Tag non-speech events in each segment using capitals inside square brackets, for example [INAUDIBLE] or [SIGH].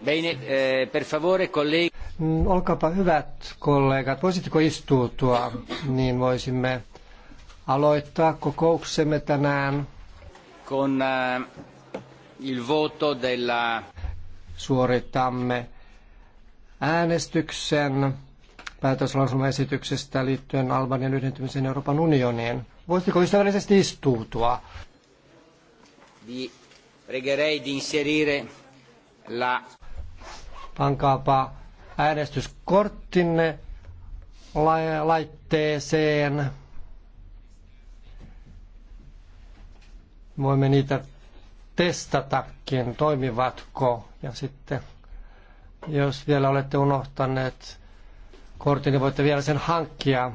Bene, eh, per favore, colleghi. Mm, olkaapa hyvät kollegat, voisitteko istuutua, niin voisimme aloittaa kokouksemme tänään. Con eh, il voto della... Suoritamme äänestyksen päätöslausumaesityksestä liittyen Albanian yhdentymiseen Euroopan unioniin. Voisitteko ystävällisesti istuutua? Vi di inserire la... Pankaapa äänestyskorttinne laitteeseen. Voimme niitä testatakin, toimivatko. Ja sitten, jos vielä olette unohtaneet kortin, niin voitte vielä sen hankkia.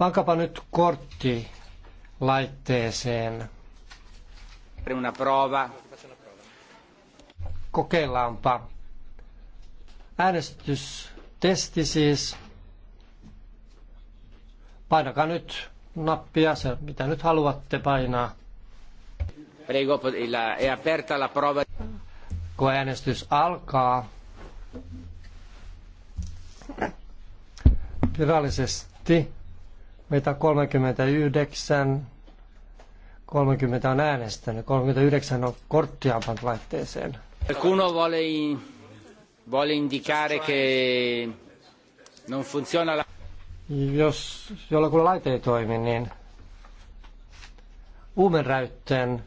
Vankapa nyt kortti laitteeseen. Una prova kokeillaanpa. Äänestystesti siis. Painakaa nyt nappia, se mitä nyt haluatte painaa. Prego, la, è aperta la prova. Kun äänestys alkaa, virallisesti meitä 39, 30 on äänestänyt, 39 on korttiaan pantu laitteeseen. Qualcuno vuole, vuole indicare che non funziona la... Jos jollakulla laite ei toimi, niin uumenräytteen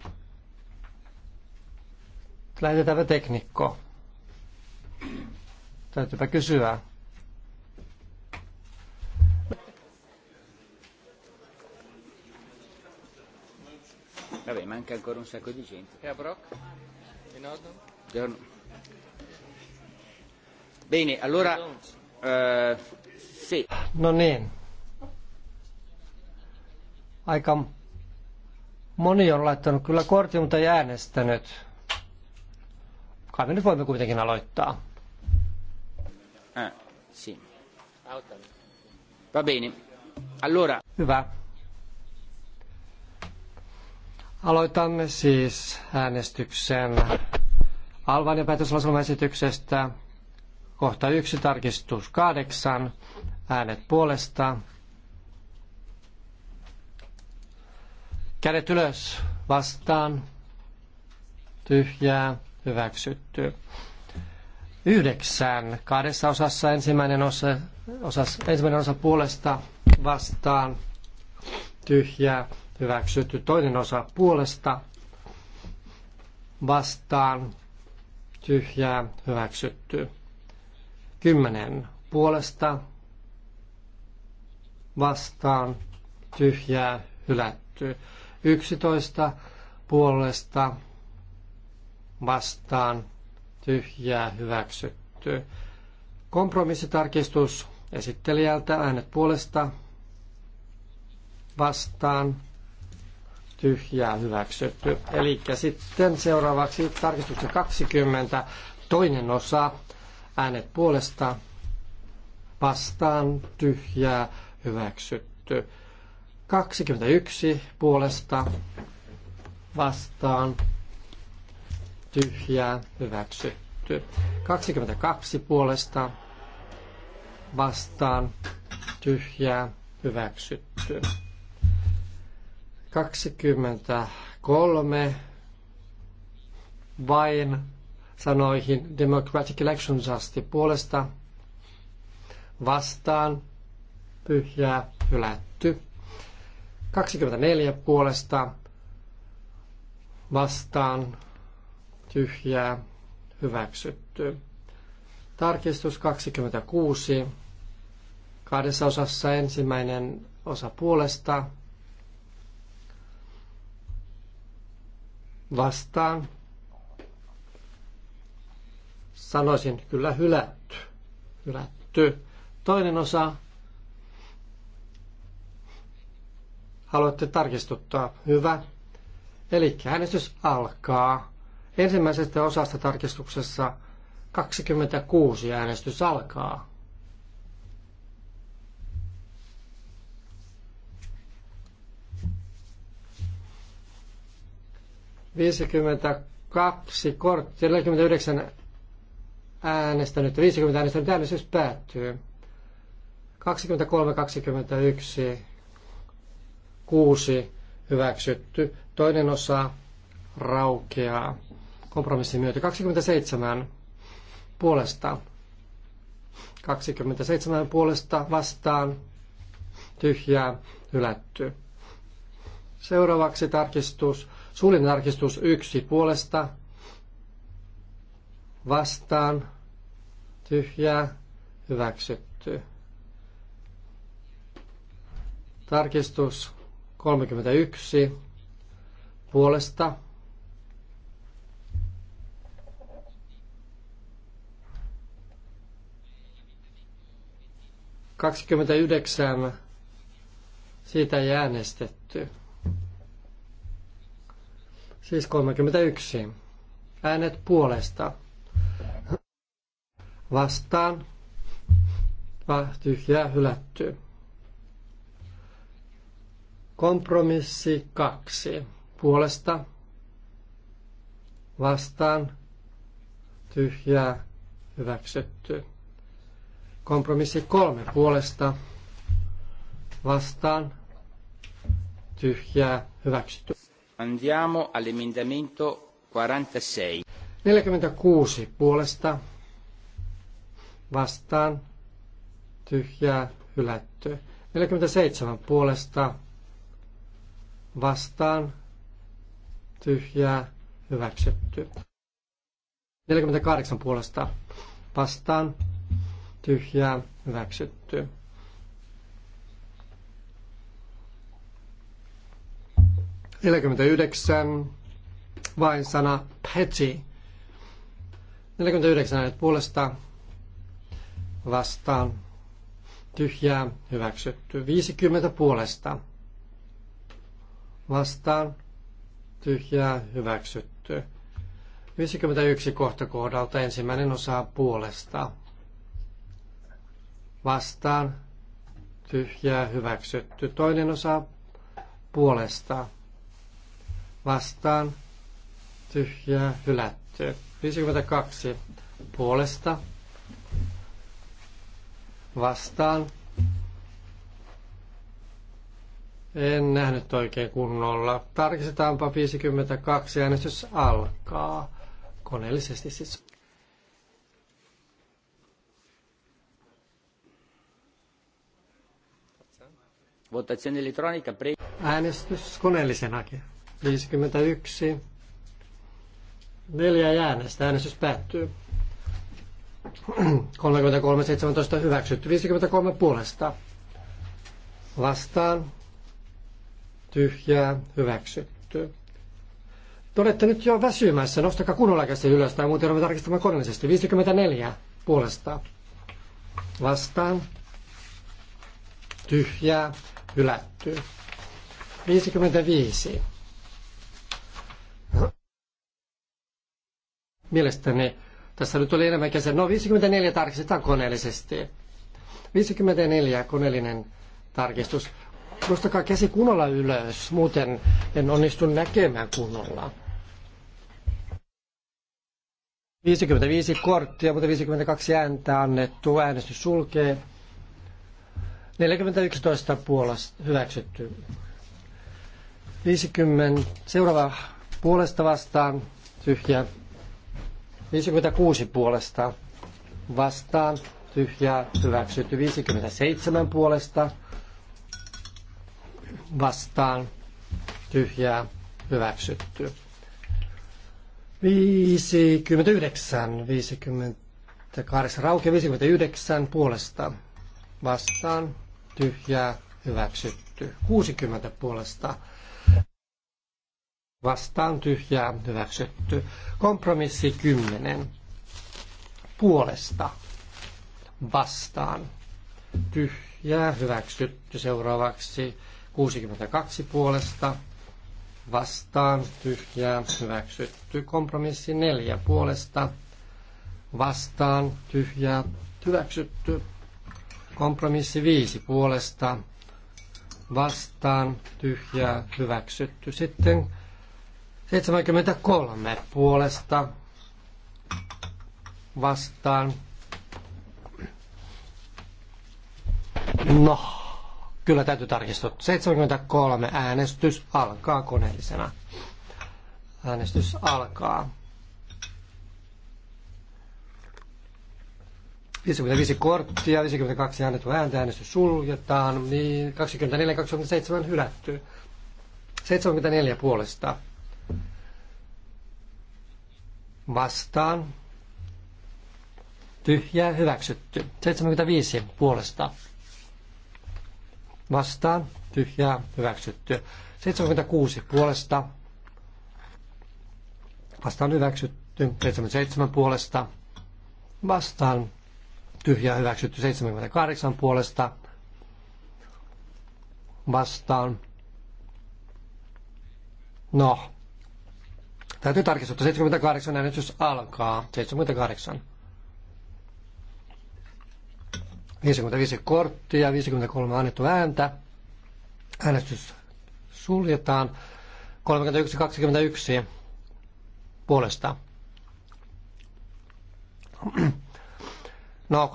lähetetäänpä teknikko. Täytyypä kysyä. Vabbè, manca ancora un sacco di gente. E a Brock? In ordine? Bene, allora... Uh, sì. No niin. Aika moni on laittanut kyllä kortin, mutta ei äänestänyt. Kai me nyt voimme kuitenkin aloittaa. Ah, sì. Va bene. Allora. Hyvä. Aloitamme siis äänestyksen. Alvanian esityksestä Kohta yksi tarkistus kahdeksan. Äänet puolesta. Kädet ylös vastaan. Tyhjää. Hyväksytty. Yhdeksän. Kahdessa osassa ensimmäinen osa, osas, ensimmäinen osa puolesta vastaan. Tyhjää. Hyväksytty. Toinen osa puolesta vastaan tyhjää, hyväksytty. Kymmenen puolesta vastaan, tyhjää, hylätty. Yksitoista puolesta vastaan, tyhjää, hyväksytty. Kompromissitarkistus esittelijältä äänet puolesta vastaan, tyhjää hyväksytty. Eli sitten seuraavaksi tarkistuksen 20, toinen osa, äänet puolesta, vastaan, tyhjää, hyväksytty. 21 puolesta, vastaan, tyhjää, hyväksytty. 22 puolesta, vastaan, tyhjää, hyväksytty. 23 vain sanoihin Democratic Elections asti puolesta vastaan pyhjää hylätty. 24 puolesta vastaan tyhjää hyväksytty. Tarkistus 26. Kahdessa osassa ensimmäinen osa puolesta vastaan. Sanoisin kyllä hylätty. Hylätty. Toinen osa. Haluatte tarkistuttaa. Hyvä. Eli äänestys alkaa. Ensimmäisestä osasta tarkistuksessa 26 äänestys alkaa. 52 korttia, 49 äänestänyt, 50 äänestänyt, äänestys päättyy. 23-21, 6 hyväksytty, toinen osa raukeaa kompromissin myötä. 27 puolesta, 27 puolesta vastaan, tyhjää, hylätty. Seuraavaksi tarkistus Suullinen tarkistus yksi puolesta vastaan tyhjää hyväksytty. Tarkistus 31 puolesta yhdeksän, siitä ei äänestetty. Siis 31. Äänet puolesta. Vastaan. Tyhjää hylätty. Kompromissi 2. Puolesta. Vastaan. Tyhjää hyväksytty. Kompromissi 3. Puolesta. Vastaan. Tyhjää hyväksytty. Andiamo all'emendamento 46. 46 puolesta vastaan tyhjää hylätty. 47 puolesta vastaan tyhjää hyväksytty. 48 puolesta vastaan tyhjää hyväksytty. 49 vain sana petty. 49 äänet puolesta vastaan tyhjää hyväksytty. 50 puolesta vastaan tyhjää hyväksytty. 51 kohta kohdalta ensimmäinen osa puolesta vastaan tyhjää hyväksytty. Toinen osa puolesta vastaan tyhjää hylätty. 52 puolesta vastaan. En nähnyt oikein kunnolla. Tarkistetaanpa 52 äänestys alkaa. Koneellisesti siis. Votazione elettronica pre... Äänestys koneellisenakin. 51. Neljä äänestä. Äänestys päättyy. 33.17 [CLEARS THROAT] hyväksytty. 53 puolesta. Vastaan. Tyhjää. Hyväksytty. Te olette nyt jo väsymässä. Nostakaa kunnolla käsi ylös tai muuten olemme tarkistamaan koneellisesti. 54 puolesta. Vastaan. Tyhjää. Hylätty. 55 Mielestäni tässä nyt oli enemmänkin se, no 54 tarkistetaan koneellisesti. 54 koneellinen tarkistus. Nostakaa käsi kunnolla ylös, muuten en onnistu näkemään kunnolla. 55 korttia, mutta 52 ääntä annettu. Äänestys sulkee. 41 puolesta hyväksytty. 50, seuraava puolesta vastaan, tyhjä 56 puolesta vastaan tyhjää hyväksytty 57 puolesta vastaan tyhjää hyväksytty. 59, 58, rauke 59 puolesta vastaan tyhjää hyväksytty. 60 puolesta vastaan tyhjää hyväksytty. Kompromissi 10 puolesta vastaan tyhjää hyväksytty. Seuraavaksi 62 puolesta vastaan tyhjää hyväksytty. Kompromissi 4 puolesta vastaan tyhjää hyväksytty. Kompromissi 5 puolesta vastaan tyhjää hyväksytty. Sitten 73 puolesta vastaan. No, kyllä täytyy tarkistua. 73 äänestys alkaa koneellisena. Äänestys alkaa. 55 korttia, 52 annettu ääntä, äänestys suljetaan, niin 24-27 hylätty. 74 puolesta vastaan, tyhjää hyväksytty. 75 puolesta vastaan, tyhjää hyväksytty. 76 puolesta vastaan hyväksytty. 77 puolesta vastaan, tyhjää hyväksytty. 78 puolesta vastaan. No, Täytyy tarkistaa. että 78 äänestys alkaa. 78. 55 korttia, 53 annettu ääntä. Äänestys suljetaan. 31-21 puolesta. No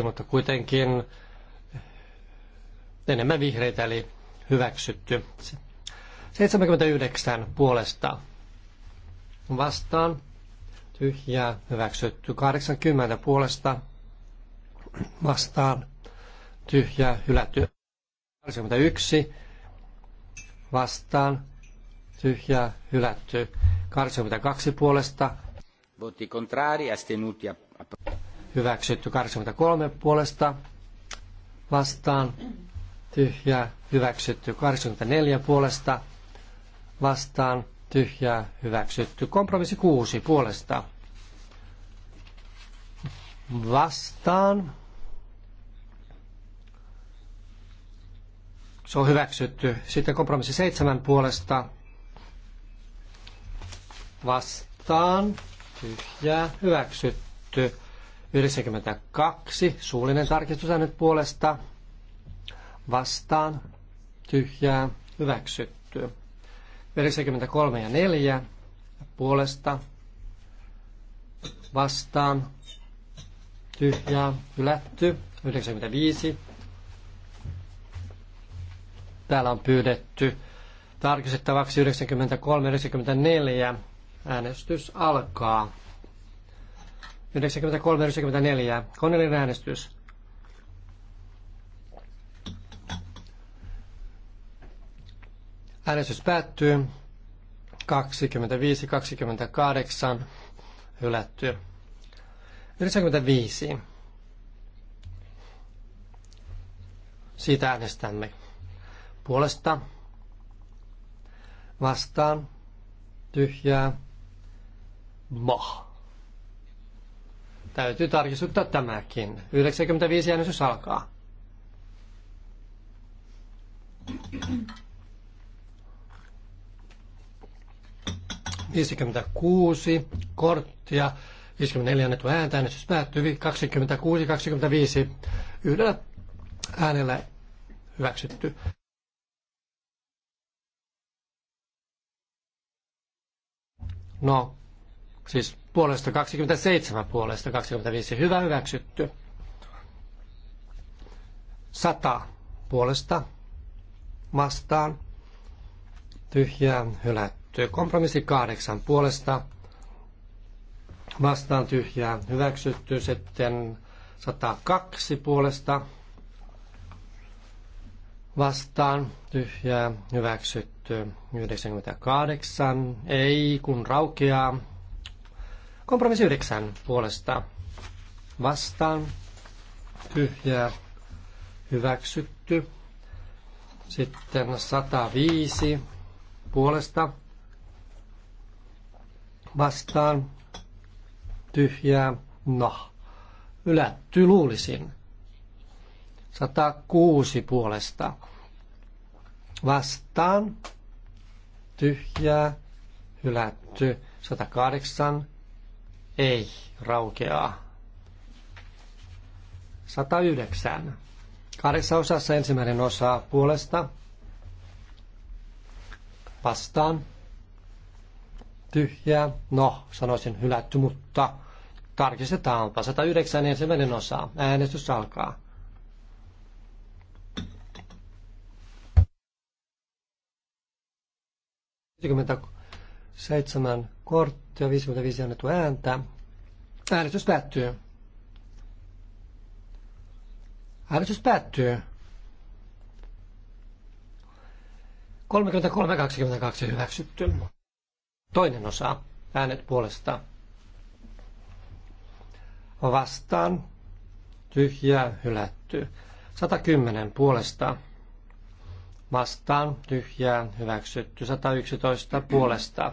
31-22, mutta kuitenkin enemmän vihreitä eli hyväksytty. 79 puolesta vastaan. Tyhjää hyväksytty. 80 puolesta vastaan. Tyhjää hylätty. 81 vastaan. Tyhjää hylätty. 82 puolesta. Voti contrari, astenuti. Hyväksytty 83 puolesta vastaan. Tyhjää hyväksytty 84 puolesta vastaan tyhjää hyväksytty. Kompromissi 6 puolesta vastaan. Se on hyväksytty. Sitten kompromissi 7 puolesta vastaan tyhjää hyväksytty. 92 suullinen nyt puolesta vastaan tyhjää hyväksytty. 93 ja 4 puolesta vastaan tyhjää hylätty 95. Täällä on pyydetty tarkistettavaksi 93-94. Äänestys alkaa. 93-94. Koneellinen äänestys. Äänestys päättyy. 25-28 hylättyy. 95. Siitä äänestämme. Puolesta. Vastaan. Tyhjää. Mah. Täytyy tarkistuttaa tämäkin. 95 äänestys alkaa. Thank you. 56 korttia, 54 annettu ääntä, äänestys päättyy 26-25 yhdellä äänellä hyväksytty. No, siis puolesta 27 puolesta 25. Hyvä hyväksytty. 100 puolesta vastaan. Tyhjää hylätty hyväksytty. Kompromissi kahdeksan puolesta vastaan tyhjää hyväksytty. Sitten 102 puolesta vastaan tyhjää hyväksytty. 98 ei kun raukeaa. Kompromissi 9 puolesta vastaan tyhjää hyväksytty. Sitten 105 puolesta vastaan tyhjää, no, ylätty luulisin. 106 puolesta vastaan tyhjää, hylätty. 108 ei raukeaa. 109. Kahdeksan osassa ensimmäinen osa puolesta vastaan tyhjää, no sanoisin hylätty, mutta tarkistetaanpa. 109 ensimmäinen osa. Äänestys alkaa. seitsemän korttia, 55 annettu ääntä. Äänestys päättyy. Äänestys päättyy. 33.22 hyväksytty. Toinen osa, äänet puolesta. Vastaan, tyhjää, hylätty. 110 puolesta. Vastaan, tyhjää, hyväksytty. 111 puolesta.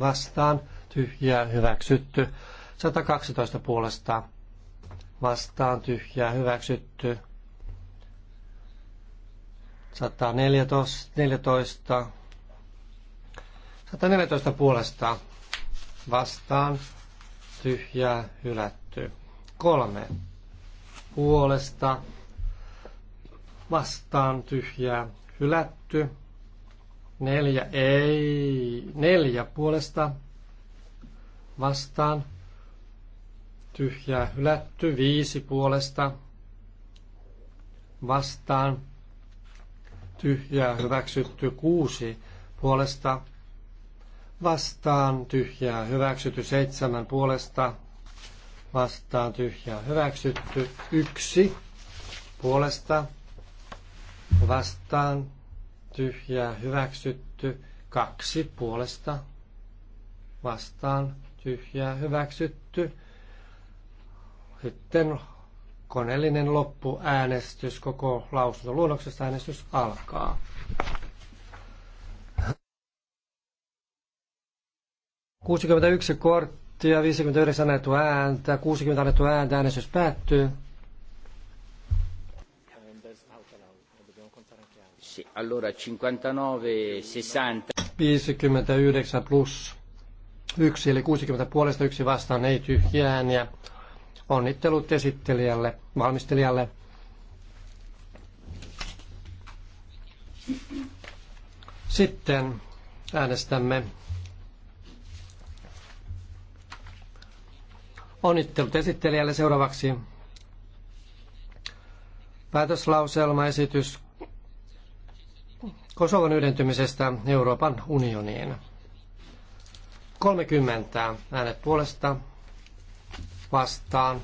Vastaan, tyhjää, hyväksytty. 112 puolesta. Vastaan, tyhjää, hyväksytty. 114, 14, 114 puolesta vastaan tyhjää hylätty. Kolme puolesta vastaan tyhjää hylätty. Neljä ei. Neljä puolesta vastaan tyhjää hylätty. Viisi puolesta vastaan tyhjää hyväksytty. Kuusi puolesta vastaan tyhjää hyväksytty, seitsemän puolesta vastaan tyhjää hyväksytty, yksi puolesta vastaan tyhjää hyväksytty, kaksi puolesta vastaan tyhjää hyväksytty. Sitten koneellinen loppuäänestys koko lausuntoluonnoksesta äänestys alkaa. 61 korttia, 59 annettu ääntä, 60 annettu ääntä, äänestys päättyy. Allora 59, 59 plus yksi, eli 60 puolesta yksi vastaan ei tyhjään ja onnittelut esittelijälle, valmistelijalle. Sitten äänestämme Onnittelut esittelijälle seuraavaksi. Päätöslauselmaesitys Kosovon yhdentymisestä Euroopan unioniin. 30 äänet puolesta vastaan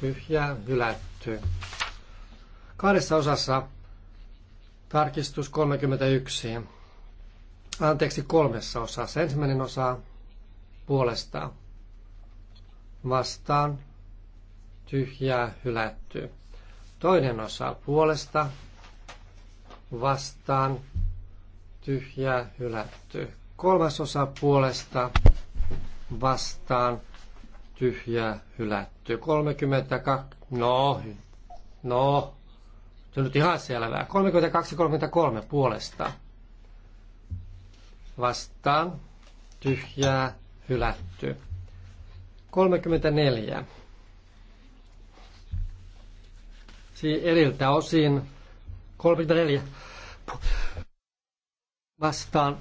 tyhjää hylätty. Kahdessa osassa tarkistus 31. Anteeksi, kolmessa osassa. Ensimmäinen osa puolesta vastaan tyhjää hylätty. Toinen osa puolesta vastaan tyhjää hylätty. Kolmas osa puolesta vastaan tyhjää hylätty. 32, no, no, se on nyt ihan selvää. 32-33 puolesta vastaan tyhjää hylätty. 34. Siis eriltä osin 34 vastaan.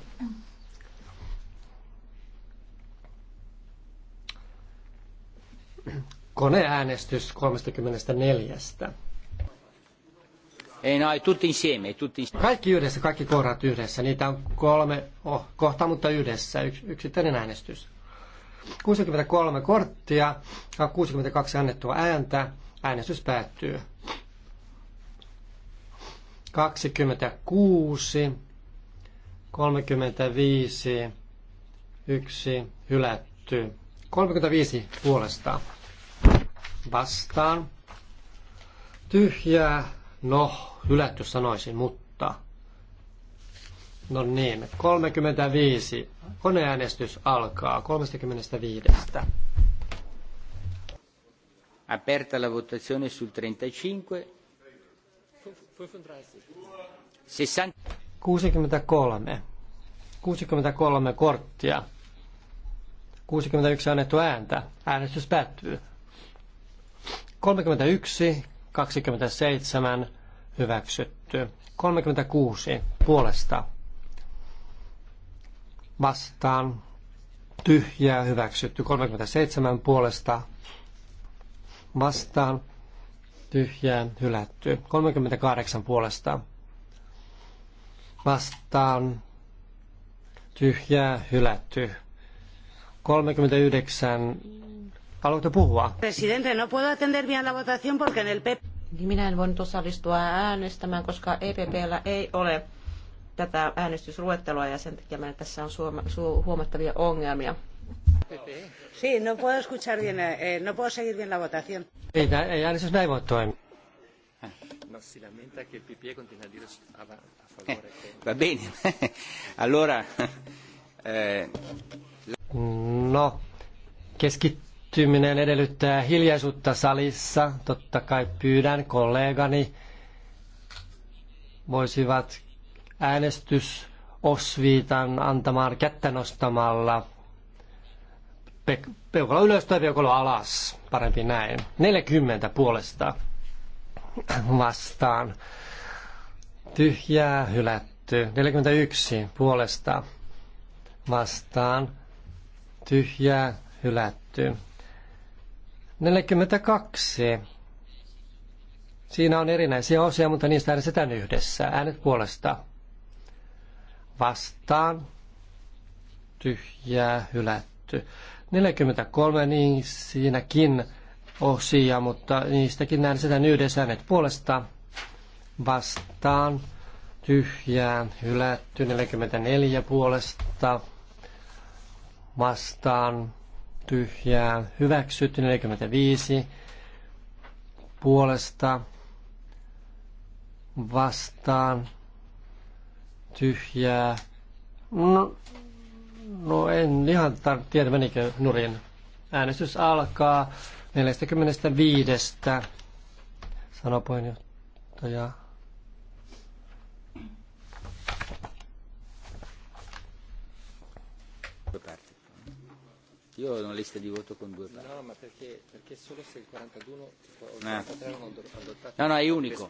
Koneäänestys 34. Ei, no, tutti insieme, tutti insieme. Kaikki yhdessä, kaikki kohdat yhdessä. Niitä on kolme oh, kohtaa, mutta yhdessä. Yks, yksittäinen äänestys. 63 korttia, 62 annettua ääntä. Äänestys päättyy. 26, 35, 1 hylätty. 35 puolesta vastaan. Tyhjää, no hylätty sanoisin, mutta No niin, 35. Koneäänestys alkaa 35. Aperta la votazione sul 35. 63. 63. korttia. 61 annettu ääntä. Äänestys päättyy. 31, 27 hyväksytty. 36 puolesta vastaan tyhjää hyväksytty. 37 puolesta vastaan tyhjää hylätty. 38 puolesta vastaan tyhjää hylätty. 39 Haluatte puhua? Presidente, no puedo atender bien la votación porque en el PP... Minä en voinut osallistua äänestämään, koska EPPllä ei ole tätä äänestysluetteloa ja sen takia meillä tässä on suoma, su, huomattavia ongelmia. Sí, no puedo escuchar bien, eh, no puedo seguir bien la votación. Ei, ei äänestys näin voi toimia. No, si lamenta che il PPE a dire a, a favore. Eh. [LAUGHS] Va bene. [LAUGHS] allora, eh, No, keskittyminen edellyttää hiljaisuutta salissa. Totta kai pyydän kollegani voisivat äänestys osviitan antamaan kättä nostamalla. Pe- peukalo ylös tai peukalo alas, parempi näin. 40 puolesta vastaan. Tyhjää hylätty. 41 puolesta vastaan. Tyhjää hylätty. 42. Siinä on erinäisiä osia, mutta niistä äänestetään yhdessä. Äänet puolesta vastaan tyhjää hylätty. 43 niin siinäkin osia, mutta niistäkin sitä yhdessä äänet puolesta vastaan tyhjää hylätty. 44 puolesta vastaan tyhjää hyväksytty. 45 puolesta vastaan tyhjää. No, no en ihan tar- tiedä, menikö nurin. Äänestys alkaa 45, Sano puheenjohtaja. Io ho una lista di voto con due parti. No, ma perché, perché solo se il 41 o il 43 eh. hanno adottato... No, no, è unico.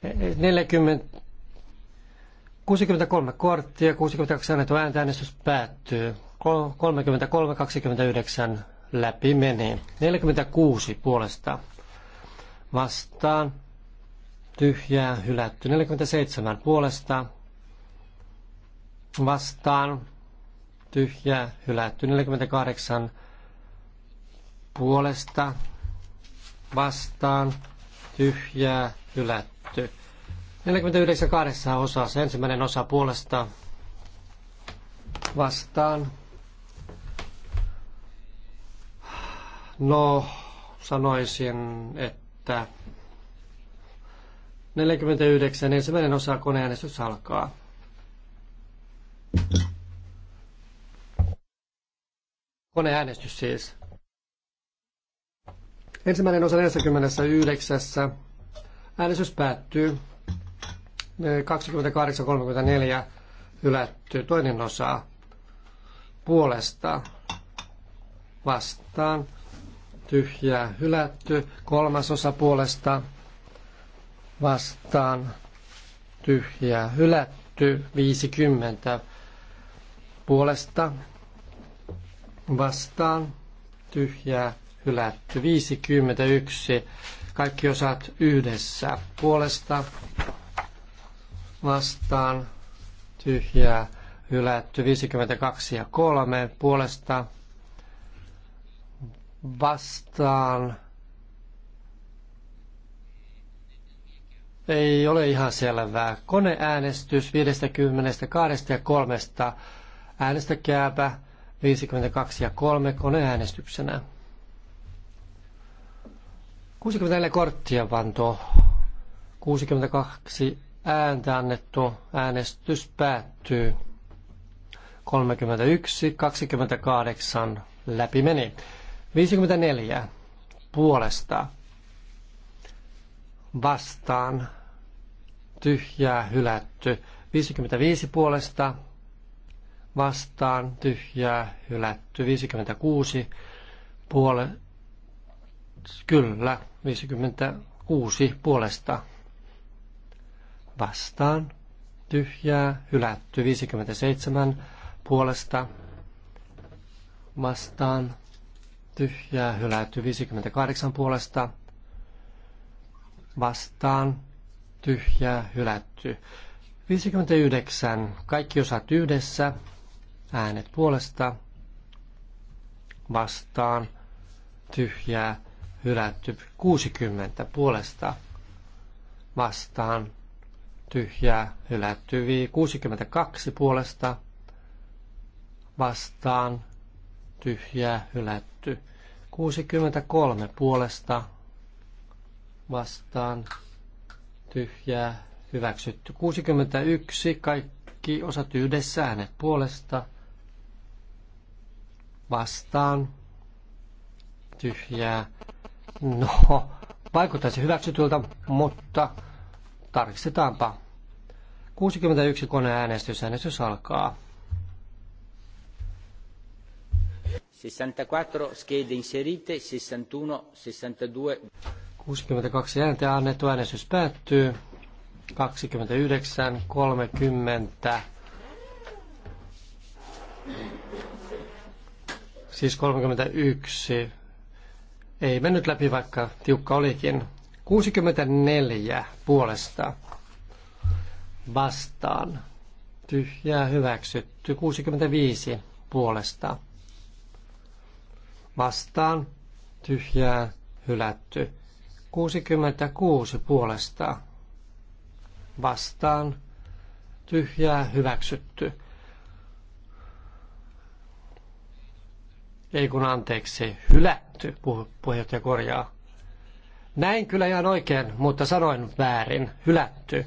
40, 63 korttia, 62 annettu ääntä, äänestys päättyy. 33-29 läpi menee. 46 puolesta vastaan. Tyhjää hylätty. 47 puolesta vastaan. Tyhjää hylätty. 48 puolesta vastaan. Tyhjää hylätty. 49 kahdessa osassa. Ensimmäinen osa puolesta vastaan. No, sanoisin, että 49 ensimmäinen osa koneäänestys alkaa. Koneäänestys siis. Ensimmäinen osa 49. Äänestys päättyy. 28.34 hylätty. Toinen osa puolesta vastaan. Tyhjää hylätty. Kolmas osa puolesta vastaan. Tyhjää hylätty. 50 puolesta vastaan. Tyhjää hylätty. 51. Kaikki osat yhdessä puolesta vastaan tyhjää hylätty 52 ja 3 puolesta vastaan. Ei ole ihan selvää. Koneäänestys 52 ja 3. Äänestäkääpä 52 ja 3 koneäänestyksenä. 64 korttia vanto. 62 ääntä annettu. Äänestys päättyy. 31, 28 läpi meni. 54 puolesta vastaan tyhjää hylätty. 55 puolesta vastaan tyhjää hylätty. 56 puole... Kyllä, 56 puolesta vastaan, tyhjää, hylätty 57 puolesta vastaan, tyhjää, hylätty 58 puolesta vastaan, tyhjää, hylätty 59, kaikki osat yhdessä, äänet puolesta, vastaan, tyhjää, hylätty 60 puolesta, vastaan, tyhjää hylätty. 62 puolesta vastaan tyhjää hylätty. 63 puolesta vastaan tyhjää hyväksytty. 61 kaikki osat yhdessä äänet puolesta vastaan tyhjää. No, vaikuttaisi hyväksytyltä, mutta tarkistetaanpa. 61 koneäänestys. Äänestys alkaa. 64 schede inserite, 61, 62. 62 ääntä annettu äänestys päättyy. 29, 30. Siis 31. Ei mennyt läpi, vaikka tiukka olikin. 64 puolesta vastaan. Tyhjää hyväksytty. 65 puolesta vastaan. Tyhjää hylätty. 66 puolesta vastaan. Tyhjää hyväksytty. Ei kun anteeksi, hylätty, puheenjohtaja korjaa. Näin kyllä ihan oikein, mutta sanoin väärin, hylätty.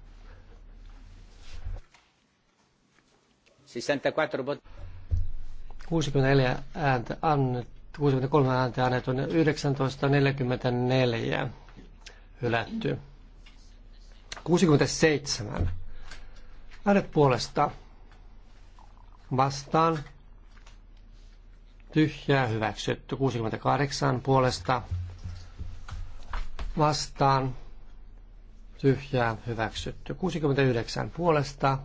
64 vot... 64 ääntä annettu, 63 ääntä annettu, 1944 hylätty. 67 äänet puolesta vastaan tyhjää hyväksytty. 68 puolesta vastaan tyhjää hyväksytty. 69 puolesta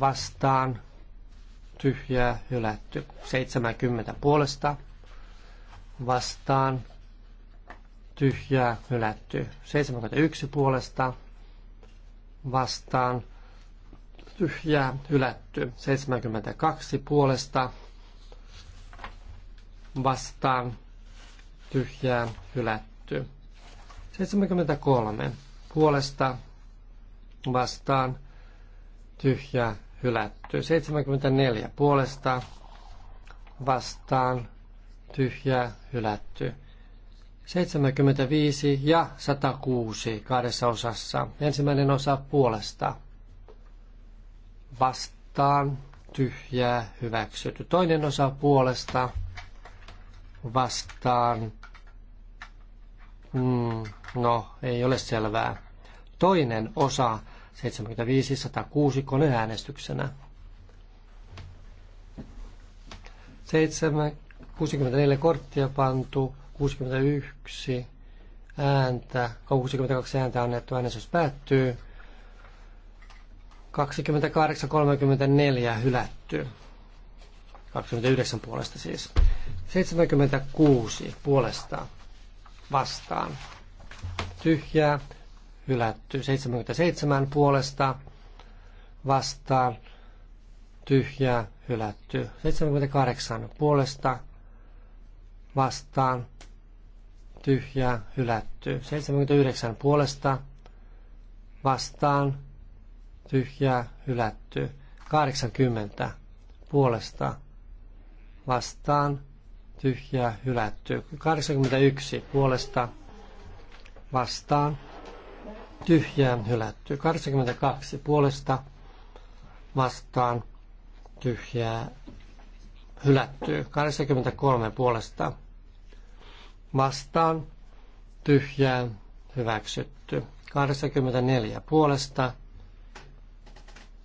vastaan tyhjää hylätty. 70 puolesta vastaan tyhjää hylätty. 71 puolesta vastaan tyhjää hylätty. 72 puolesta vastaan tyhjää hylätty. 73 puolesta vastaan tyhjää hylätty. 74 puolesta vastaan tyhjää hylätty. 75 ja 106 kahdessa osassa. Ensimmäinen osa puolesta. Vastaan tyhjää hyväksytty. Toinen osa puolesta vastaan. Mm, no, ei ole selvää. Toinen osa 75 koneäänestyksenä. 64 korttia pantu, 61 ääntä, 62 ääntä annettu, äänestys päättyy. 28.34 hylätty. 29 puolesta siis. 76 puolesta vastaan. Tyhjää hylätty. 77 puolesta vastaan tyhjää hylätty. 78 puolesta vastaan tyhjää hylätty. 79 puolesta vastaan tyhjää hylätty. 80 puolesta vastaan tyhjää hylätty. 81 puolesta vastaan tyhjään hylätty. 22 puolesta vastaan tyhjää hylätty. 23 puolesta vastaan tyhjää hyväksytty. 24 puolesta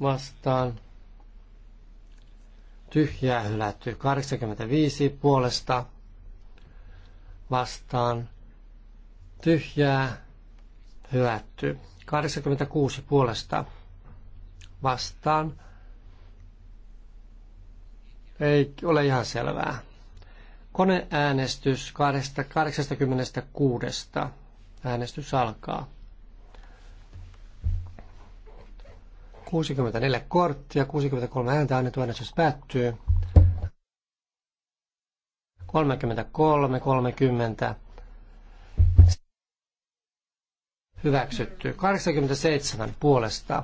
vastaan tyhjää hylätty. 85 puolesta vastaan tyhjää hylätty. 86 puolesta vastaan. Ei ole ihan selvää. Koneäänestys 86. Äänestys alkaa. 64 korttia, 63 ääntä annettu äänestys päättyy. 33, 30 hyväksytty. 87 puolesta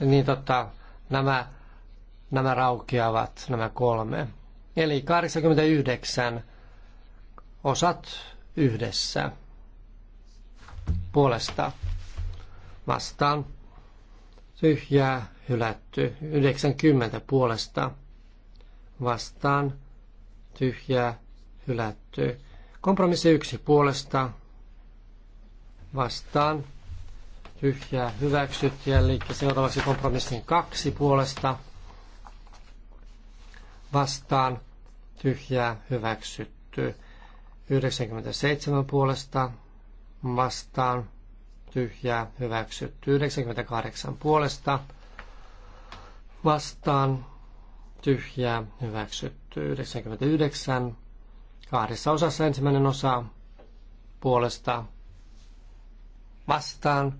niin tota, nämä, nämä raukeavat, nämä kolme. Eli 89 osat yhdessä puolesta vastaan. Tyhjää hylätty. 90 puolesta vastaan. Tyhjää hylätty. Kompromissi yksi puolesta vastaan tyhjää hyväksytty. Ja liikki seuraavaksi kompromissin kaksi puolesta vastaan tyhjää hyväksytty. 97 puolesta vastaan tyhjää hyväksytty. 98 puolesta vastaan tyhjää hyväksytty. 99 kahdessa osassa ensimmäinen osa puolesta vastaan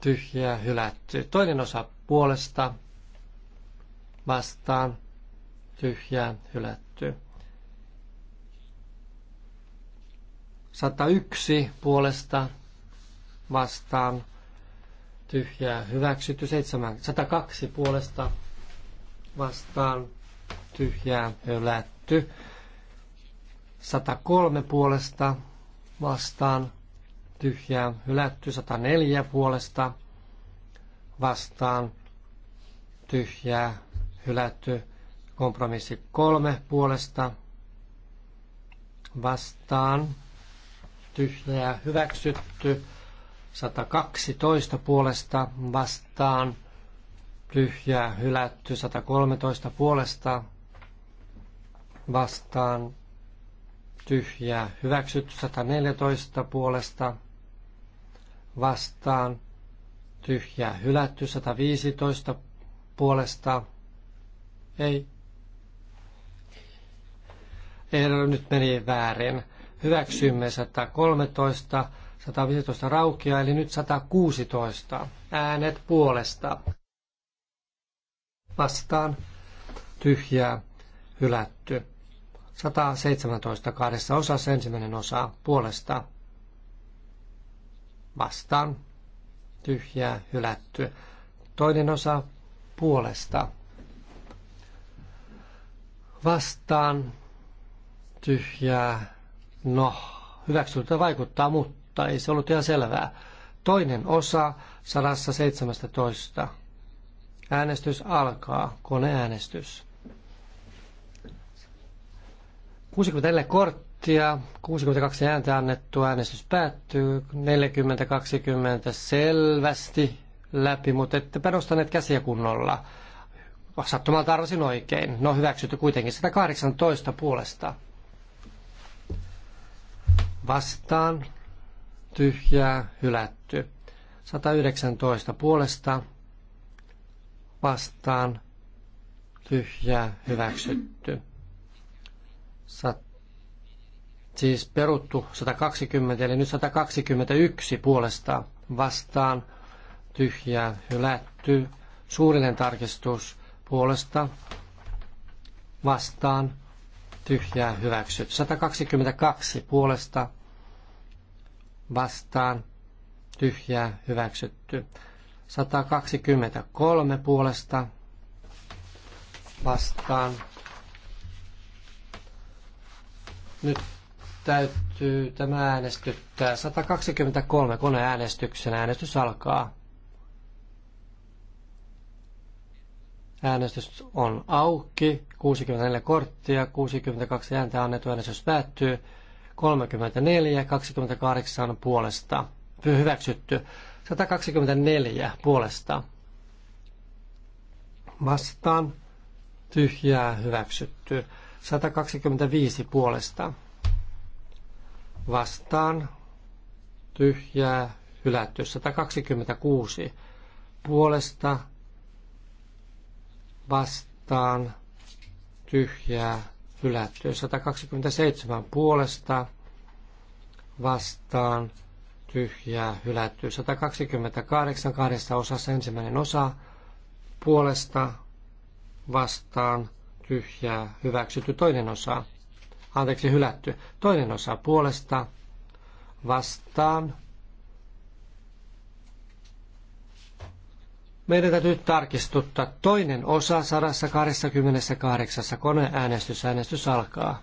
tyhjää hylätty. Toinen osa puolesta vastaan tyhjää hylätty. 101 puolesta vastaan tyhjää hyväksytty. 102 puolesta vastaan tyhjää hylätty. 103 puolesta vastaan tyhjää hylätty, 104 puolesta vastaan tyhjää hylätty, kompromissi 3 puolesta vastaan tyhjää hyväksytty, 112 puolesta vastaan tyhjää hylätty, 113 puolesta vastaan tyhjää Hyväksyt 114 puolesta vastaan tyhjää hylätty 115 puolesta ei Eero nyt meni väärin. Hyväksymme 113, 115 raukia, eli nyt 116. Äänet puolesta. Vastaan tyhjää, hylätty. 117 kahdessa osassa ensimmäinen osa puolesta vastaan tyhjää hylätty. Toinen osa puolesta vastaan tyhjää. No, hyväksytyltä vaikuttaa, mutta ei se ollut ihan selvää. Toinen osa 117. Äänestys alkaa, koneäänestys. äänestys. 64 korttia, 62 ääntä annettu, äänestys päättyy, 40-20 selvästi läpi, mutta ette perustaneet käsiä kunnolla. Sattumalta arvasin oikein. No hyväksytty kuitenkin 118 puolesta. Vastaan tyhjää hylätty. 119 puolesta vastaan tyhjää hyväksytty. Sat, siis peruttu 120, eli nyt 121 puolesta vastaan tyhjää hylätty. Suurinen tarkistus puolesta vastaan tyhjää hyväksytty. 122 puolesta vastaan tyhjää hyväksytty. 123 puolesta vastaan nyt täytyy tämä äänestyttää. 123 koneäänestyksen äänestys alkaa. Äänestys on auki. 64 korttia, 62 ääntä annettu äänestys päättyy. 34, 28 puolesta. Hyväksytty. 124 puolesta. Vastaan. Tyhjää hyväksytty. 125 puolesta vastaan tyhjää hylätty. 126 puolesta vastaan tyhjää hylätty. 127 puolesta vastaan tyhjää hylätty. 128 kahdessa osassa ensimmäinen osa puolesta vastaan tyhjää, hyväksytty toinen osa, anteeksi hylätty, toinen osa puolesta, vastaan. Meidän täytyy tarkistuttaa toinen osa 128. koneäänestys. Äänestys alkaa.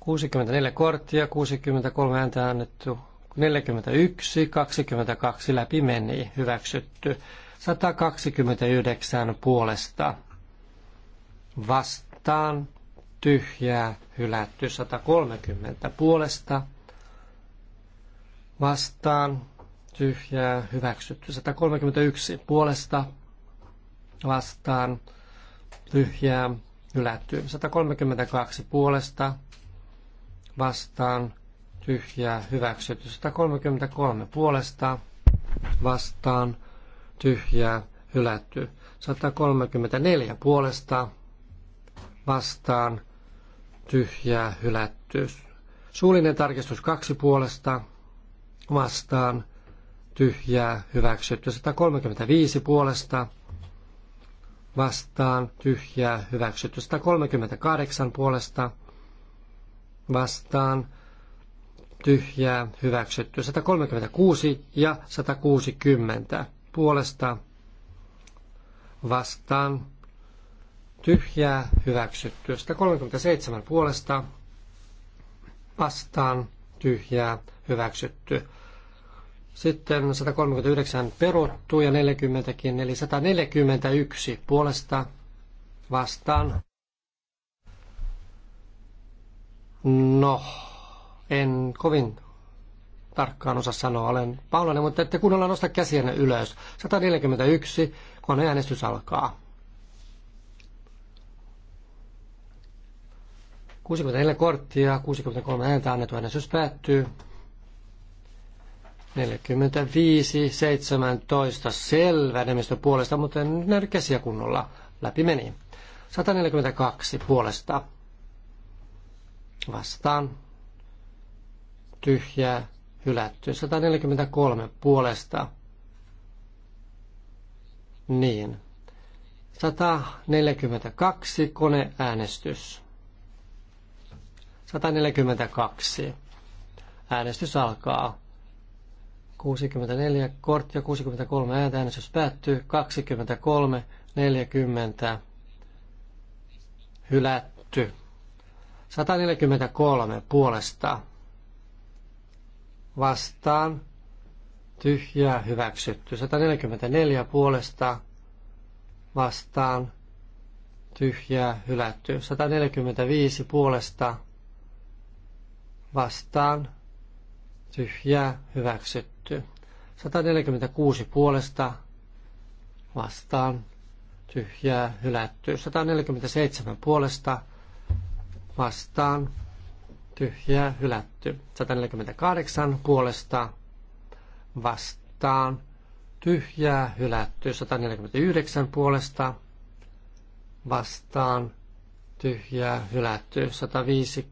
64 korttia, 63 ääntä annettu, 41, 22 läpi meni, hyväksytty. 129 puolesta vastaan tyhjää hylätty 130 puolesta vastaan tyhjää hyväksytty 131 puolesta vastaan tyhjää hylätty 132 puolesta vastaan tyhjää hyväksytty 133 puolesta vastaan tyhjää hylätty. 134 puolesta vastaan tyhjää hylätty. Suullinen tarkistus kaksi puolesta vastaan tyhjää hyväksytty. 135 puolesta vastaan tyhjää hyväksytty. 138 puolesta vastaan tyhjää hyväksytty. 136 ja 160 puolesta vastaan tyhjää hyväksytty. 137 puolesta vastaan tyhjää hyväksytty. Sitten 139 peruttu ja 40kin, eli 141 puolesta vastaan. No, en kovin tarkkaan osaa sanoa, olen pahoillani, mutta ette kunnolla nosta käsiänne ylös. 141, kun äänestys alkaa. 64 korttia, 63 ääntä annettu äänestys päättyy. 45, 17, selvä enemmistö puolesta, mutta en näy käsiä kunnolla. Läpi meni. 142 puolesta. Vastaan. Tyhjää hylätty. 143 puolesta. Niin. 142 koneäänestys. 142. Äänestys alkaa. 64 korttia, 63 ääntä, äänestys päättyy, 23, 40, hylätty. 143 puolesta vastaan, tyhjää hyväksytty. 144 puolesta vastaan, tyhjää hylätty. 145 puolesta vastaan, tyhjää hyväksytty. 146 puolesta vastaan, tyhjää hylätty. 147 puolesta vastaan, tyhjää hylätty. 148 puolesta vastaan tyhjää hylätty. 149 puolesta vastaan tyhjää hylätty. 105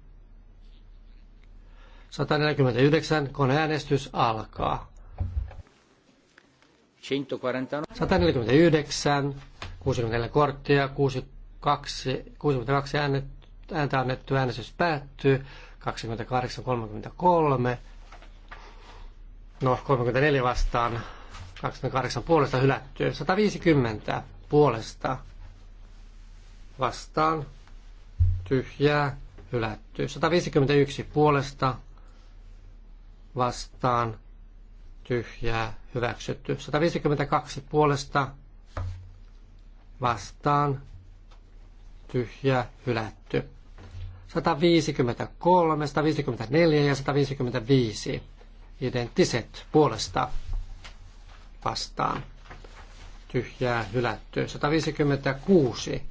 149 koneäänestys alkaa. 149, 64 korttia, 62, 62 äänet, ääntä annettu äänestys päättyy. 28-33. No, 34 vastaan. 28 puolesta hylättyä. 150 puolesta vastaan. Tyhjää hylättyä. 151 puolesta vastaan. Tyhjää hyväksytty. 152 puolesta vastaan. Tyhjää hylätty. 153, 154 ja 155 identtiset puolesta vastaan. Tyhjää hylätty. 156.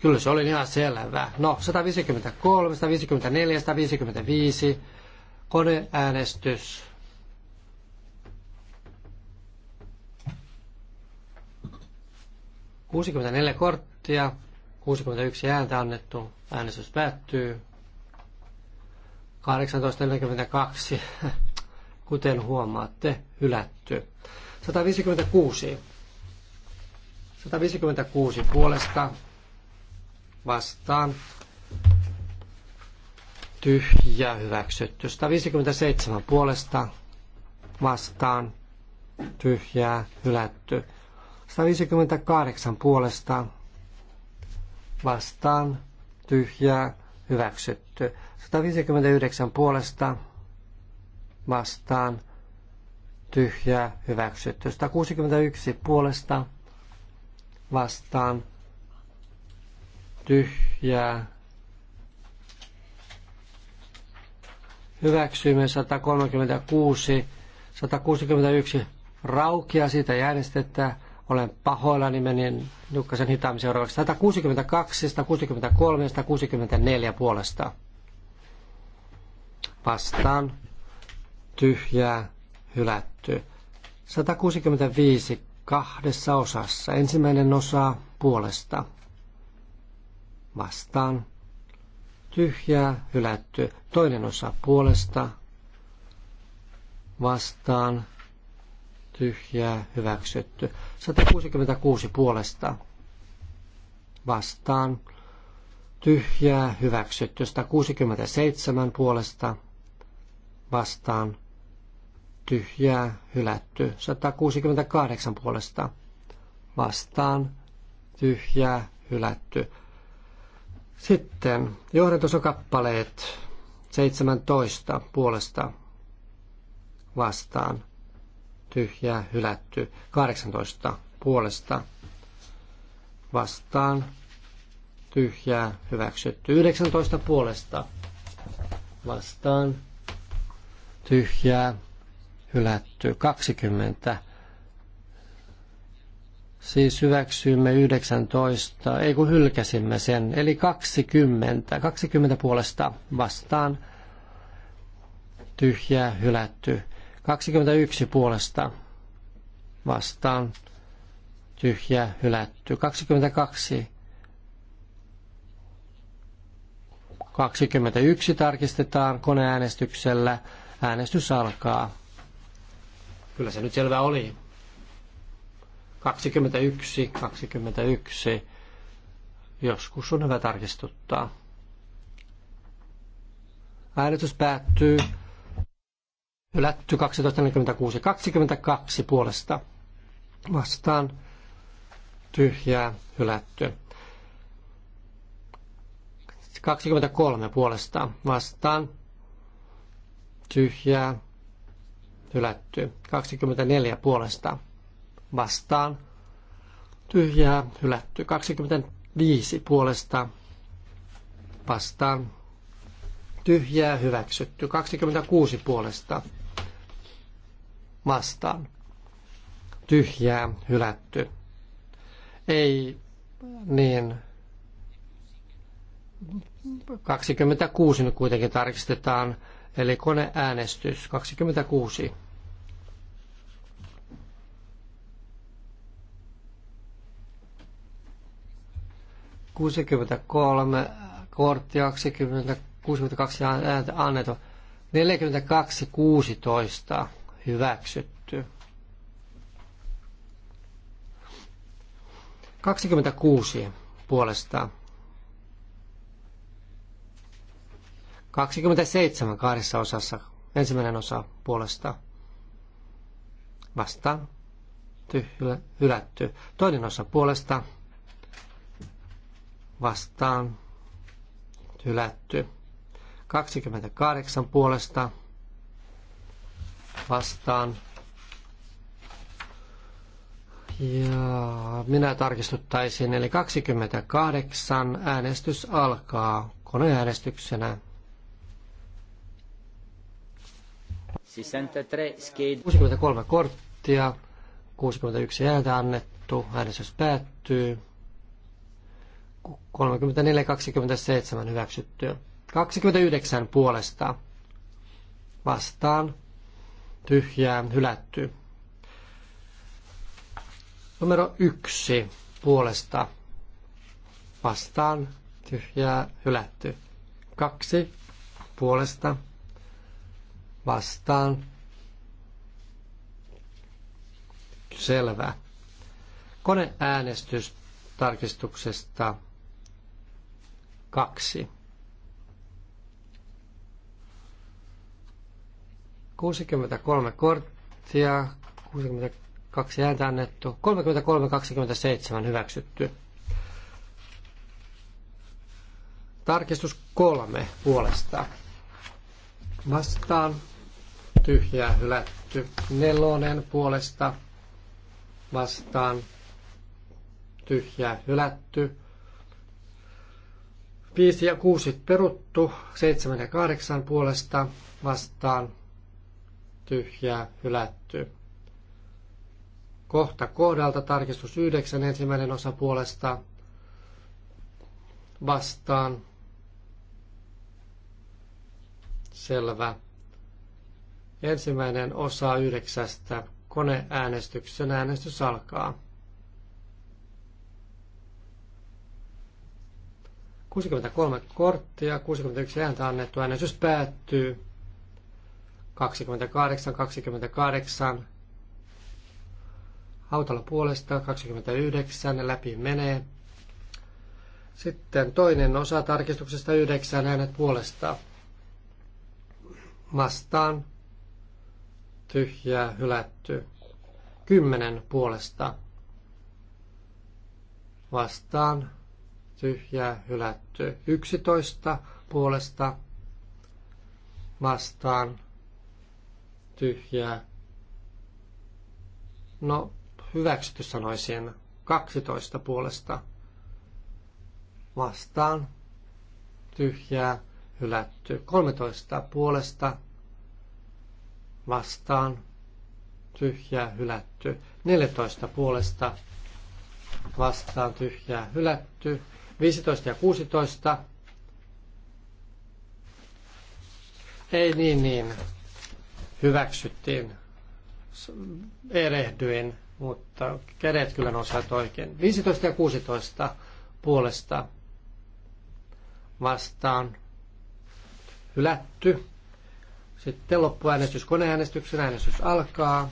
Kyllä se oli ihan selvää. No, 153, 154, 155. Koneäänestys. Kuusikymmentäneljä korttia, 61 ääntä annettu. Äänestys päättyy. 18.42, [LAUGHS] kuten huomaatte, hylätty. 156. 156 puolesta vastaan. Tyhjä hyväksytty. 157 puolesta vastaan. Tyhjää hylätty. 158 puolesta vastaan tyhjää hyväksytty. 159 puolesta vastaan tyhjää hyväksytty. 161 puolesta vastaan tyhjää hyväksymme 136, 161 raukia, siitä järjestetään olen pahoillani, menin Jukkasen hitaammin seuraavaksi. 162, 163 ja 164 puolesta. Vastaan. Tyhjää. Hylätty. 165 kahdessa osassa. Ensimmäinen osa puolesta. Vastaan. Tyhjää. Hylätty. Toinen osa puolesta. Vastaan tyhjää hyväksytty. 166 puolesta vastaan tyhjää hyväksytty. 167 puolesta vastaan tyhjää hylätty. 168 puolesta vastaan tyhjää hylätty. Sitten johdantosokappaleet 17 puolesta vastaan tyhjää hylätty. 18 puolesta vastaan tyhjää hyväksytty. 19 puolesta vastaan tyhjää hylätty. 20 siis hyväksyimme 19, ei kun hylkäsimme sen, eli 20, 20 puolesta vastaan, tyhjää hylätty. 21 puolesta vastaan tyhjä hylätty. 22 21 tarkistetaan koneäänestyksellä. Äänestys alkaa. Kyllä se nyt selvä oli. 21, 21. Joskus on hyvä tarkistuttaa. Äänestys päättyy. Hylätty 12.46.22 puolesta vastaan tyhjää hylätty. 23 puolesta vastaan tyhjää hylätty. 24 puolesta vastaan tyhjää hylätty. 25 puolesta vastaan tyhjää hyväksytty. 26 puolesta vastaan. Tyhjää hylätty. Ei niin 26 nyt kuitenkin tarkistetaan, eli koneäänestys 26. Kuusikymmentäkolme korttia, 20, 62 ääntä annettu, 42, 16 hyväksytty. 26 puolesta. 27 kahdessa osassa. Ensimmäinen osa puolesta. Vastaan. Tyhjylä, hylätty. Toinen osa puolesta. Vastaan. Hylätty. 28 puolesta vastaan. Ja minä tarkistuttaisin, eli 28 äänestys alkaa koneäänestyksenä. 63 korttia, 61 ääntä annettu, äänestys päättyy. 34-27 hyväksytty. 29 puolesta vastaan tyhjää hylätty. Numero yksi puolesta vastaan tyhjää hylätty. Kaksi puolesta vastaan selvä. Koneäänestys tarkistuksesta kaksi. 63 korttia, 62 ääntä annettu, 33-27 hyväksytty. Tarkistus kolme puolesta. Vastaan tyhjää hylätty. Nelonen puolesta vastaan tyhjää hylätty. 5 ja 6 peruttu, 7 ja 8 puolesta vastaan tyhjää hylätty. Kohta kohdalta tarkistus 9 ensimmäinen osa puolesta vastaan. Selvä. Ensimmäinen osa yhdeksästä koneäänestyksen äänestys alkaa. 63 korttia, 61 ääntä annettu, äänestys päättyy. 28, 28. Hautala puolesta 29 läpi menee. Sitten toinen osa tarkistuksesta 9 äänet puolesta. Vastaan. Tyhjää hylätty. 10 puolesta. Vastaan. Tyhjää hylätty. 11 puolesta. Vastaan tyhjää. No, hyväksytty sanoisin 12 puolesta vastaan tyhjää hylätty. 13 puolesta vastaan tyhjää hylätty. 14 puolesta vastaan tyhjää hylätty. 15 ja 16. Ei niin, niin hyväksyttiin. Erehdyin, mutta kädet kyllä nousivat oikein. 15 ja 16 puolesta vastaan hylätty. Sitten loppuäänestys koneäänestyksen äänestys alkaa.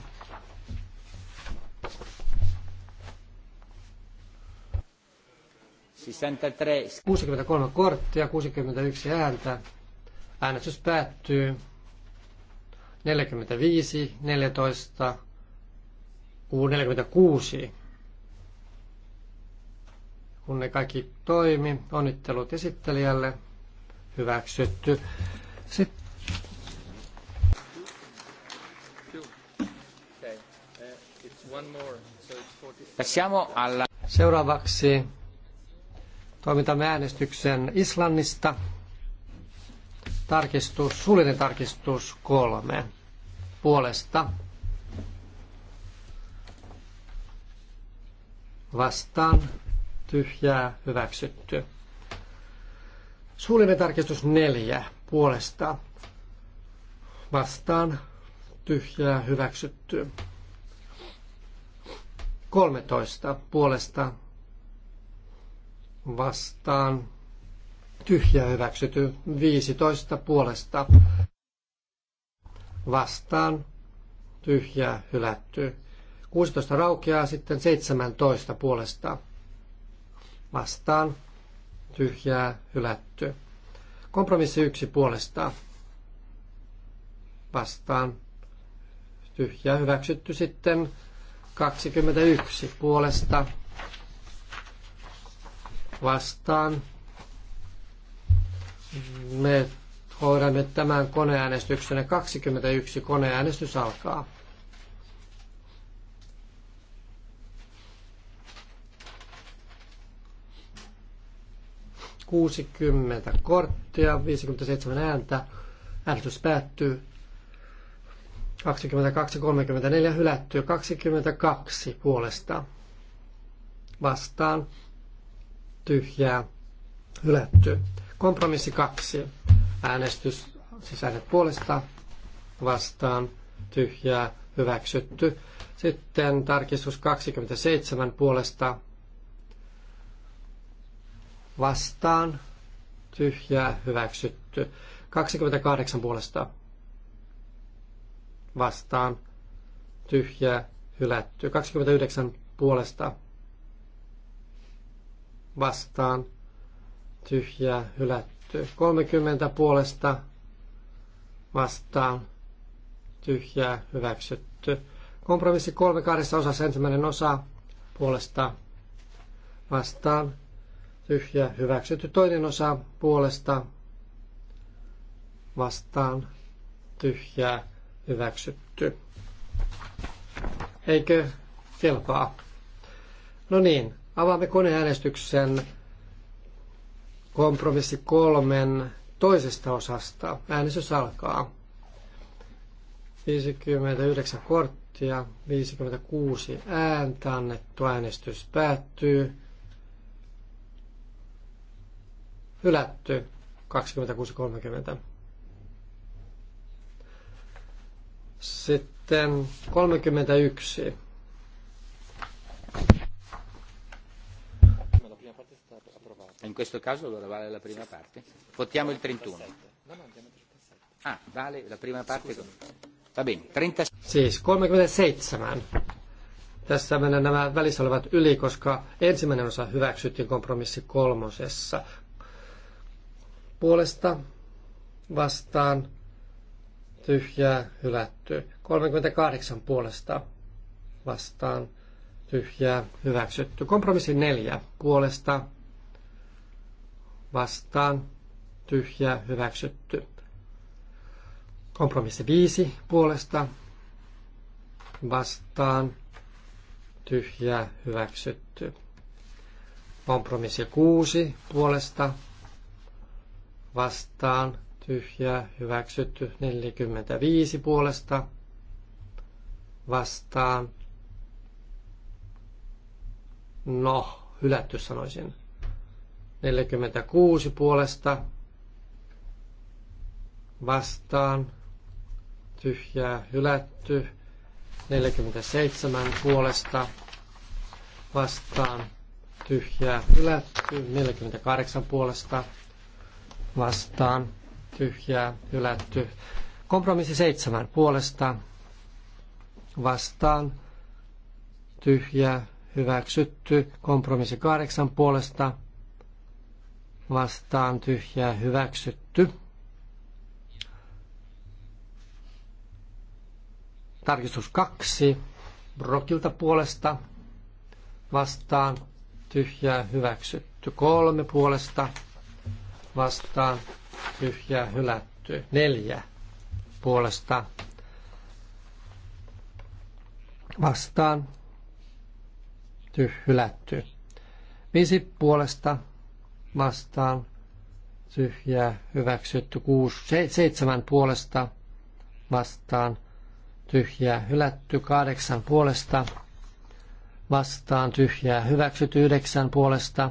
Siis 63 korttia, 61 ääntä. Äänestys päättyy. 45, 14, 46 Kun ne kaikki toimi, onnittelut esittelijälle, hyväksytty. Sitten Seuraavaksi toimitamme äänestyksen Islannista. Tarkistus, suljetin tarkistus kolme. Puolesta. Vastaan. Tyhjää. Hyväksytty. Suullinen tarkistus neljä. Puolesta. Vastaan. Tyhjää. Hyväksytty. 13 puolesta vastaan tyhjä hyväksytty 15 puolesta vastaan tyhjä hylätty. 16 raukeaa sitten 17 puolesta vastaan tyhjää hylätty. Kompromissi yksi puolesta vastaan tyhjä hyväksytty sitten 21 puolesta vastaan me hoidamme tämän koneäänestyksenä. 21 koneäänestys alkaa. Kuusikymmentä korttia, 57 ääntä. Äänestys päättyy. 34 hylätty, 22 puolesta. Vastaan. Tyhjää. Hylätty. Kompromissi kaksi. Äänestys siis äänet puolesta vastaan tyhjää hyväksytty. Sitten tarkistus 27 puolesta vastaan tyhjää hyväksytty. 28 puolesta vastaan tyhjää hylätty. 29 puolesta vastaan tyhjää hylätty. 30 puolesta vastaan tyhjää hyväksytty. Kompromissi kolme kahdessa osassa ensimmäinen osa puolesta vastaan tyhjää hyväksytty. Toinen osa puolesta vastaan tyhjää hyväksytty. Eikö kelpaa? No niin, avaamme koneäänestyksen kompromissi kolmen toisesta osasta. Äänestys alkaa. 59 korttia, 56 ääntä annettu, äänestys päättyy. Hylätty 26.30. Sitten 31. In questo caso allora vale la prima parte. Votiamo il 31. Ah, vale la prima parte. Va bene, 37. Siis Tässä mennään nämä välissä olevat yli, koska ensimmäinen osa hyväksyttiin kompromissi kolmosessa. Puolesta vastaan tyhjää hylätty. 38 puolesta vastaan tyhjää hyväksytty. Kompromissi neljä puolesta vastaan tyhjää hyväksytty. Kompromissi 5 puolesta vastaan tyhjää hyväksytty. Kompromissi 6 puolesta vastaan tyhjää hyväksytty 45 puolesta vastaan. No, hylätty sanoisin. 46 puolesta vastaan tyhjää hylätty. 47 puolesta vastaan tyhjää hylätty. 48 puolesta vastaan tyhjää hylätty. Kompromissi 7 puolesta vastaan tyhjää hyväksytty. Kompromissi 8 puolesta vastaan tyhjää hyväksytty. Tarkistus kaksi Brokilta puolesta vastaan tyhjää hyväksytty. Kolme puolesta vastaan tyhjää hylätty. Neljä puolesta vastaan tyhjää hylätty. Viisi puolesta vastaan tyhjää hyväksytty se, seitsemän puolesta vastaan tyhjää hylätty kahdeksan puolesta vastaan tyhjää hyväksytty yhdeksän puolesta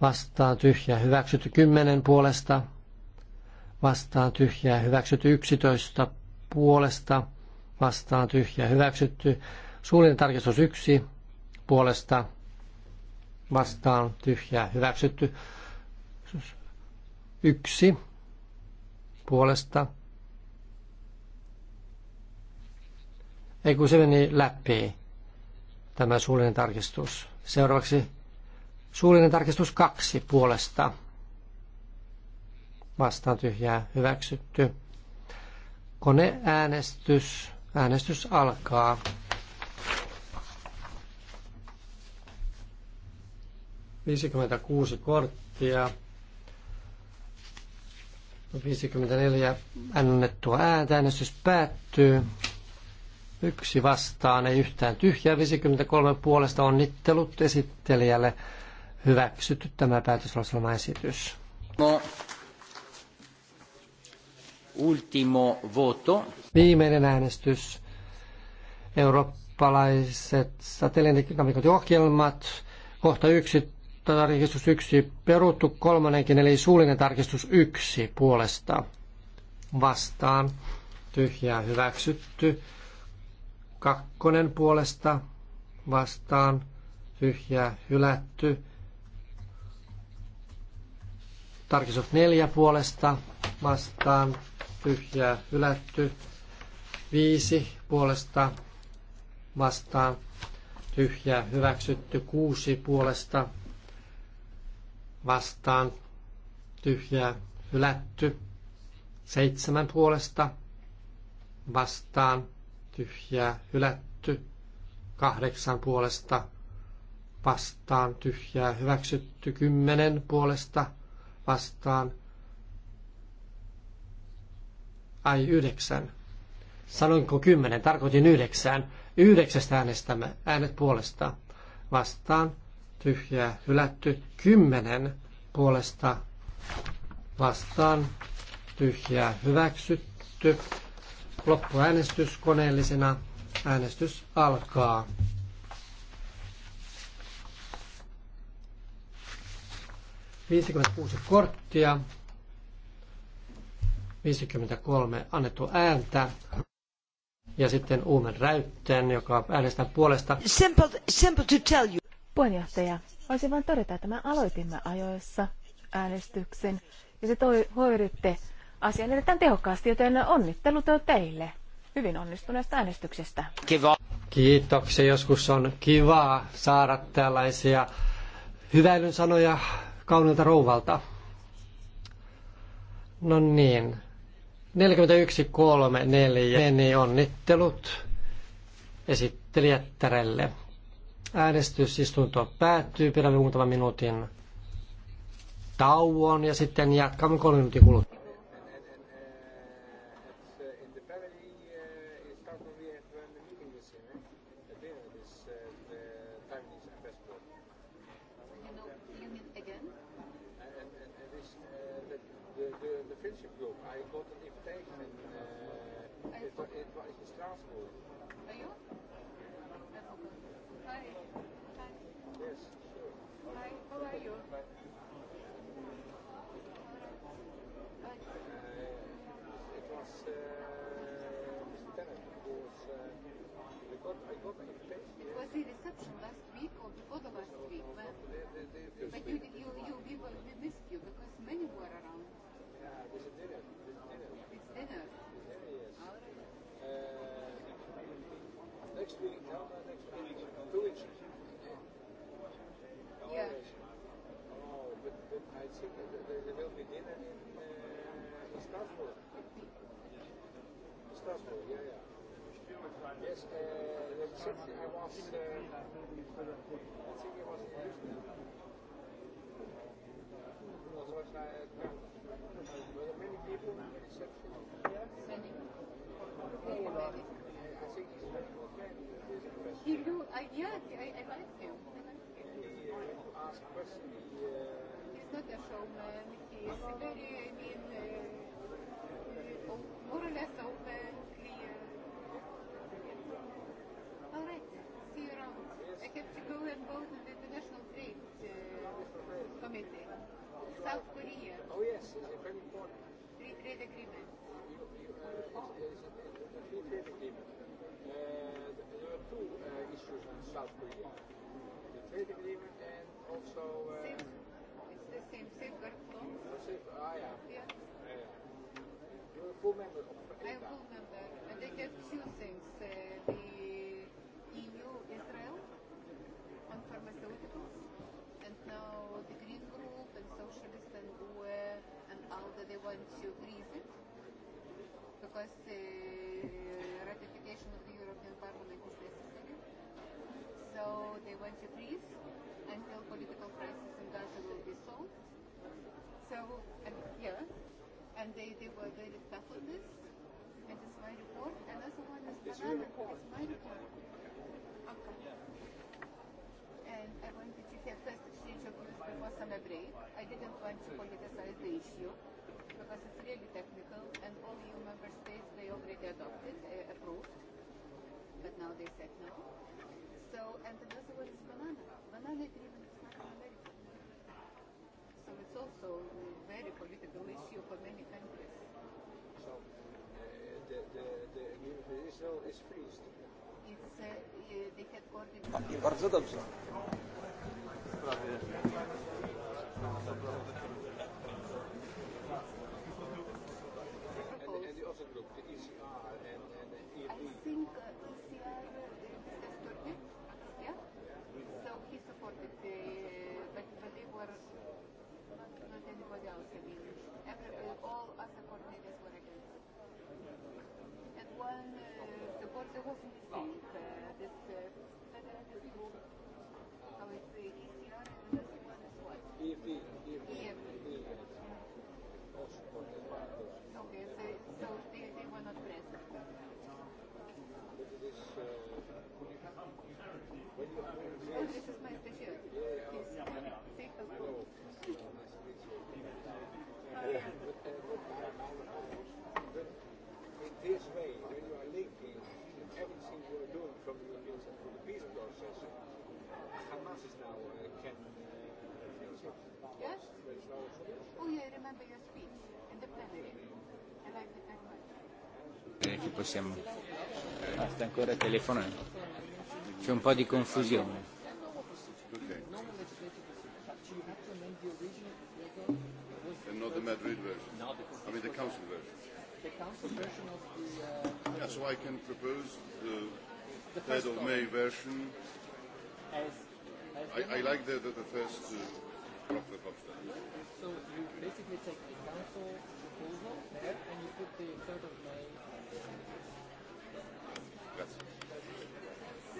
vastaan tyhjää hyväksytty kymmenen puolesta vastaan tyhjää hyväksytty yksitoista puolesta vastaan tyhjää hyväksytty suullinen tarkistus yksi puolesta vastaan tyhjää hyväksytty. Yksi puolesta. Ei kun se meni läpi, tämä suullinen tarkistus. Seuraavaksi suullinen tarkistus kaksi puolesta. Vastaan tyhjää hyväksytty. Koneäänestys. Äänestys alkaa. 56 korttia, 54 annettua ääntä, äänestys päättyy. Yksi vastaan, ei yhtään tyhjää. 53 puolesta onnittelut esittelijälle. Hyväksytty tämä päätöslauselmaesitys. No. Ultimo voto. Viimeinen äänestys. Eurooppalaiset satelliittikamikot ohjelmat. Kohta yksi tarkistus 1 peruttu, kolmonenkin eli suullinen tarkistus 1 puolesta vastaan, tyhjää hyväksytty, kakkonen puolesta vastaan, tyhjää hylätty, tarkistus 4 puolesta vastaan, tyhjää hylätty, 5 puolesta vastaan, tyhjää hyväksytty, 6 puolesta vastaan tyhjää hylätty. Seitsemän puolesta vastaan tyhjää hylätty. Kahdeksan puolesta vastaan tyhjää hyväksytty. Kymmenen puolesta vastaan ai yhdeksän. Sanoinko kymmenen? Tarkoitin yhdeksään Yhdeksästä äänestämme äänet puolesta vastaan tyhjää hylätty. Kymmenen puolesta vastaan tyhjää hyväksytty. Loppuäänestys koneellisena. Äänestys alkaa. Viisikymmentäkuusi korttia. 53 annettu ääntä. Ja sitten Uumen Räytteen, joka äänestää puolesta. Simple, simple to tell you. Puheenjohtaja, voisin vain todeta, että me aloitimme ajoissa äänestyksen ja se toi, hoiditte asian erittäin tehokkaasti, joten onnittelut teille hyvin onnistuneesta äänestyksestä. Kiva. Kiitoksia. Joskus on kiva saada tällaisia hyväilyn sanoja kaunilta rouvalta. No niin. 41.34 meni onnittelut esittelijättärelle. Äänestysistunto päättyy. Pidämme muutaman minuutin tauon ja sitten jatkamme kolmen minuutin kuluttua. So they want to freeze until political crisis in Gaza will be solved. So, and yeah, and they, they were very tough on this. It is my report. Another one is it's banana. Report. It's my report. Okay. And I wanted to have first exchange of views before summer break. I didn't want to politicize the issue because it's really technical and all EU member states, they already adopted, uh, approved, but now they said no. So, and one is banana. Banana in America. So it's also a very political issue for many countries. So uh, the, the, the Israel is freezed. Bardzo uh, dobrze. minuti possiamo... Basta ancora telefonare. C'è un po' di confusione. And not the Madrid version. No, the I mean the council version. The council version of the. Uh, yeah, so I can propose the, the third of May version. As, as I, I like the the, the first uh, block the box. So you basically take the council proposal there and you put the 3rd of May. Grazie.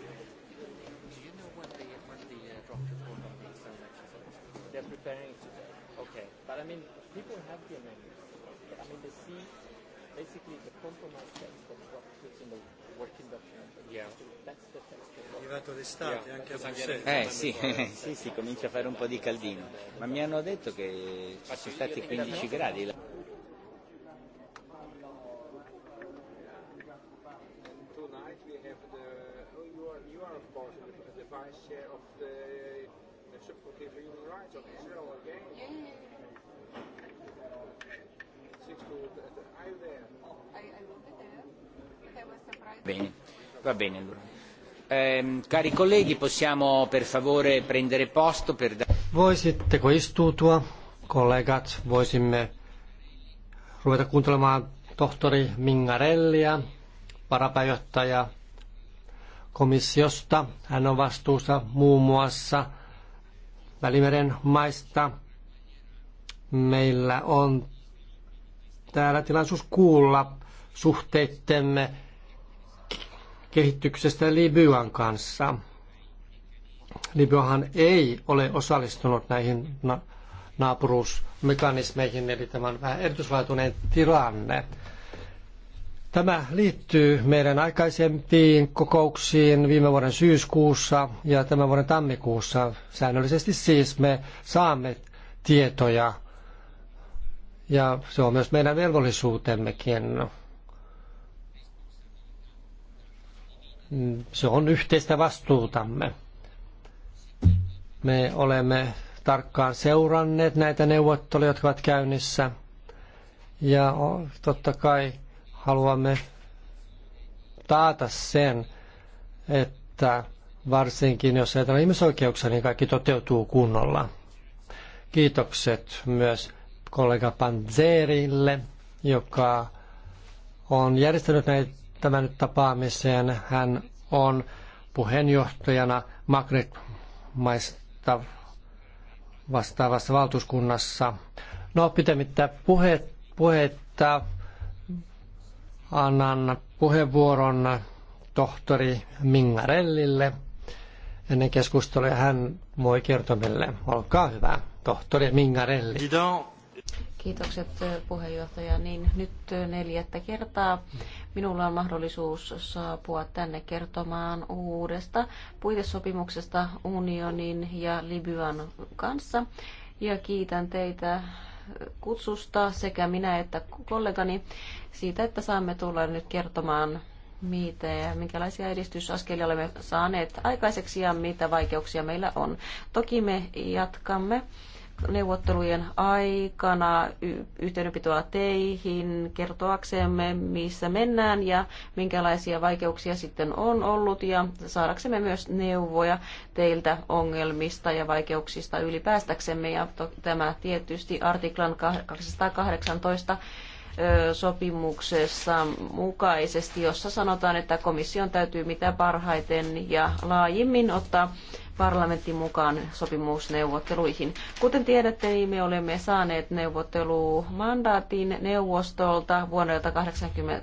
Do you know when the, when the uh, draft report on the external exercise? They're preparing it today. Okay. But I mean, people have the amendments. I mean, they see basically the compromise text of what puts in the working document. Yeah. That's the text. Eh sì, sì, sì, comincia a fare un po' di caldino. Ma mi hanno detto che ci sono stati 15 gradi. Bene, va bene allora. Eh, cari colleghi, possiamo per favore prendere posto per... Voisitteko istuutua, kollegat, voisimme ruveta kuuntelemaan tohtori Mingarellia, varapääjohtaja komissiosta. Hän on vastuussa muun muassa Välimeren maista. Meillä on täällä tilaisuus kuulla suhteittemme kehityksestä Libyan kanssa. Libyahan ei ole osallistunut näihin naapuruusmekanismeihin, eli tämä on vähän erityislaatuinen tilanne. Tämä liittyy meidän aikaisempiin kokouksiin viime vuoden syyskuussa ja tämän vuoden tammikuussa. Säännöllisesti siis me saamme tietoja ja se on myös meidän velvollisuutemmekin. Se on yhteistä vastuutamme. Me olemme tarkkaan seuranneet näitä neuvotteluja, jotka ovat käynnissä. Ja totta kai Haluamme taata sen, että varsinkin jos ajatellaan ihmisoikeuksia, niin kaikki toteutuu kunnolla. Kiitokset myös kollega Panzerille, joka on järjestänyt näitä, tämän tapaamisen. Hän on puheenjohtajana Maghreb-maista vastaavassa valtuuskunnassa. No, pitemmittä puhe, puhetta annan puheenvuoron tohtori Mingarellille ennen keskustelua. Hän voi kertoa meille. Olkaa hyvä, tohtori Mingarelli. Kiitokset puheenjohtaja. Niin nyt neljättä kertaa minulla on mahdollisuus saapua tänne kertomaan uudesta puitesopimuksesta unionin ja Libyan kanssa. Ja kiitän teitä kutsusta sekä minä että kollegani siitä, että saamme tulla nyt kertomaan mitä ja minkälaisia edistysaskelia olemme saaneet aikaiseksi ja mitä vaikeuksia meillä on. Toki me jatkamme neuvottelujen aikana yhteydenpitoa teihin kertoaksemme, missä mennään ja minkälaisia vaikeuksia sitten on ollut ja saadaksemme myös neuvoja teiltä ongelmista ja vaikeuksista ylipäästäksemme. Ja tämä tietysti artiklan 218 sopimuksessa mukaisesti, jossa sanotaan, että komission täytyy mitä parhaiten ja laajimmin ottaa Parlamentin mukaan sopimusneuvotteluihin. Kuten tiedätte, niin me olemme saaneet neuvottelumandaatin neuvostolta vuonna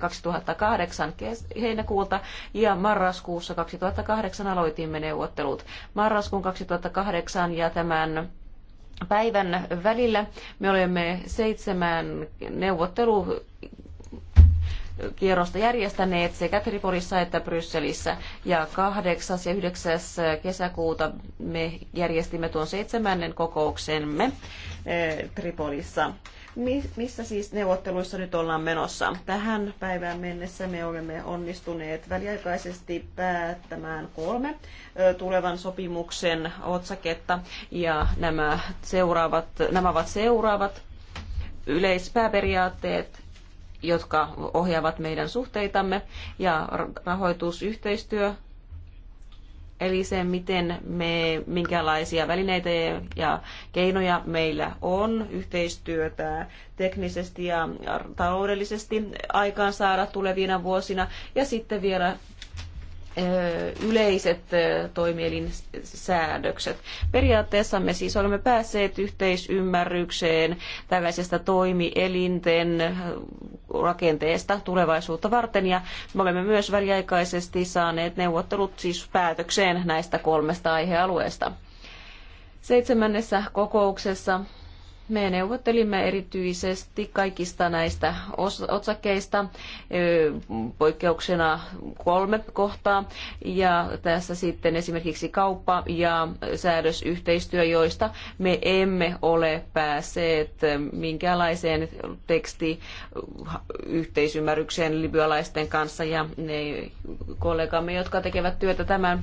2008 heinäkuulta ja marraskuussa 2008 aloitimme neuvottelut. Marraskuun 2008 ja tämän päivän välillä me olemme seitsemän neuvottelu kierrosta järjestäneet sekä Triporissa että Brysselissä. Ja 8. ja 9. kesäkuuta me järjestimme tuon seitsemännen kokouksemme eh, Tripolissa. Missä siis neuvotteluissa nyt ollaan menossa? Tähän päivään mennessä me olemme onnistuneet väliaikaisesti päättämään kolme eh, tulevan sopimuksen otsaketta ja nämä, seuraavat, nämä ovat seuraavat yleispääperiaatteet, jotka ohjaavat meidän suhteitamme ja rahoitusyhteistyö, eli se, miten me, minkälaisia välineitä ja keinoja meillä on yhteistyötä teknisesti ja taloudellisesti aikaansaada tulevina vuosina. Ja sitten vielä yleiset toimielinsäädökset. Periaatteessa me siis olemme päässeet yhteisymmärrykseen tällaisesta toimielinten rakenteesta tulevaisuutta varten ja me olemme myös väliaikaisesti saaneet neuvottelut siis päätökseen näistä kolmesta aihealueesta. Seitsemännessä kokouksessa me neuvottelimme erityisesti kaikista näistä otsakeista poikkeuksena kolme kohtaa, ja tässä sitten esimerkiksi kauppa ja säädösyhteistyö, joista me emme ole päässeet minkäänlaiseen tekstiyhteisymmärrykseen libyalaisten kanssa, ja ne kollegamme, jotka tekevät työtä tämän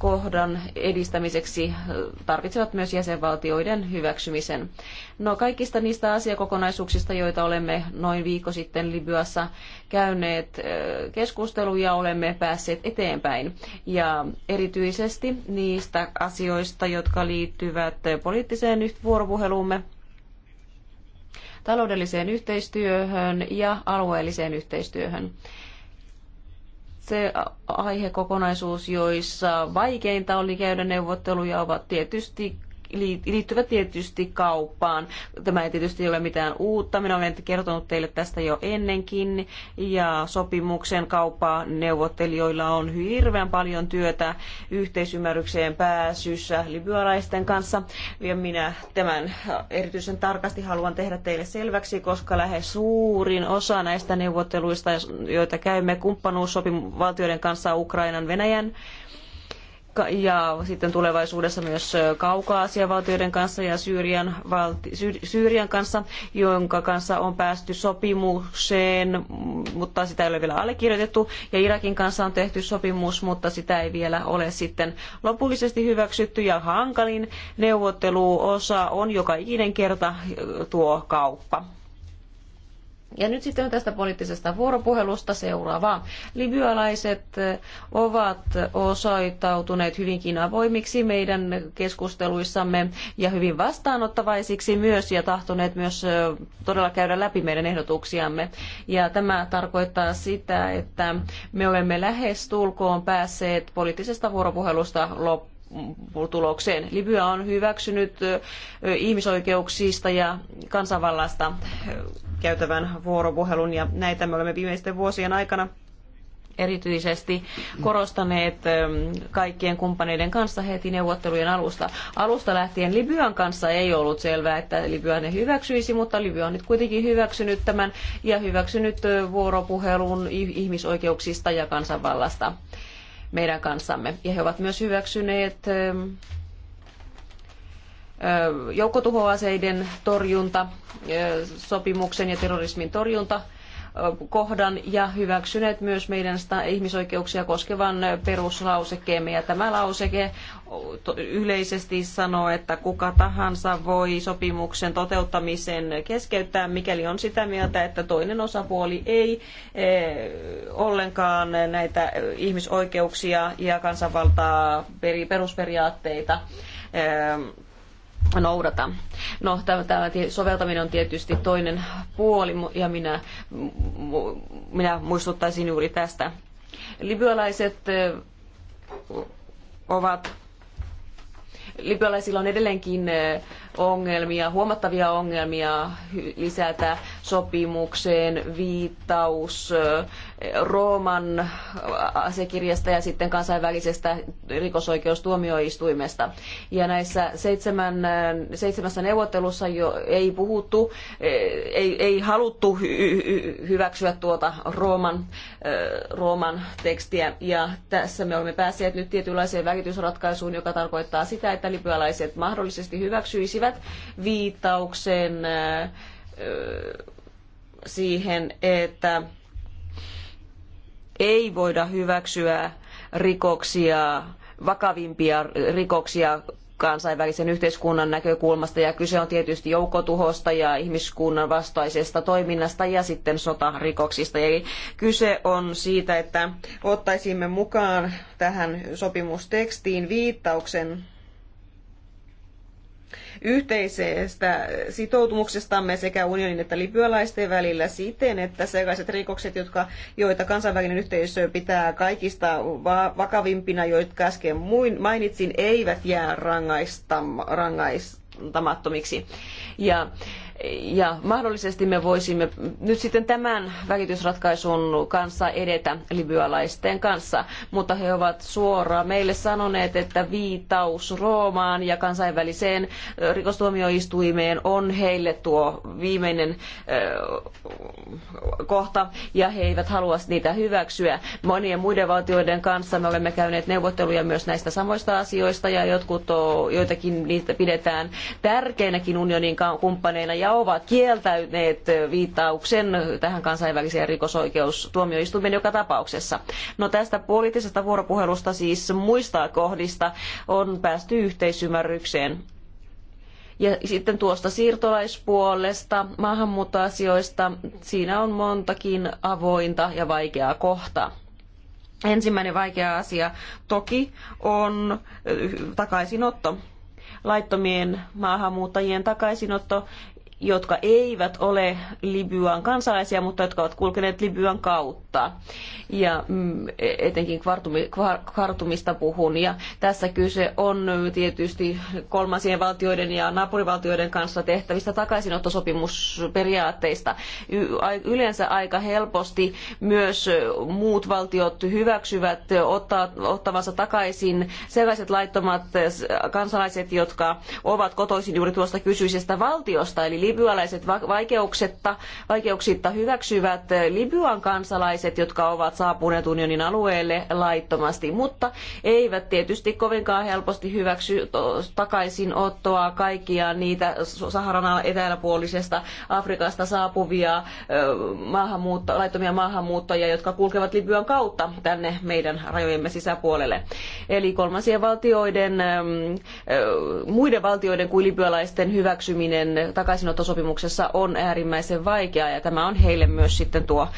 kohdan edistämiseksi tarvitsevat myös jäsenvaltioiden hyväksymisen. No kaikista niistä asiakokonaisuuksista, joita olemme noin viikko sitten Libyassa käyneet keskusteluja, olemme päässeet eteenpäin. Ja erityisesti niistä asioista, jotka liittyvät poliittiseen vuoropuheluumme, taloudelliseen yhteistyöhön ja alueelliseen yhteistyöhön se aihekokonaisuus, joissa vaikeinta oli käydä neuvotteluja, ovat tietysti liittyvät tietysti kauppaan. Tämä ei tietysti ole mitään uutta. Minä olen kertonut teille tästä jo ennenkin. Ja sopimuksen kauppaa neuvottelijoilla on hirveän paljon työtä yhteisymmärrykseen pääsyssä libyalaisten kanssa. Ja minä tämän erityisen tarkasti haluan tehdä teille selväksi, koska lähes suurin osa näistä neuvotteluista, joita käymme kumppanuussopimusvaltioiden kanssa Ukrainan, Venäjän, ja sitten tulevaisuudessa myös kaukaa valtioiden kanssa ja Syyrian, valti, Syyrian kanssa, jonka kanssa on päästy sopimukseen, mutta sitä ei ole vielä allekirjoitettu. Ja Irakin kanssa on tehty sopimus, mutta sitä ei vielä ole sitten lopullisesti hyväksytty. Ja hankalin neuvotteluosa on joka ikinen kerta tuo kauppa ja nyt sitten tästä poliittisesta vuoropuhelusta seuraavaa. Libyalaiset eh, ovat osoittautuneet hyvinkin avoimiksi meidän keskusteluissamme ja hyvin vastaanottavaisiksi myös ja tahtoneet myös eh, todella käydä läpi meidän ehdotuksiamme. Ja tämä tarkoittaa sitä, että me olemme lähes tulkoon päässeet poliittisesta vuoropuhelusta loppuun tulokseen. Libya on hyväksynyt ihmisoikeuksista ja kansanvallasta käytävän vuoropuhelun ja näitä me olemme viimeisten vuosien aikana erityisesti korostaneet kaikkien kumppaneiden kanssa heti neuvottelujen alusta. Alusta lähtien Libyan kanssa ei ollut selvää, että Libya ne hyväksyisi, mutta Libya on nyt kuitenkin hyväksynyt tämän ja hyväksynyt vuoropuhelun ihmisoikeuksista ja kansanvallasta meidän kanssamme. Ja he ovat myös hyväksyneet ähm, äh, joukkotuhoaseiden torjunta, äh, sopimuksen ja terrorismin torjunta kohdan ja hyväksyneet myös meidän ihmisoikeuksia koskevan peruslausekkeemme. Ja tämä lauseke yleisesti sanoo, että kuka tahansa voi sopimuksen toteuttamisen keskeyttää, mikäli on sitä mieltä, että toinen osapuoli ei eh, ollenkaan näitä ihmisoikeuksia ja kansanvaltaa perusperiaatteita eh, noudata. No, tämä soveltaminen on tietysti toinen puoli, ja minä, minä muistuttaisin juuri tästä. Libyalaiset ovat libyalaisilla on edelleenkin ongelmia, huomattavia ongelmia lisätä sopimukseen viittaus eh, Rooman asiakirjasta ja sitten kansainvälisestä rikosoikeustuomioistuimesta. Ja näissä seitsemän, eh, seitsemässä neuvottelussa jo ei puhuttu, eh, ei, ei haluttu hyväksyä tuota Rooman, Rooman tekstiä. Ja tässä me olemme päässeet nyt tietynlaiseen välitysratkaisuun, joka tarkoittaa sitä, että libyalaiset mahdollisesti hyväksyisivät viittauksen siihen, että ei voida hyväksyä rikoksia, vakavimpia rikoksia kansainvälisen yhteiskunnan näkökulmasta ja kyse on tietysti joukkotuhosta ja ihmiskunnan vastaisesta toiminnasta ja sitten sotarikoksista. Eli kyse on siitä, että ottaisimme mukaan tähän sopimustekstiin viittauksen yhteisestä sitoutumuksestamme sekä unionin että libyalaisten välillä siten, että sellaiset rikokset, jotka, joita kansainvälinen yhteisö pitää kaikista vakavimpina, jotka äsken mainitsin, eivät jää rangaista, rangaistamattomiksi. Ja ja mahdollisesti me voisimme nyt sitten tämän väkitysratkaisun kanssa edetä libyalaisten kanssa, mutta he ovat suoraan meille sanoneet, että viitaus Roomaan ja kansainväliseen rikostuomioistuimeen on heille tuo viimeinen kohta ja he eivät halua niitä hyväksyä. Monien muiden valtioiden kanssa me olemme käyneet neuvotteluja myös näistä samoista asioista ja jotkut, joitakin niitä pidetään tärkeinäkin unionin kumppaneina ja ovat kieltäyneet viittauksen tähän kansainväliseen rikosoikeustuomioistuimeen joka tapauksessa. No tästä poliittisesta vuoropuhelusta siis muista kohdista on päästy yhteisymmärrykseen. Ja sitten tuosta siirtolaispuolesta, maahanmuuttoasioista, siinä on montakin avointa ja vaikeaa kohtaa. Ensimmäinen vaikea asia toki on eh, takaisinotto laittomien maahanmuuttajien takaisinotto jotka eivät ole Libyan kansalaisia, mutta jotka ovat kulkeneet Libyan kautta. Ja mm, e, etenkin kvartumista puhun. Ja tässä kyse on tietysti kolmansien valtioiden ja naapurivaltioiden kanssa tehtävistä takaisinottosopimusperiaatteista. Yleensä aika helposti myös muut valtiot hyväksyvät ottaa, ottavansa takaisin sellaiset laittomat kansalaiset, jotka ovat kotoisin juuri tuosta kysyisestä valtiosta, eli libyalaiset vaikeuksetta, vaikeuksitta hyväksyvät Libyan kansalaiset, jotka ovat saapuneet unionin alueelle laittomasti, mutta eivät tietysti kovinkaan helposti hyväksy takaisinottoa kaikkia niitä Saharan eteläpuolisesta Afrikasta saapuvia maahanmuutta, laittomia maahanmuuttajia, jotka kulkevat Libyan kautta tänne meidän rajojemme sisäpuolelle. Eli kolmansien valtioiden, muiden valtioiden kuin libyalaisten hyväksyminen takaisinotto NATO-sopimuksessa on äärimmäisen vaikeaa ja tämä on heille myös sitten tuo,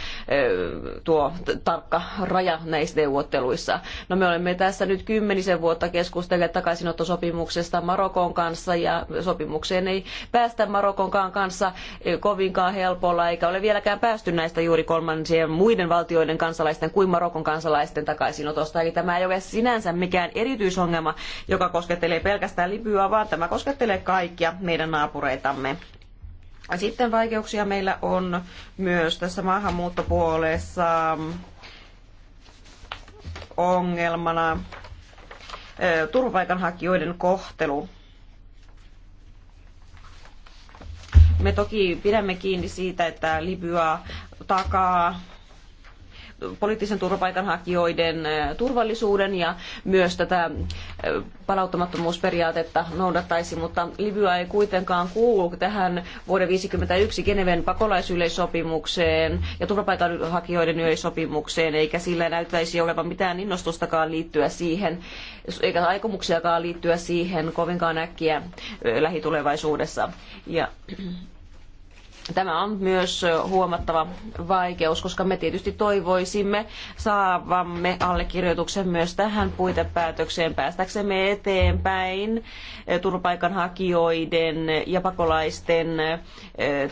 tuo tarkka raja näissä neuvotteluissa. No me olemme tässä nyt kymmenisen vuotta keskustelleet takaisinottosopimuksesta Marokon kanssa ja sopimukseen ei päästä Marokonkaan kanssa kovinkaan helpolla eikä ole vieläkään päästy näistä juuri kolmansien muiden valtioiden kansalaisten kuin Marokon kansalaisten takaisinotosta. Eli tämä ei ole sinänsä mikään erityisongelma, joka koskettelee pelkästään Libyaa, vaan tämä koskettelee kaikkia meidän naapureitamme. Sitten vaikeuksia meillä on myös tässä maahanmuuttopuolessa ongelmana turvapaikanhakijoiden kohtelu. Me toki pidämme kiinni siitä, että Libya takaa poliittisen turvapaikanhakijoiden turvallisuuden ja myös tätä palauttamattomuusperiaatetta noudattaisi, mutta Libya ei kuitenkaan kuulu tähän vuoden 1951 Geneven pakolaisyleissopimukseen ja turvapaikanhakijoiden yleissopimukseen, eikä sillä näyttäisi olevan mitään innostustakaan liittyä siihen, eikä aikomuksiakaan liittyä siihen kovinkaan äkkiä lähitulevaisuudessa. Ja Tämä on myös huomattava vaikeus, koska me tietysti toivoisimme saavamme allekirjoituksen myös tähän puitepäätökseen päästäksemme eteenpäin turvapaikanhakijoiden ja pakolaisten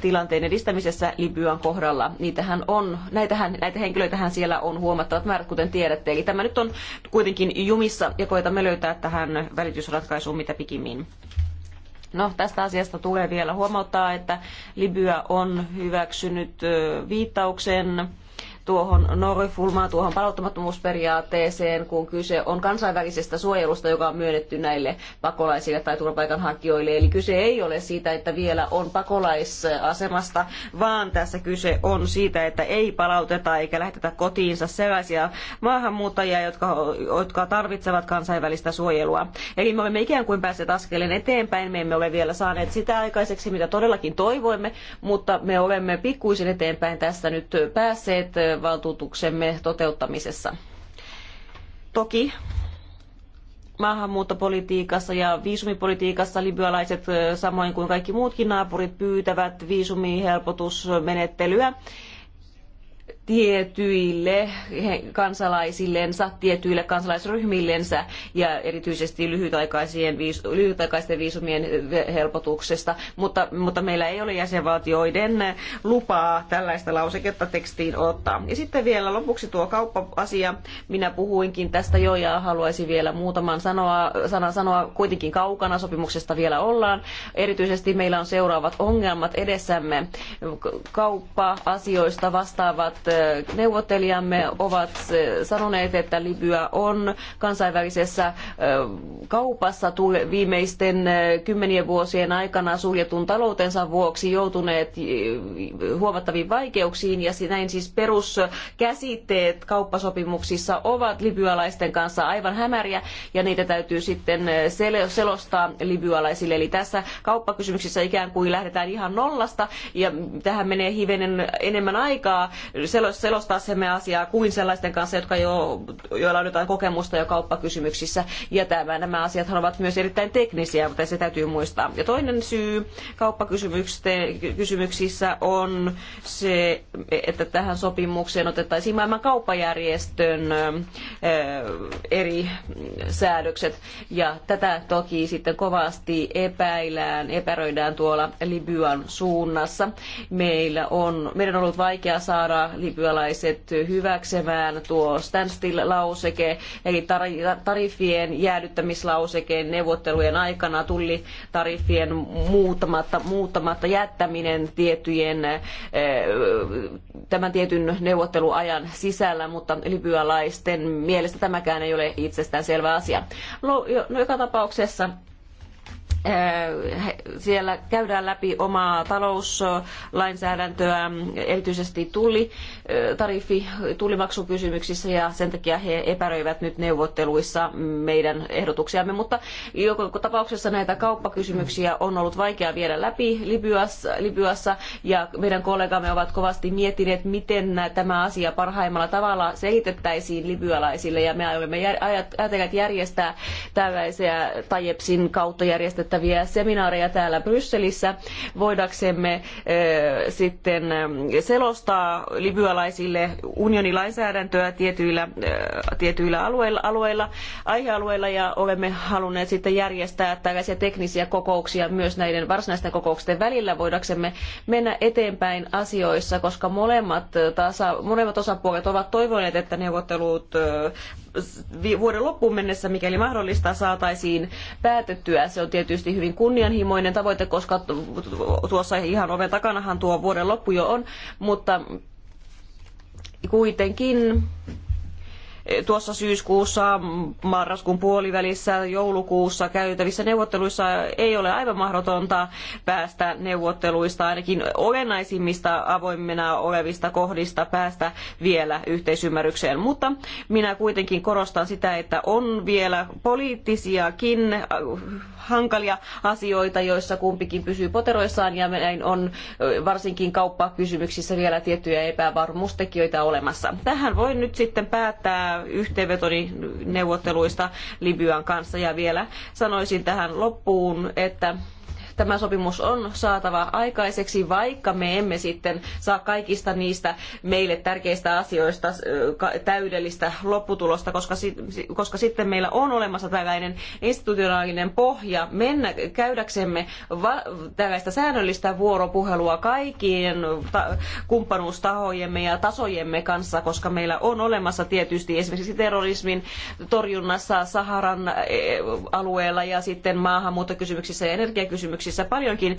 tilanteen edistämisessä Libyan kohdalla. Niitähän on, näitähän, näitä henkilöitähän siellä on huomattavat määrät, kuten tiedätte. Eli tämä nyt on kuitenkin jumissa ja koetamme löytää tähän välitysratkaisuun mitä pikimmin. No, tästä asiasta tulee vielä huomauttaa, että Libya on hyväksynyt viittauksen tuohon norifulmaan, tuohon palauttamattomuusperiaatteeseen, kun kyse on kansainvälisestä suojelusta, joka on myönnetty näille pakolaisille tai turvapaikanhakijoille. Eli kyse ei ole siitä, että vielä on pakolaisasemasta, vaan tässä kyse on siitä, että ei palauteta eikä lähetetä kotiinsa sellaisia maahanmuuttajia, jotka, jotka tarvitsevat kansainvälistä suojelua. Eli me olemme ikään kuin päässeet askeleen eteenpäin. Me emme ole vielä saaneet sitä aikaiseksi, mitä todellakin toivoimme, mutta me olemme pikkuisen eteenpäin tässä nyt päässeet toimivaltuutuksemme toteuttamisessa. Toki maahanmuuttopolitiikassa ja viisumipolitiikassa libyalaiset samoin kuin kaikki muutkin naapurit pyytävät viisumihelpotusmenettelyä. helpotusmenettelyä tietyille kansalaisillensa, tietyille kansalaisryhmillensä ja erityisesti lyhytaikaisien, lyhytaikaisten viisumien helpotuksesta, mutta, mutta meillä ei ole jäsenvaltioiden lupaa tällaista lauseketta tekstiin ottaa. Ja sitten vielä lopuksi tuo kauppa-asia. Minä puhuinkin tästä jo ja haluaisin vielä muutaman sanoa, sanan sanoa. Kuitenkin kaukana sopimuksesta vielä ollaan. Erityisesti meillä on seuraavat ongelmat edessämme. Kauppa-asioista vastaavat neuvottelijamme ovat sanoneet, että Libya on kansainvälisessä kaupassa viimeisten kymmenien vuosien aikana suljetun taloutensa vuoksi joutuneet huomattaviin vaikeuksiin ja näin siis peruskäsitteet kauppasopimuksissa ovat libyalaisten kanssa aivan hämäriä ja niitä täytyy sitten selostaa libyalaisille. Eli tässä kauppakysymyksessä ikään kuin lähdetään ihan nollasta ja tähän menee hivenen enemmän aikaa selostaa semme asiaa kuin sellaisten kanssa, jotka jo, joilla on jotain kokemusta jo kauppakysymyksissä. Ja tämä, nämä asiat ovat myös erittäin teknisiä, mutta se täytyy muistaa. Ja toinen syy kauppakysymyksissä on se, että tähän sopimukseen otettaisiin maailman kauppajärjestön eh, eri säädökset. Ja tätä toki sitten kovasti epäillään, epäröidään tuolla Libyan suunnassa. Meillä on, meidän on ollut vaikea saada Libyan libyalaiset hyväksemään tuo standstill-lauseke, eli tariffien jäädyttämislauseke neuvottelujen aikana tuli tarifien muuttamatta, muuttamatta jättäminen tiettyjen, eh, tämän tietyn neuvotteluajan sisällä, mutta libyalaisten mielestä tämäkään ei ole itsestään selvä asia. No, joka tapauksessa Äh, siellä käydään läpi omaa talouslainsäädäntöä, erityisesti tulli, äh, tariffi, tullimaksukysymyksissä ja sen takia he epäröivät nyt neuvotteluissa meidän ehdotuksiamme, mutta joka tapauksessa näitä kauppakysymyksiä on ollut vaikea viedä läpi Libyassa, Libyassa ja meidän kollegamme ovat kovasti miettineet, miten tämä asia parhaimmalla tavalla selitettäisiin libyalaisille ja me aiomme ajatella, järjestää tällaisia Tajepsin kautta järjestettyjä järjestettäviä seminaareja täällä Brysselissä, voidaksemme sitten selostaa libyalaisille unionin lainsäädäntöä tietyillä, tietyillä alueilla, alueilla, aihealueilla ja olemme halunneet sitten järjestää tällaisia teknisiä kokouksia myös näiden varsinaisten kokousten välillä, voidaksemme mennä eteenpäin asioissa, koska molemmat, tasa, molemmat osapuolet ovat toivoneet, että neuvottelut vuoden loppuun mennessä, mikäli mahdollista, saataisiin päätettyä. Se on tietysti hyvin kunnianhimoinen tavoite, koska tuossa ihan oven takanahan tuo vuoden loppu jo on, mutta kuitenkin tuossa syyskuussa, marraskuun puolivälissä, joulukuussa käytävissä neuvotteluissa ei ole aivan mahdotonta päästä neuvotteluista, ainakin olennaisimmista avoimena olevista kohdista päästä vielä yhteisymmärrykseen. Mutta minä kuitenkin korostan sitä, että on vielä poliittisiakin hankalia asioita, joissa kumpikin pysyy poteroissaan ja näin on varsinkin kauppakysymyksissä vielä tiettyjä epävarmuustekijöitä olemassa. Tähän voi nyt sitten päättää yhteenvetoni neuvotteluista Libyan kanssa. Ja vielä sanoisin tähän loppuun, että Tämä sopimus on saatava aikaiseksi, vaikka me emme sitten saa kaikista niistä meille tärkeistä asioista täydellistä lopputulosta, koska, koska sitten meillä on olemassa tällainen institutionaalinen pohja mennä käydäksemme tällaista säännöllistä vuoropuhelua kaikkien kumppanuustahojemme ja tasojemme kanssa, koska meillä on olemassa tietysti esimerkiksi terrorismin torjunnassa Saharan alueella ja sitten maahanmuuttokysymyksissä ja energiakysymyksissä kysymyksissä paljonkin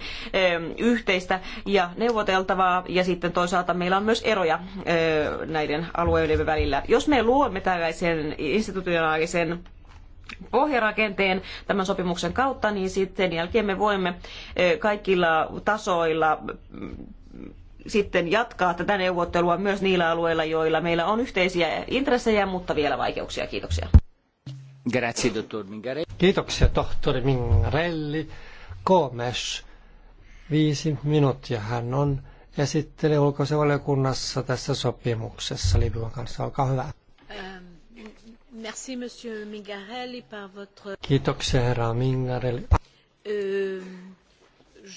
yhteistä ja neuvoteltavaa ja sitten toisaalta meillä on myös eroja näiden alueiden välillä. Jos me luomme tällaisen institutionaalisen pohjarakenteen tämän sopimuksen kautta, niin sitten jälkeen me voimme kaikilla tasoilla mm, sitten jatkaa tätä neuvottelua myös niillä alueilla, joilla meillä on yhteisiä intressejä, mutta vielä vaikeuksia. Kiitoksia. Grazie, dottor Mingarelli. Kiitoksia, tohtori Mingarelli. Gomes, viisi minuuttia hän on esittelee ulkoasevaliokunnassa tässä sopimuksessa Libyan kanssa. Olkaa hyvä. Ähm, merci, monsieur Mingarelli, par votre... Kiitoksia, herra Mingarelli. Ähm,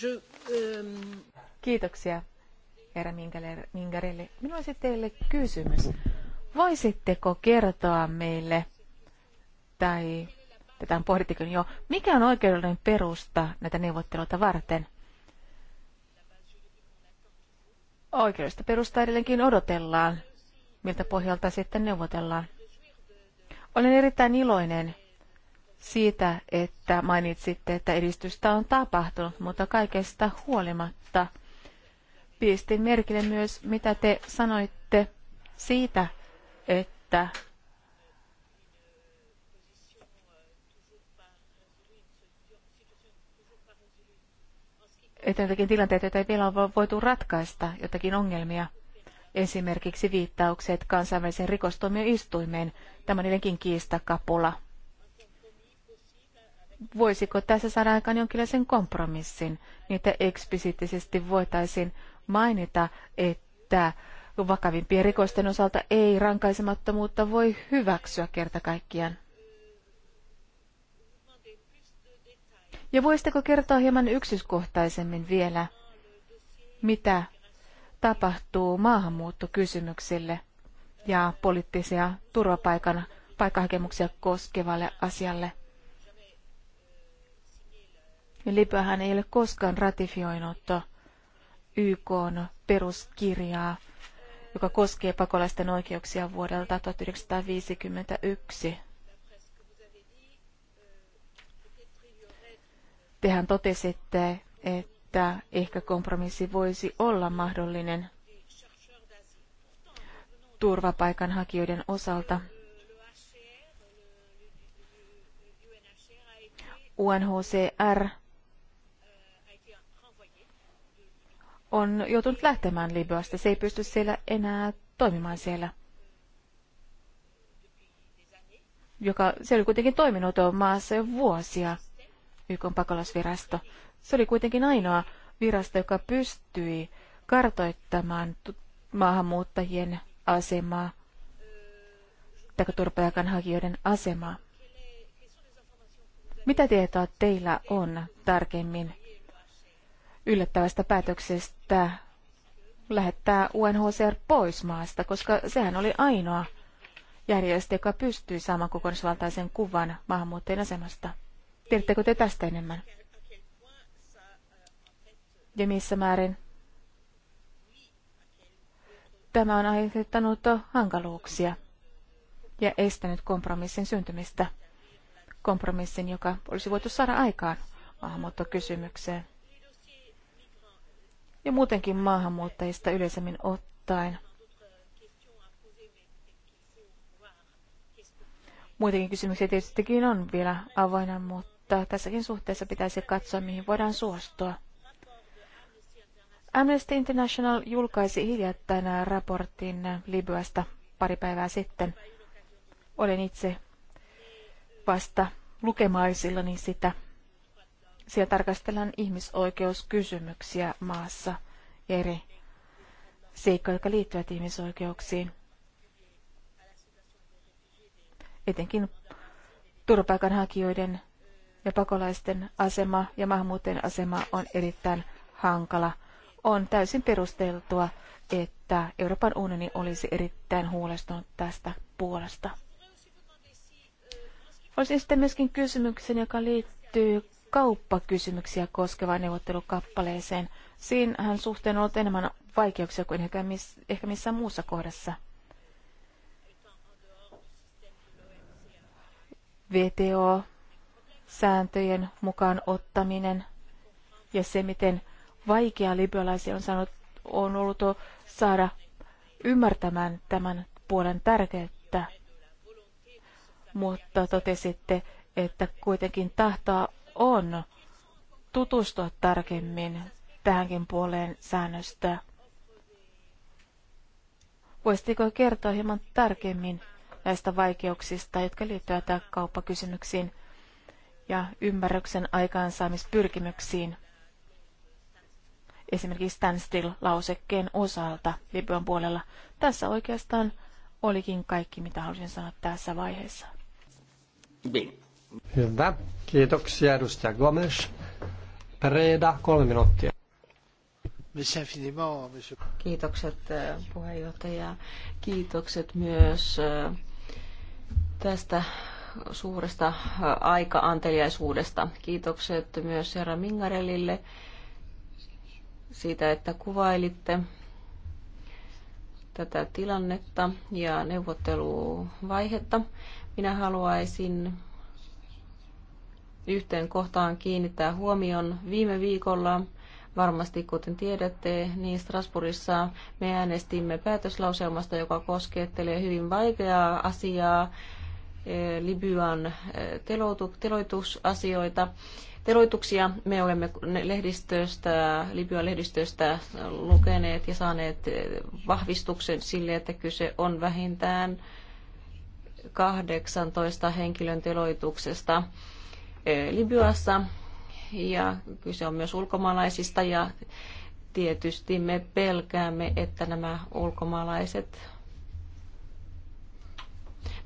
je, ähm- Kiitoksia, herra Mingarelli. Minulla olisi teille kysymys. Voisitteko kertoa meille tai on pohdittikin jo, mikä on oikeudellinen perusta näitä neuvotteluita varten? Oikeudesta perusta edelleenkin odotellaan, miltä pohjalta sitten neuvotellaan. Olen erittäin iloinen siitä, että mainitsitte, että edistystä on tapahtunut, mutta kaikesta huolimatta pistin merkille myös, mitä te sanoitte siitä, että että jotakin tilanteita, joita ei vielä ole voitu ratkaista, jotakin ongelmia. Esimerkiksi viittaukset kansainväliseen rikostuomioistuimeen, tämä niidenkin kiistakapula. Voisiko tässä saada aikaan jonkinlaisen kompromissin, niin että eksplisiittisesti voitaisiin mainita, että vakavimpien rikosten osalta ei rankaisemattomuutta voi hyväksyä kerta kaikkiaan. Ja voisitteko kertoa hieman yksityiskohtaisemmin vielä, mitä tapahtuu maahanmuuttokysymyksille ja poliittisia turvapaikan paikkahakemuksia koskevalle asialle? Libyahan ei ole koskaan ratifioinut YK peruskirjaa, joka koskee pakolaisten oikeuksia vuodelta 1951. Tehän totesitte, että ehkä kompromissi voisi olla mahdollinen turvapaikanhakijoiden osalta. UNHCR on joutunut lähtemään Libyasta. Se ei pysty siellä enää toimimaan siellä. Joka, se oli kuitenkin toiminut maassa jo vuosia. YK pakolaisvirasto. Se oli kuitenkin ainoa virasto, joka pystyi kartoittamaan maahanmuuttajien asemaa tai turvapaikanhakijoiden asemaa. Mitä tietoa teillä on tarkemmin yllättävästä päätöksestä lähettää UNHCR pois maasta, koska sehän oli ainoa järjestö, joka pystyi saamaan kokonaisvaltaisen kuvan maahanmuuttajien asemasta? Tiedättekö te tästä enemmän? Ja missä määrin? Tämä on aiheuttanut hankaluuksia ja estänyt kompromissin syntymistä. Kompromissin, joka olisi voitu saada aikaan maahanmuuttokysymykseen. Ja muutenkin maahanmuuttajista yleisemmin ottaen. Muitakin kysymyksiä tietystikin on vielä avoinna, mutta mutta tässäkin suhteessa pitäisi katsoa, mihin voidaan suostua. Amnesty International julkaisi hiljattain raportin Libyasta pari päivää sitten. Olen itse vasta lukemaisillani sitä. Siellä tarkastellaan ihmisoikeuskysymyksiä maassa ja eri seikkoja, jotka liittyvät ihmisoikeuksiin. Etenkin turvapaikanhakijoiden ja pakolaisten asema ja maahanmuuttajien asema on erittäin hankala. On täysin perusteltua, että Euroopan unioni olisi erittäin huolestunut tästä puolesta. Olisin sitten myöskin kysymyksen, joka liittyy kauppakysymyksiä koskevaan neuvottelukappaleeseen. Siinähän suhteen on ollut enemmän vaikeuksia kuin ehkä, missään muussa kohdassa. VTO sääntöjen mukaan ottaminen ja se, miten vaikea libyalaisia on, saanut, on ollut saada ymmärtämään tämän puolen tärkeyttä. Mutta totesitte, että kuitenkin tahtoa on tutustua tarkemmin tähänkin puoleen säännöstä. Voisitteko kertoa hieman tarkemmin näistä vaikeuksista, jotka liittyvät kauppakysymyksiin? ja ymmärryksen aikaansaamispyrkimyksiin, esimerkiksi standstill-lausekkeen osalta Libyan puolella. Tässä oikeastaan olikin kaikki, mitä halusin sanoa tässä vaiheessa. Hyvä. Kiitoksia edustaja Gomes. Preda, kolme minuuttia. Kiitokset puheenjohtaja. Kiitokset myös tästä suuresta äh, aika-anteliaisuudesta. Kiitokset myös herra Mingarellille siitä, että kuvailitte tätä tilannetta ja neuvotteluvaihetta. Minä haluaisin yhteen kohtaan kiinnittää huomion viime viikolla. Varmasti, kuten tiedätte, niin Strasbourgissa me äänestimme päätöslauselmasta, joka koskettelee hyvin vaikeaa asiaa, Libyan eh, teloitusasioita. Teloituksia me olemme lehdistöstä, Libyan lehdistöstä lukeneet ja saaneet eh, vahvistuksen sille, että kyse on vähintään 18 henkilön teloituksesta eh, Libyassa ja kyse on myös ulkomaalaisista ja tietysti me pelkäämme, että nämä ulkomaalaiset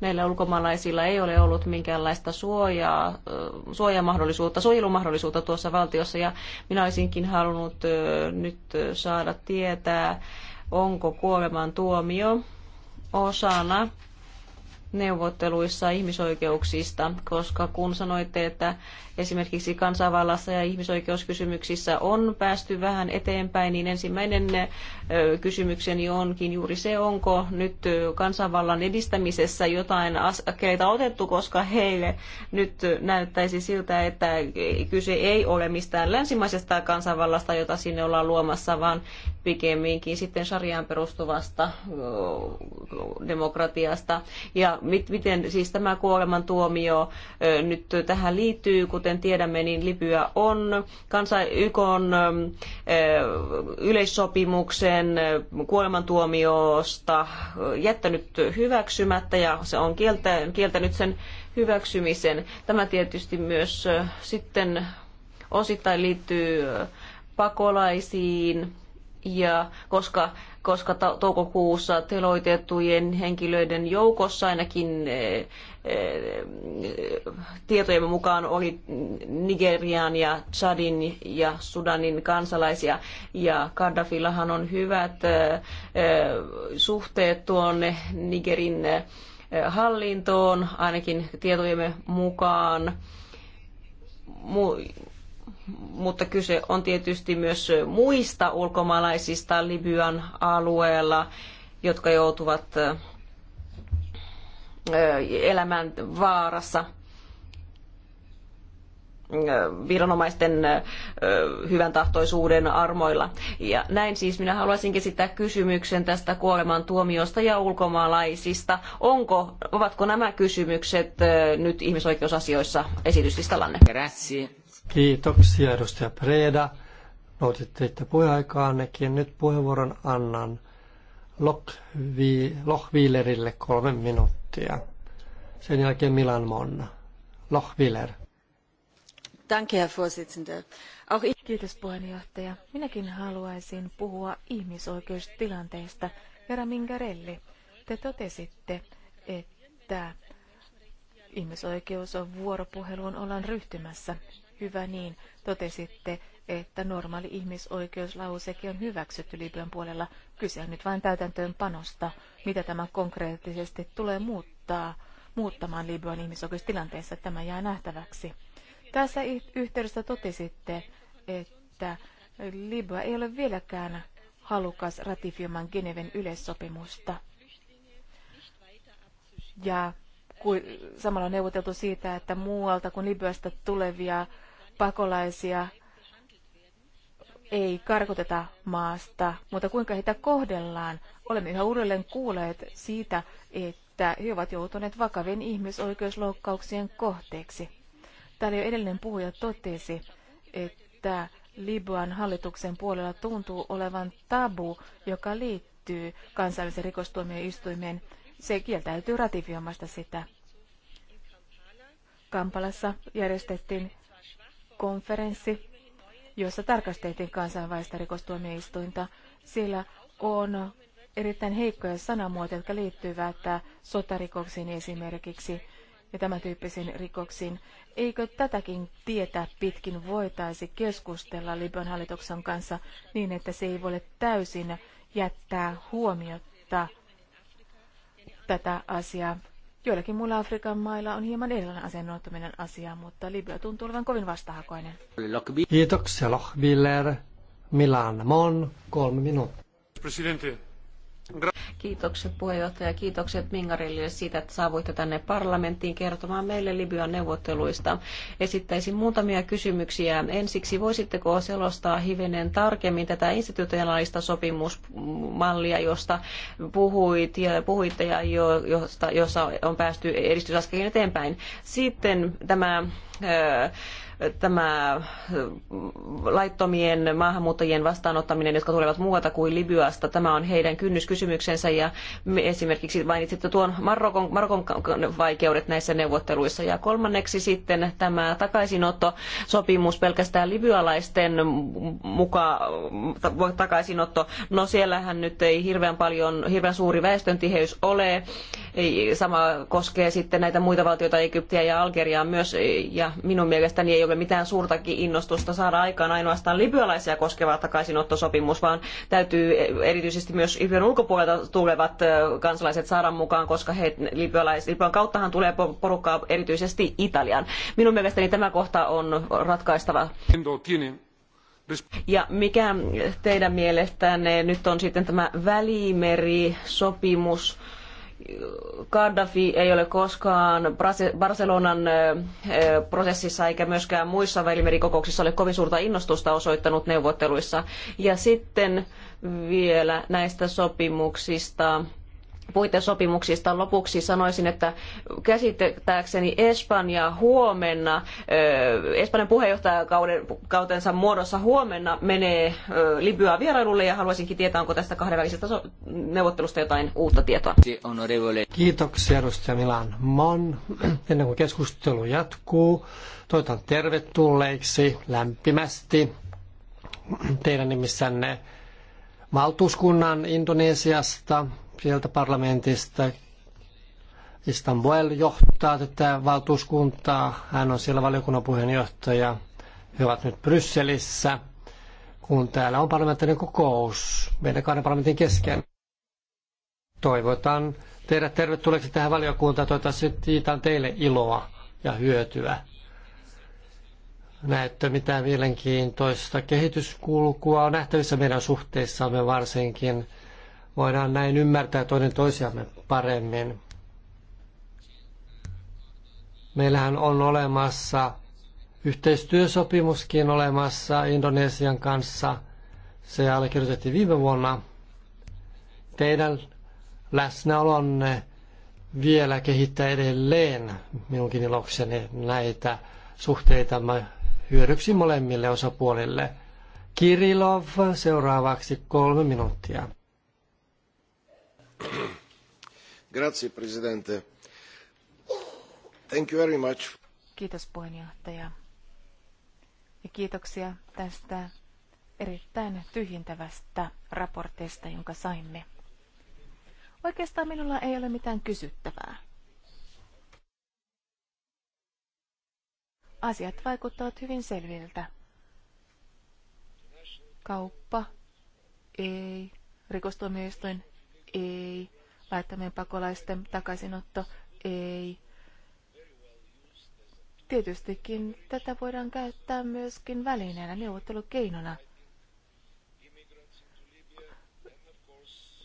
Näillä ulkomaalaisilla ei ole ollut minkäänlaista suojaa, suojamahdollisuutta, suojelumahdollisuutta tuossa valtiossa ja minä olisinkin halunnut nyt saada tietää, onko kuoleman tuomio osana neuvotteluissa ihmisoikeuksista, koska kun sanoitte, että esimerkiksi kansanvallassa ja ihmisoikeuskysymyksissä on päästy vähän eteenpäin, niin ensimmäinen kysymykseni onkin juuri se, onko nyt kansanvallan edistämisessä jotain askeleita otettu, koska heille nyt näyttäisi siltä, että kyse ei ole mistään länsimaisesta kansanvallasta, jota sinne ollaan luomassa, vaan pikemminkin sitten sarjaan perustuvasta demokratiasta. Ja mit, miten siis tämä kuolemantuomio nyt tähän liittyy, kuten tiedämme, niin Libya on kansa YKn yleissopimuksen kuolemantuomiosta jättänyt hyväksymättä ja se on kieltänyt sen hyväksymisen. Tämä tietysti myös sitten osittain liittyy pakolaisiin ja koska, koska toukokuussa teloitettujen henkilöiden joukossa ainakin e, e, mukaan oli Nigerian ja Chadin ja Sudanin kansalaisia. Ja Gaddafillahan on hyvät e, suhteet tuonne Nigerin hallintoon, ainakin tietojemme mukaan. Mu- mutta kyse on tietysti myös muista ulkomaalaisista Libyan alueella, jotka joutuvat elämään vaarassa viranomaisten hyvän tahtoisuuden armoilla. Ja näin siis minä haluaisin esittää kysymyksen tästä kuolemantuomiosta ja ulkomaalaisista. Onko, ovatko nämä kysymykset nyt ihmisoikeusasioissa esityslistallanne? Grazie. Kiitoksia edustaja Preda. Noutitte puheaikaannekin. Nyt puheenvuoron annan Lochwielerille kolme minuuttia. Sen jälkeen Milan Monna. Lochwieler. Kiitos puheenjohtaja. Minäkin haluaisin puhua ihmisoikeustilanteesta. Vera Mingarelli, te totesitte, että ihmisoikeus on vuoropuheluun ollaan ryhtymässä. Hyvä niin, totesitte, että normaali ihmisoikeuslauseke on hyväksytty Libyan puolella. Kyse on nyt vain täytäntöönpanosta, mitä tämä konkreettisesti tulee muuttaa, muuttamaan Libyan ihmisoikeustilanteessa. Tämä jää nähtäväksi. Tässä yhteydessä totesitte, että Libya ei ole vieläkään halukas ratifioimaan Geneven yleissopimusta. Ja samalla on neuvoteltu siitä, että muualta kuin Libyasta tulevia pakolaisia ei karkoteta maasta, mutta kuinka heitä kohdellaan. Olemme yhä uudelleen kuulleet siitä, että he ovat joutuneet vakavien ihmisoikeusloukkauksien kohteeksi. Täällä jo edellinen puhuja totesi, että Libyan hallituksen puolella tuntuu olevan tabu, joka liittyy kansainvälisen rikostuomioistuimeen. Se kieltäytyy ratifioimasta sitä. Kampalassa järjestettiin konferenssi, jossa tarkasteltiin kansainvälistä rikostuomioistuinta. Siellä on erittäin heikkoja sanamuotoja, jotka liittyvät sotarikoksiin esimerkiksi ja tämän tyyppisiin rikoksiin. Eikö tätäkin tietä pitkin voitaisi keskustella Libyan hallituksen kanssa niin, että se ei voi täysin jättää huomiota tätä asiaa Joillakin muilla Afrikan mailla on hieman erilainen asennoituminen asia, mutta Libya tuntuu olevan kovin vastahakoinen. Kiitoksia Lochbiller. Milan Mon, kolme minuuttia. Presidente. Kiitokset puheenjohtaja, kiitokset Mingarille siitä, että saavuitte tänne parlamenttiin kertomaan meille Libyan neuvotteluista. Esittäisin muutamia kysymyksiä. Ensiksi voisitteko selostaa hivenen tarkemmin tätä institutionaalista sopimusmallia, josta puhuit ja puhuitte ja jo, josta, jossa on päästy edistysaskelin eteenpäin. Sitten tämä tämä laittomien maahanmuuttajien vastaanottaminen, jotka tulevat muualta kuin Libyasta, tämä on heidän kynnyskysymyksensä ja esimerkiksi mainitsitte tuon Marokon, Marokon vaikeudet näissä neuvotteluissa ja kolmanneksi sitten tämä takaisinottosopimus pelkästään libyalaisten mukaan takaisinotto. No siellähän nyt ei hirveän paljon, hirveän suuri väestöntiheys ole. Sama koskee sitten näitä muita valtioita, Egyptiä ja Algeriaa myös ja minun mielestäni ei ole mitään suurtakin innostusta saada aikaan ainoastaan libyalaisia koskeva takaisinottosopimus, vaan täytyy erityisesti myös Libyan ulkopuolelta tulevat kansalaiset saada mukaan, koska he, libyalais, Libyan kauttahan tulee porukkaa erityisesti Italian. Minun mielestäni tämä kohta on ratkaistava. Ja mikä teidän mielestänne nyt on sitten tämä välimeri sopimus Gaddafi ei ole koskaan Barcelonan prosessissa eikä myöskään muissa välimerikokouksissa ole kovin suurta innostusta osoittanut neuvotteluissa. Ja sitten vielä näistä sopimuksista puitesopimuksista lopuksi sanoisin, että käsittääkseni Espanja huomenna, Espanjan puheenjohtajakautensa muodossa huomenna menee Libyaa vierailulle ja haluaisinkin tietää, onko tästä kahdenvälisestä neuvottelusta jotain uutta tietoa. Kiitoksia edustaja Milan Mon. Ennen kuin keskustelu jatkuu, toivotan tervetulleiksi lämpimästi teidän nimissänne valtuuskunnan Indonesiasta – sieltä parlamentista. Istanbul johtaa tätä valtuuskuntaa. Hän on siellä valiokunnan puheenjohtaja. He ovat nyt Brysselissä, kun täällä on parlamentaarinen kokous meidän kahden parlamentin kesken. Toivotan teidät tervetulleeksi tähän valiokuntaan. Toivottavasti siitä teille iloa ja hyötyä. Näyttö mitään mielenkiintoista kehityskulkua on nähtävissä meidän suhteissamme varsinkin – Voidaan näin ymmärtää toinen toisiamme paremmin. Meillähän on olemassa yhteistyösopimuskin olemassa Indonesian kanssa. Se allekirjoitettiin viime vuonna. Teidän läsnäolonne vielä kehittää edelleen minunkin ilokseni näitä suhteita hyödyksi molemmille osapuolille. Kirilov seuraavaksi kolme minuuttia. Grazie, presidente. Thank you very much. Kiitos puheenjohtaja. Ja kiitoksia tästä erittäin tyhjentävästä raportista, jonka saimme. Oikeastaan minulla ei ole mitään kysyttävää. Asiat vaikuttavat hyvin selviltä. Kauppa, ei. Rikostuomioistuin, ei laittaminen pakolaisten takaisinotto ei. Tietystikin tätä voidaan käyttää myöskin välineenä, neuvottelukeinona.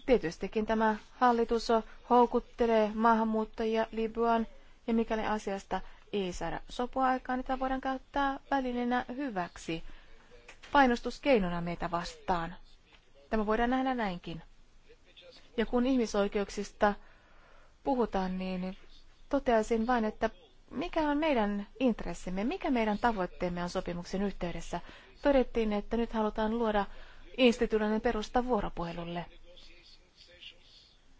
Tietystikin tämä hallitus houkuttelee maahanmuuttajia Libyan ja mikäli asiasta ei saada sopua aikaan, niin tämä voidaan käyttää välineenä hyväksi, painostuskeinona meitä vastaan. Tämä voidaan nähdä näinkin. Ja kun ihmisoikeuksista puhutaan, niin toteaisin vain, että mikä on meidän intressimme, mikä meidän tavoitteemme on sopimuksen yhteydessä. Todettiin, että nyt halutaan luoda instituutioiden perusta vuoropuhelulle.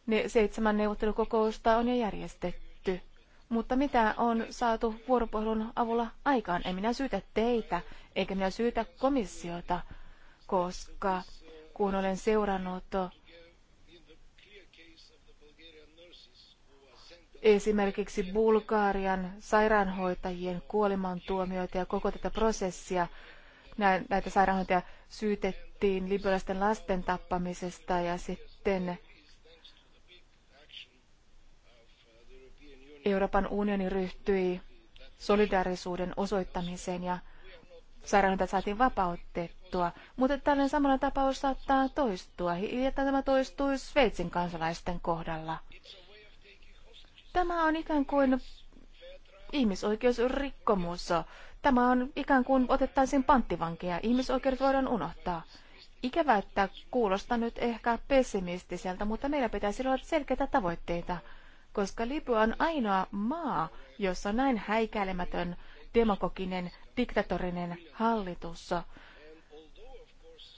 Ne seitsemän neuvottelukokousta on jo järjestetty. Mutta mitä on saatu vuoropuhelun avulla aikaan? En minä syytä teitä, eikä minä syytä komissiota, koska kun olen seurannut esimerkiksi Bulgarian sairaanhoitajien kuolemantuomioita ja koko tätä prosessia. Näitä sairaanhoitajia syytettiin libyalaisten lasten tappamisesta ja sitten Euroopan unioni ryhtyi solidaarisuuden osoittamiseen ja sairaanhoitajat saatiin vapautettua. Mutta tällainen samalla tapaus saattaa toistua. Hiljattain tämä toistui Sveitsin kansalaisten kohdalla. Tämä on ikään kuin ihmisoikeusrikkomus. Tämä on ikään kuin otettaisiin panttivankeja. Ihmisoikeudet voidaan unohtaa. Ikävä, että kuulostaa nyt ehkä pessimistiseltä, mutta meillä pitäisi olla selkeitä tavoitteita, koska Libya on ainoa maa, jossa on näin häikäilemätön, demagoginen, diktatorinen hallitus.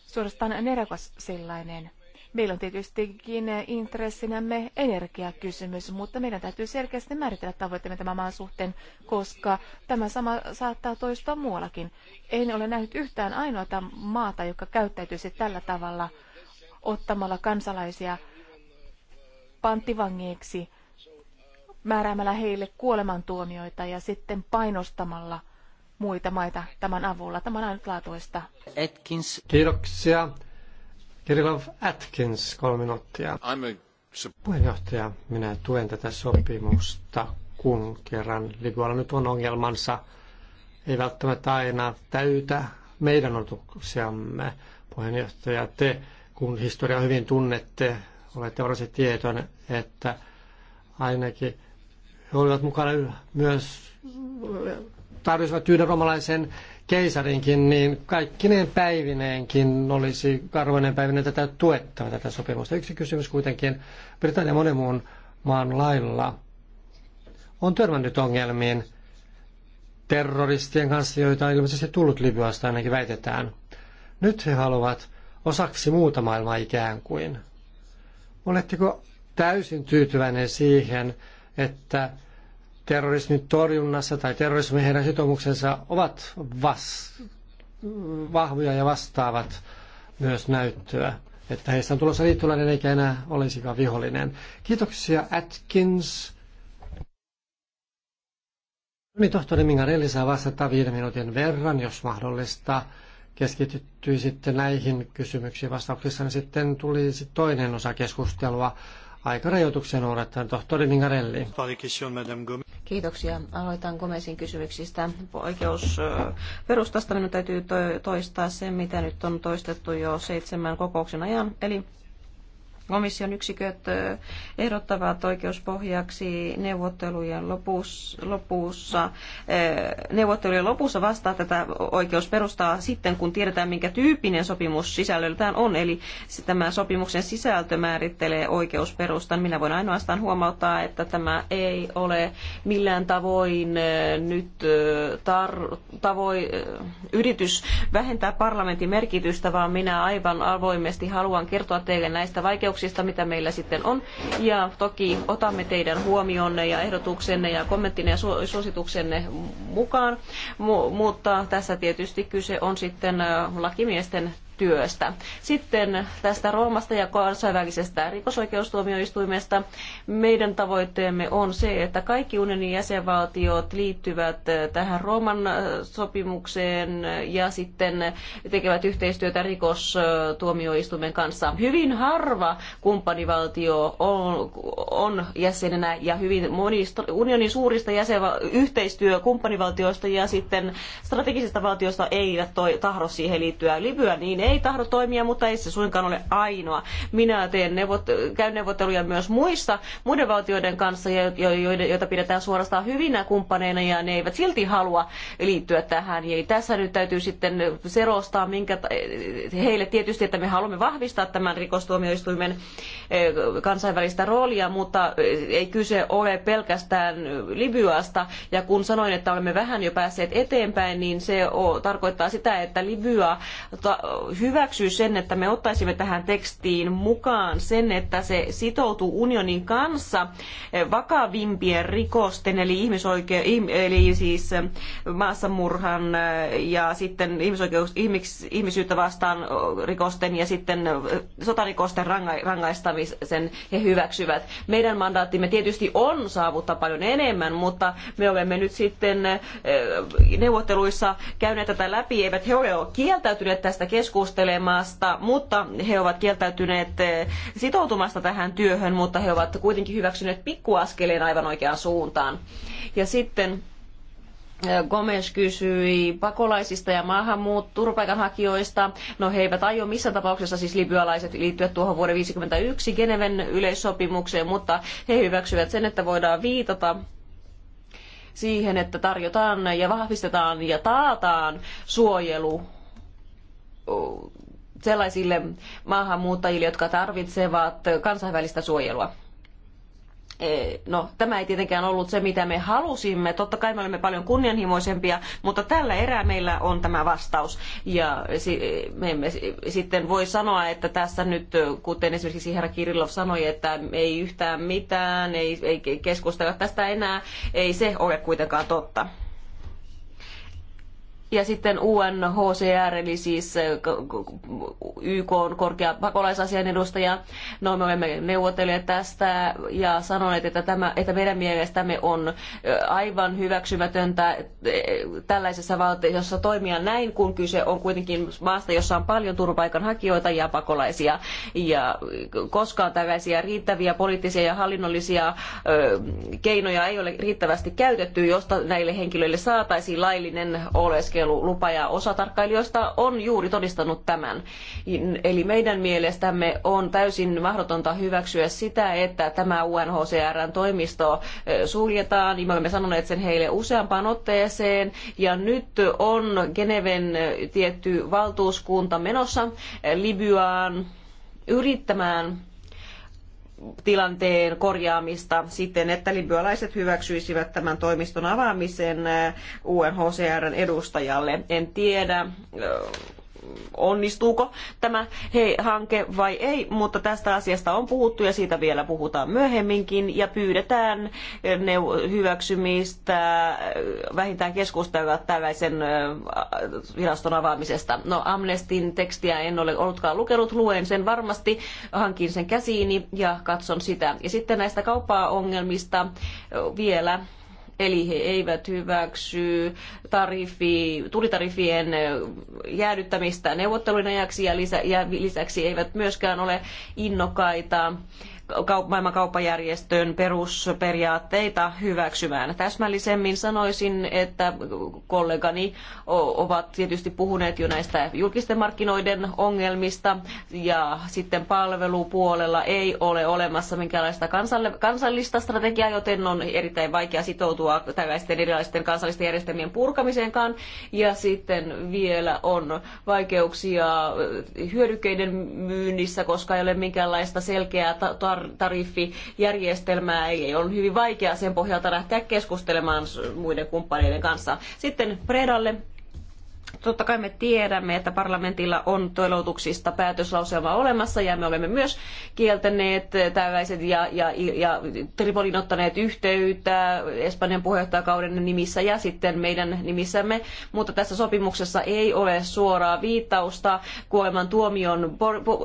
Suorastaan nerokas sellainen. Meillä on tietystikin intressinämme energiakysymys, mutta meidän täytyy selkeästi määritellä tavoitteemme tämän maan suhteen, koska tämä sama saattaa toistua muuallakin. En ole nähnyt yhtään ainoata maata, joka käyttäytyisi tällä tavalla ottamalla kansalaisia panttivangeiksi, määräämällä heille kuolemantuomioita ja sitten painostamalla muita maita tämän avulla. Tämä on ainutlaatuista. Atkins. Kiitoksia. Kirilov Atkins, kolme Puheenjohtaja, minä tuen tätä sopimusta, kun kerran Ligualla nyt on ongelmansa. Ei välttämättä aina täytä meidän odotuksiamme. Puheenjohtaja, te, kun historia hyvin tunnette, olette varmasti tietoinen, että ainakin he olivat mukana myös tarjosivat yhden romalaisen keisarinkin, niin kaikkineen päivineenkin olisi karvoinen päivinen tätä tuettava tätä sopimusta. Yksi kysymys kuitenkin Britannia monen muun maan lailla on törmännyt ongelmiin terroristien kanssa, joita on ilmeisesti tullut Libyasta ainakin väitetään. Nyt he haluavat osaksi muuta maailmaa ikään kuin. Oletteko täysin tyytyväinen siihen, että terrorismin torjunnassa tai terrorismin heidän sitoumuksensa ovat vas, vahvoja ja vastaavat myös näyttöä, että heistä on tulossa liittolainen eikä enää olisikaan vihollinen. Kiitoksia Atkins. No niin, tohtori Mingarelli saa vastata viiden minuutin verran, jos mahdollista. Keskityttyi sitten näihin kysymyksiin vastauksissa, niin sitten tuli sitten toinen osa keskustelua aikarajoituksen noudattaen. Tohtori Mingarelli. Kiitoksia. Aloitan Gomesin kysymyksistä. Oikeusperustasta minun täytyy toistaa se, mitä nyt on toistettu jo seitsemän kokouksen ajan. Eli Komission yksiköt ehdottavat oikeuspohjaksi neuvottelujen lopussa, lopussa, neuvottelujen lopussa vastaa tätä oikeusperustaa sitten, kun tiedetään, minkä tyyppinen sopimus sisällöltään on. Eli tämä sopimuksen sisältö määrittelee oikeusperustan. Minä voin ainoastaan huomauttaa, että tämä ei ole millään tavoin nyt tar- tavoin yritys vähentää parlamentin merkitystä, vaan minä aivan avoimesti haluan kertoa teille näistä vaikeuksista, tarkistuksista, mitä meillä sitten on. Ja toki otamme teidän huomionne ja ehdotuksenne ja kommenttinne ja suosituksenne mukaan, mutta tässä tietysti kyse on sitten äh, lakimiesten työstä. Sitten tästä Roomasta ja kansainvälisestä rikosoikeustuomioistuimesta. Meidän tavoitteemme on se, että kaikki unionin jäsenvaltiot liittyvät eh, tähän Rooman eh, sopimukseen ja sitten tekevät yhteistyötä rikostuomioistuimen kanssa. Hyvin harva kumppanivaltio on, on jäsenenä ja hyvin moni unionin suurista jäsenva- kumppanivaltioista ja sitten strategisista valtioista ei tahdo siihen liittyä. Libya niin ei tahdo toimia, mutta ei se suinkaan ole ainoa. Minä teen neuvot- käyn neuvotteluja myös muista, muiden valtioiden kanssa, joita pidetään suorastaan hyvinä kumppaneina ja ne eivät silti halua liittyä tähän. Ei tässä nyt täytyy sitten serostaa minkä heille tietysti, että me haluamme vahvistaa tämän rikostuomioistuimen e, kansainvälistä roolia, mutta ei kyse ole pelkästään Libyasta. Ja kun sanoin, että olemme vähän jo päässeet eteenpäin, niin se tarkoittaa sitä, että Libya hyväksyy sen, että me ottaisimme tähän tekstiin mukaan sen, että se sitoutuu unionin kanssa vakavimpien rikosten, eli, ihmisoike- eli siis maassamurhan ja sitten ihmisoikeus- ihmis- ihmisyyttä vastaan rikosten ja sitten sotarikosten ranga- rangaistamisen he hyväksyvät. Meidän mandaattimme tietysti on saavuttaa paljon enemmän, mutta me olemme nyt sitten eh, neuvotteluissa käyneet tätä läpi, eivät he ole kieltäytyneet tästä keskustelusta, keskustelemasta, mutta he ovat kieltäytyneet eh, sitoutumasta tähän työhön, mutta he ovat kuitenkin hyväksyneet pikkuaskeleen aivan oikeaan suuntaan. Ja sitten eh, Gomes kysyi pakolaisista ja maahanmuut turvapaikanhakijoista. No he eivät aio missään tapauksessa siis libyalaiset liittyä tuohon vuoden 1951 Geneven yleissopimukseen, mutta he hyväksyvät sen, että voidaan viitata siihen, että tarjotaan ja vahvistetaan ja taataan suojelu sellaisille maahanmuuttajille, jotka tarvitsevat kansainvälistä suojelua. E, no, tämä ei tietenkään ollut se, mitä me halusimme. Totta kai me olemme paljon kunnianhimoisempia, mutta tällä erää meillä on tämä vastaus. Ja me emme sitten voi sanoa, että tässä nyt, kuten esimerkiksi herra Kirillov sanoi, että ei yhtään mitään, ei, ei keskustella tästä enää, ei se ole kuitenkaan totta ja sitten UNHCR, eli siis YK äh, on korkea pakolaisasian edustaja. No, me olemme neuvotelleet tästä ja sanoneet, että, tämä, että meidän mielestämme on äh, aivan hyväksymätöntä äh, tällaisessa valtiossa toimia näin, kun kyse on kuitenkin maasta, jossa on paljon turvapaikanhakijoita ja pakolaisia. Ja koskaan tällaisia riittäviä poliittisia ja hallinnollisia keinoja ei ole riittävästi käytetty, josta näille henkilöille saataisiin laillinen oleskelu suojelulupa ja osa tarkkailijoista on juuri todistanut tämän. Eli meidän mielestämme on täysin mahdotonta hyväksyä sitä, että tämä UNHCRn toimisto suljetaan. Me olemme sanoneet sen heille useampaan otteeseen ja nyt on Geneven tietty valtuuskunta menossa Libyaan yrittämään tilanteen korjaamista siten, että libyalaiset hyväksyisivät tämän toimiston avaamisen eh, UNHCRn edustajalle. En tiedä, eh, onnistuuko tämä hei, hanke vai ei, mutta tästä asiasta on puhuttu ja siitä vielä puhutaan myöhemminkin ja pyydetään eh, hyväksymistä eh, vähintään keskustella tällaisen eh, viraston avaamisesta. No Amnestin tekstiä en ole ollutkaan lukenut, luen sen varmasti, hankin sen käsiini ja katson sitä. Ja sitten näistä kauppaongelmista vielä Eli he eivät hyväksy tarifi, tulitariffien jäädyttämistä neuvottelujen ajaksi ja, lisä, ja lisäksi eivät myöskään ole innokkaita maailmankauppajärjestön perusperiaatteita hyväksymään. Täsmällisemmin sanoisin, että kollegani ovat tietysti puhuneet jo näistä julkisten markkinoiden ongelmista ja sitten palvelupuolella ei ole olemassa minkäänlaista kansallista strategiaa, joten on erittäin vaikea sitoutua tällaisten erilaisten kansallisten järjestelmien purkamiseenkaan. Ja sitten vielä on vaikeuksia hyödykkeiden myynnissä, koska ei ole minkäänlaista selkeää ta- tariffijärjestelmää, ei ole hyvin vaikea sen pohjalta lähteä keskustelemaan muiden kumppaneiden kanssa. Sitten Predalle totta kai me tiedämme, että parlamentilla on toiloutuksista päätöslauselma olemassa ja me olemme myös kieltäneet tällaiset ja, ja, ja Tripolin ottaneet yhteyttä Espanjan puheenjohtajakauden nimissä ja sitten meidän nimissämme, mutta tässä sopimuksessa ei ole suoraa viittausta kuoleman tuomion por, por,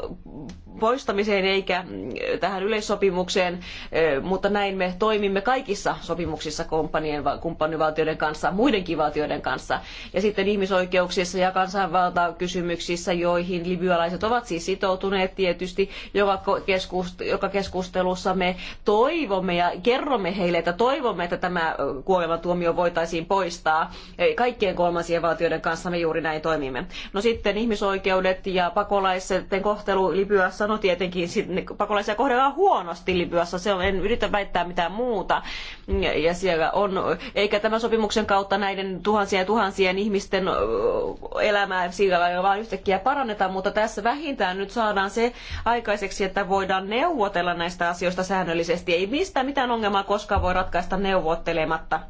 poistamiseen eikä mm, tähän yleissopimukseen, mutta näin me toimimme kaikissa sopimuksissa kumppanien, kumppanivaltioiden kanssa, muidenkin valtioiden kanssa. Ja sitten ihmisoikeuksissa ja kansanvaltakysymyksissä, joihin libyalaiset ovat siis sitoutuneet tietysti, joka, keskustelussa me toivomme ja kerromme heille, että toivomme, että tämä kuolemantuomio voitaisiin poistaa. Kaikkien kolmansien valtioiden kanssa me juuri näin toimimme. No sitten ihmisoikeudet ja pakolaisten kohtelu Libyassa Libyassa. No tietenkin pakolaisia kohdellaan huonosti Libyassa, se on, en yritä väittää mitään muuta. Ja siellä on, eikä tämän sopimuksen kautta näiden tuhansien ja tuhansien ihmisten elämää sillä lailla vaan yhtäkkiä paranneta, mutta tässä vähintään nyt saadaan se aikaiseksi, että voidaan neuvotella näistä asioista säännöllisesti. Ei mistään mitään ongelmaa koskaan voi ratkaista neuvottelematta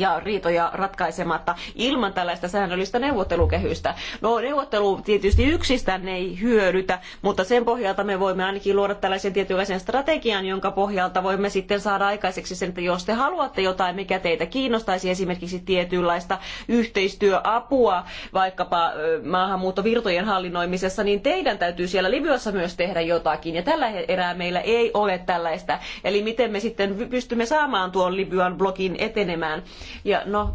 ja riitoja ratkaisematta ilman tällaista säännöllistä neuvottelukehystä. No neuvottelu tietysti yksistään ei hyödytä, mutta sen pohjalta me voimme ainakin luoda tällaisen tietynlaisen strategian, jonka pohjalta voimme sitten saada aikaiseksi sen, että jos te haluatte jotain, mikä teitä kiinnostaisi, esimerkiksi tietynlaista yhteistyöapua vaikkapa maahanmuuttovirtojen hallinnoimisessa, niin teidän täytyy siellä Libyassa myös tehdä jotakin. Ja tällä erää meillä ei ole tällaista. Eli miten me sitten pystymme saamaan tuon Libyan blokin etenemään. Ja no,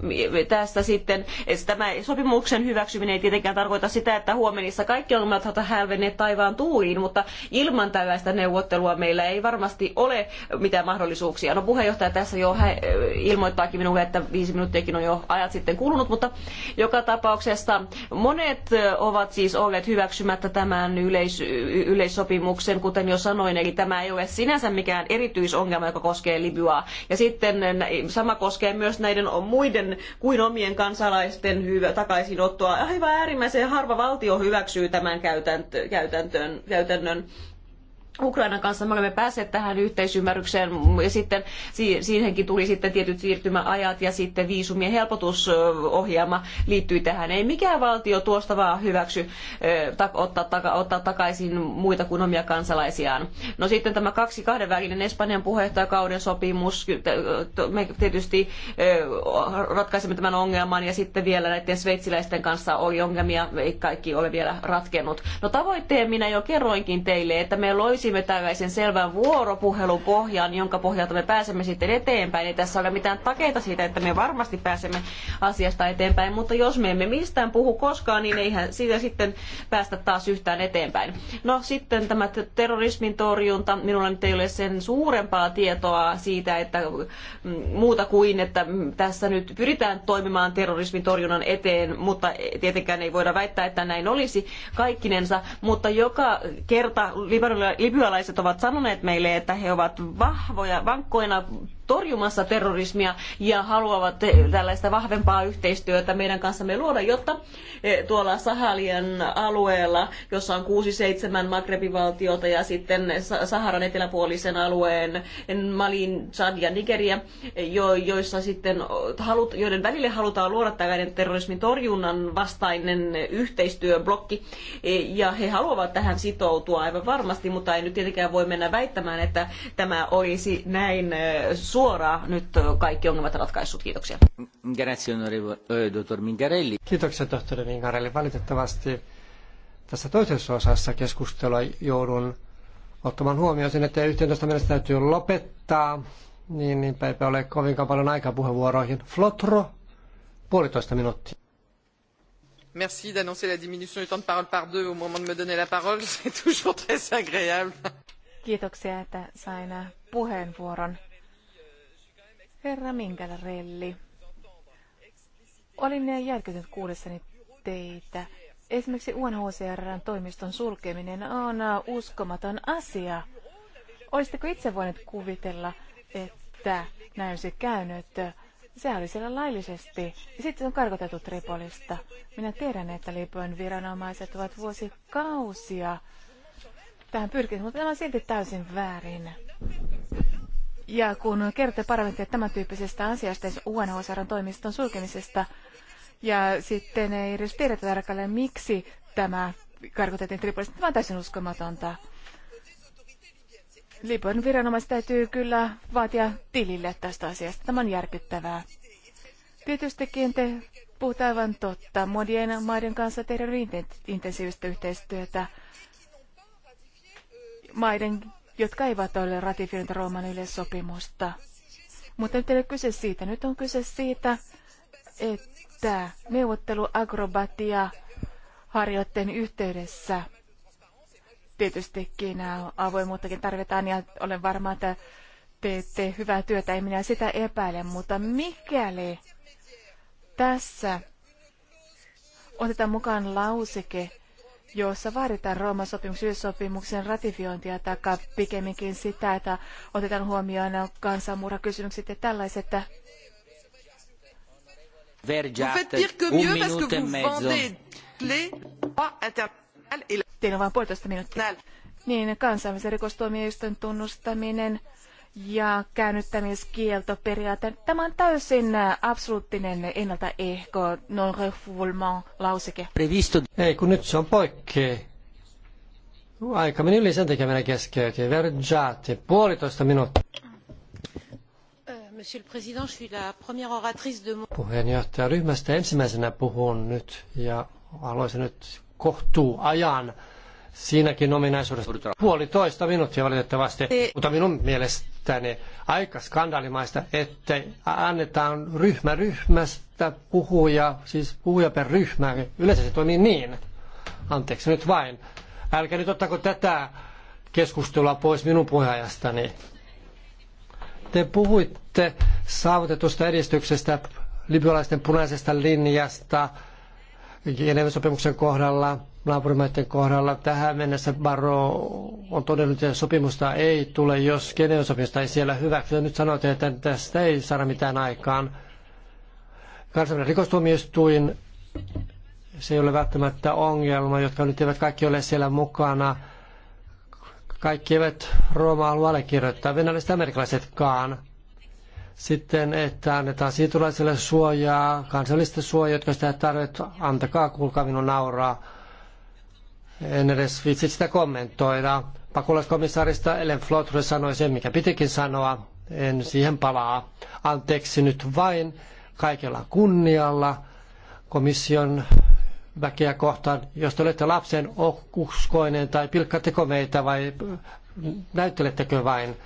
tästä sitten, tämä sopimuksen hyväksyminen ei tietenkään tarkoita sitä, että huomenissa kaikki ongelmat ovat hälvenneet taivaan tuuliin, mutta ilman tällaista neuvottelua meillä ei varmasti ole mitään mahdollisuuksia. No puheenjohtaja tässä jo ilmoittaakin minulle, että viisi minuuttiakin on jo ajat sitten kulunut, mutta joka tapauksessa monet ovat siis olleet hyväksymättä tämän yleis- yleissopimuksen, kuten jo sanoin, eli tämä ei ole sinänsä mikään erityisongelma, joka koskee Libyaa. Ja sitten sama koskee myös näiden meidän on muiden kuin omien kansalaisten hyvä takaisinottoa. Aivan äärimmäisen harva valtio hyväksyy tämän käytäntön. käytännön Ukrainan kanssa me olemme päässeet tähän yhteisymmärrykseen ja sitten siihenkin tuli sitten tietyt siirtymäajat ja sitten viisumien helpotusohjelma liittyi tähän. Ei mikään valtio tuosta vaan hyväksy eh, ottaa, ottaa takaisin muita kuin omia kansalaisiaan. No sitten tämä kaksi kahdenvälinen Espanjan puheenjohtajakauden sopimus, me tietysti eh, ratkaisimme tämän ongelman ja sitten vielä näiden sveitsiläisten kanssa oli ongelmia, ei kaikki ole vielä ratkennut. No tavoitteen minä jo kerroinkin teille, että me olisi loisimme tällaisen selvän vuoropuhelun pohjan, jonka pohjalta me pääsemme sitten eteenpäin. Ei tässä ole mitään takeita siitä, että me varmasti pääsemme asiasta eteenpäin, mutta jos me emme mistään puhu koskaan, niin eihän siitä sitten päästä taas yhtään eteenpäin. No sitten tämä terrorismin torjunta. Minulla nyt ei ole sen suurempaa tietoa siitä, että mm, muuta kuin, että mm, tässä nyt pyritään toimimaan terrorismin torjunnan eteen, mutta tietenkään ei voida väittää, että näin olisi kaikkinensa, mutta joka kerta Libanonilla libyalaiset ovat sanoneet meille, että he ovat vahvoja, vankkoina torjumassa terrorismia ja haluavat tällaista vahvempaa yhteistyötä meidän kanssamme luoda, jotta eh, tuolla Sahalien alueella, jossa on kuusi seitsemän Magrebin valtiota ja sitten Saharan eteläpuolisen alueen Malin, Chad ja Nigeria, eh, joissa sitten halut, joiden välille halutaan luoda tällainen terrorismin torjunnan vastainen yhteistyöblokki, eh, ja he haluavat tähän sitoutua aivan varmasti, mutta ei nyt tietenkään voi mennä väittämään, että tämä olisi näin su- suoraan nyt kaikki ongelmat ratkaissut. Kiitoksia. Grazie, dottor Mingarelli. Kiitoksia, tohtori Mingarelli. Valitettavasti tässä toisessa osassa keskustelua joudun ottamaan huomioon sen, että 11 mennessä täytyy lopettaa. Niin, niinpä eipä ole kovinkaan paljon aikaa puheenvuoroihin. Flotro, puolitoista minuuttia. Merci d'annoncer la diminution du temps de parole par deux au moment de me donner la parole. [LAUGHS] C'est toujours très agréable. Kiitoksia, että sain äh, puheenvuoron. Herra Minkälärelli, olin järkytynyt kuullessani teitä. Esimerkiksi UNHCRn toimiston sulkeminen on äh, uskomaton asia. Olisitteko itse voineet kuvitella, että näin se käynyt? Sehän oli siellä laillisesti. Ja sitten on karkotettu Tripolista. Minä tiedän, että Libyan viranomaiset ovat vuosikausia tähän pyrkineet, mutta tämä on silti täysin väärin. Ja kun kerrotte parlamentille tämän tyyppisestä asiasta, siis UNHCRn toimiston sulkemisesta, ja sitten ei edes tiedetä tarkalleen, miksi tämä karkotettiin Tripolista. Tämä on täysin uskomatonta. Libyan viranomaiset täytyy kyllä vaatia tilille tästä asiasta. Tämä on järkyttävää. Tietystikin te puhutte aivan totta. Modien maiden kanssa tehdään intensiivistä yhteistyötä maiden jotka eivät ole ratifioineet Rooman yleissopimusta. Mutta nyt ei ole kyse siitä. Nyt on kyse siitä, että agrobatia harjoitteen yhteydessä tietystikin äh, avoimuuttakin tarvitaan ja olen varma, että teette hyvää työtä, en minä sitä epäile, mutta mikäli tässä otetaan mukaan lauseke, joissa vaaditaan Rooman sopimuksen yleissopimuksen ratifiointia tai pikemminkin sitä, että otetaan huomioon kansanmurhakysymykset ja tällaiset. Vergiat, Teillä on vain puolitoista minuuttia. Niin, kansainvälisen rikostuomioistuin tunnustaminen ja käännyttämiskieltoperiaate. Tämä on täysin absoluuttinen ennaltaehko, non refoulement lauseke. Previsto. Ei, kun nyt se on poikki. Aika meni yli sen tekeminen keskeytiin. Vergiate, puolitoista minuuttia. Euh, monsieur le Président, je suis la première oratrice de mon... Puheenjohtaja ryhmästä ensimmäisenä puhun nyt ja haluaisin nyt kohtuu ajan siinäkin ominaisuudessa puolitoista minuuttia valitettavasti, mutta minun mielestäni aika skandaalimaista, että annetaan ryhmä ryhmästä puhuja, siis puhuja per ryhmä. Yleensä se toimii niin. Anteeksi nyt vain. Älkää nyt ottako tätä keskustelua pois minun puheajastani. Te puhuitte saavutetusta edistyksestä, libyalaisten punaisesta linjasta, Geneven sopimuksen kohdalla – naapurimaiden kohdalla. Tähän mennessä barro on todennut, että sopimusta ei tule, jos Geneon sopimusta ei siellä hyväksytä. Nyt sanotaan, että tästä ei saada mitään aikaan. Kansainvälinen rikostuomioistuin, se ei ole välttämättä ongelma, jotka nyt eivät kaikki ole siellä mukana. Kaikki eivät Rooma halua allekirjoittaa, venäläiset amerikkalaisetkaan. Sitten, että annetaan siitulaisille suojaa, kansallista suojaa, jotka sitä tarvitsevat, antakaa, kuulkaa minun nauraa en edes viitsi sitä kommentoida. Pakolaiskomissaarista Ellen Flotre sanoi sen, mikä pitikin sanoa. En siihen palaa. Anteeksi nyt vain kaikella kunnialla komission väkeä kohtaan. Jos te olette lapsen uskoinen tai pilkkatteko meitä vai näyttelettekö vain.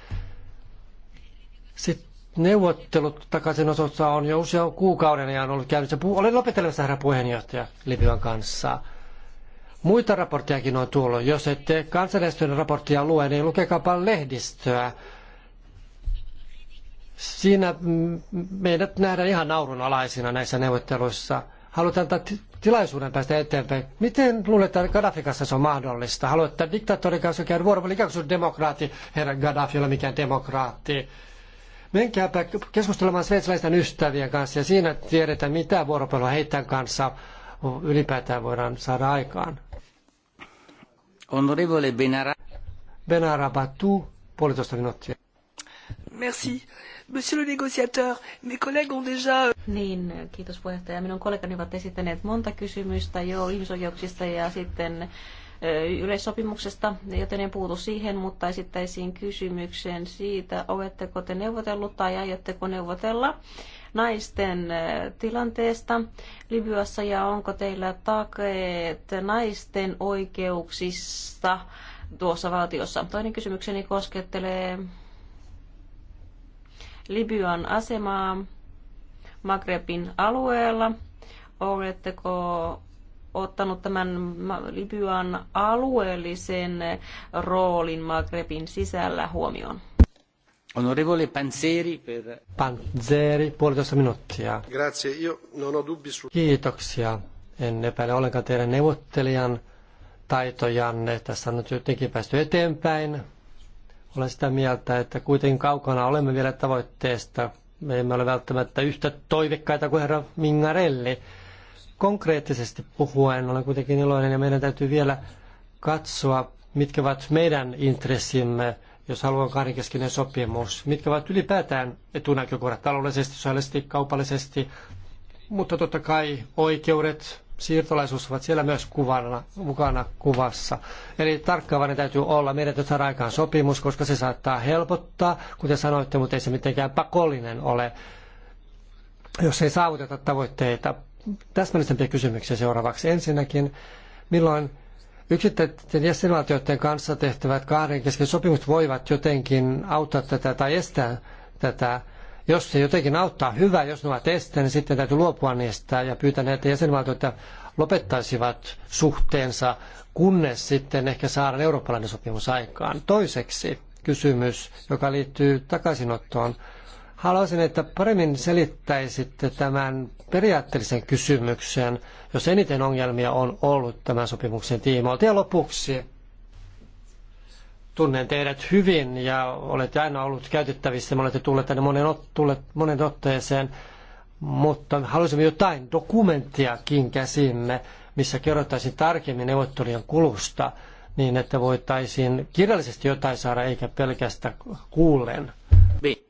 Sitten neuvottelut takaisin osoittaa on jo usean kuukauden ajan ollut käynnissä. Olen lopettelemassa herra puheenjohtaja Libyan kanssa. Muita raporttejakin on tullut. Jos ette kansanäänestön raporttia lue, niin lukekaapa lehdistöä. Siinä meidät nähdään ihan naurunalaisina näissä neuvotteluissa. Halutaan antaa tilaisuuden päästä eteenpäin. Miten luulet, että Gaddafikassa se on mahdollista? Haluat, että diktaattorin kanssa käydä vuoropuolella, demokraatti, herra Gaddafi, ole mikään demokraatti. Menkääpä keskustelemaan sveitsiläisten ystävien kanssa ja siinä tiedetään, mitä vuoropuhelua heidän kanssa ylipäätään voidaan saada aikaan. Onorevole Benara. Benara Batu, puolitoista minuuttia. Merci. Monsieur le négociateur, mes collègues ont déjà... Euh, niin, kiitos puheenjohtaja. Minun kollegani ovat esittäneet monta kysymystä jo ihmisoikeuksista ja sitten yleissopimuksesta, joten en puutu siihen, mutta esittäisin kysymyksen siitä, oletteko te neuvotellut tai aiotteko neuvotella naisten äh, tilanteesta Libyassa ja onko teillä takeet naisten oikeuksista tuossa valtiossa? Toinen kysymykseni koskettelee Libyan asemaa Magrebin alueella. Oletteko ottanut tämän Libyan alueellisen roolin Magrebin sisällä huomioon? Onorevole Panzeri per... Panzeri, puolitoista minuuttia. Grazie, io non ho dubbi su... Kiitoksia. En epäile ollenkaan teidän neuvottelijan taitojanne. Tässä on nyt jotenkin päästy eteenpäin. Olen sitä mieltä, että kuitenkin kaukana olemme vielä tavoitteesta. Me emme ole välttämättä yhtä toivekkaita kuin herra Mingarelli. Konkreettisesti puhuen olen kuitenkin iloinen ja meidän täytyy vielä katsoa, mitkä ovat meidän intressimme – jos haluan kahdenkeskinen sopimus, mitkä ovat ylipäätään etunäkökohdat taloudellisesti, sosiaalisesti, kaupallisesti, mutta totta kai oikeudet, siirtolaisuus ovat siellä myös kuvana, mukana kuvassa. Eli tarkkaavainen täytyy olla. Meidän täytyy saada aikaan sopimus, koska se saattaa helpottaa, kuten sanoitte, mutta ei se mitenkään pakollinen ole, jos ei saavuteta tavoitteita. Täsmällisempiä kysymyksiä seuraavaksi. Ensinnäkin, milloin yksittäisten jäsenvaltioiden kanssa tehtävät kahdenkeskiset sopimukset voivat jotenkin auttaa tätä tai estää tätä. Jos se jotenkin auttaa, hyvä. Jos ne ovat este, niin sitten täytyy luopua niistä ja pyytää näitä jäsenvaltioita lopettaisivat suhteensa, kunnes sitten ehkä saadaan eurooppalainen sopimus aikaan. Toiseksi kysymys, joka liittyy takaisinottoon. Haluaisin, että paremmin selittäisitte tämän periaatteellisen kysymyksen, jos eniten ongelmia on ollut tämän sopimuksen tiimoilta. Ja lopuksi, tunnen teidät hyvin ja olette aina ollut käytettävissä, me olette tulleet tänne monen, tulleet monen otteeseen, mutta haluaisimme jotain dokumenttiakin käsimme, missä kerrottaisiin tarkemmin neuvottelujen kulusta, niin että voitaisiin kirjallisesti jotain saada eikä pelkästään kuullen. Niin.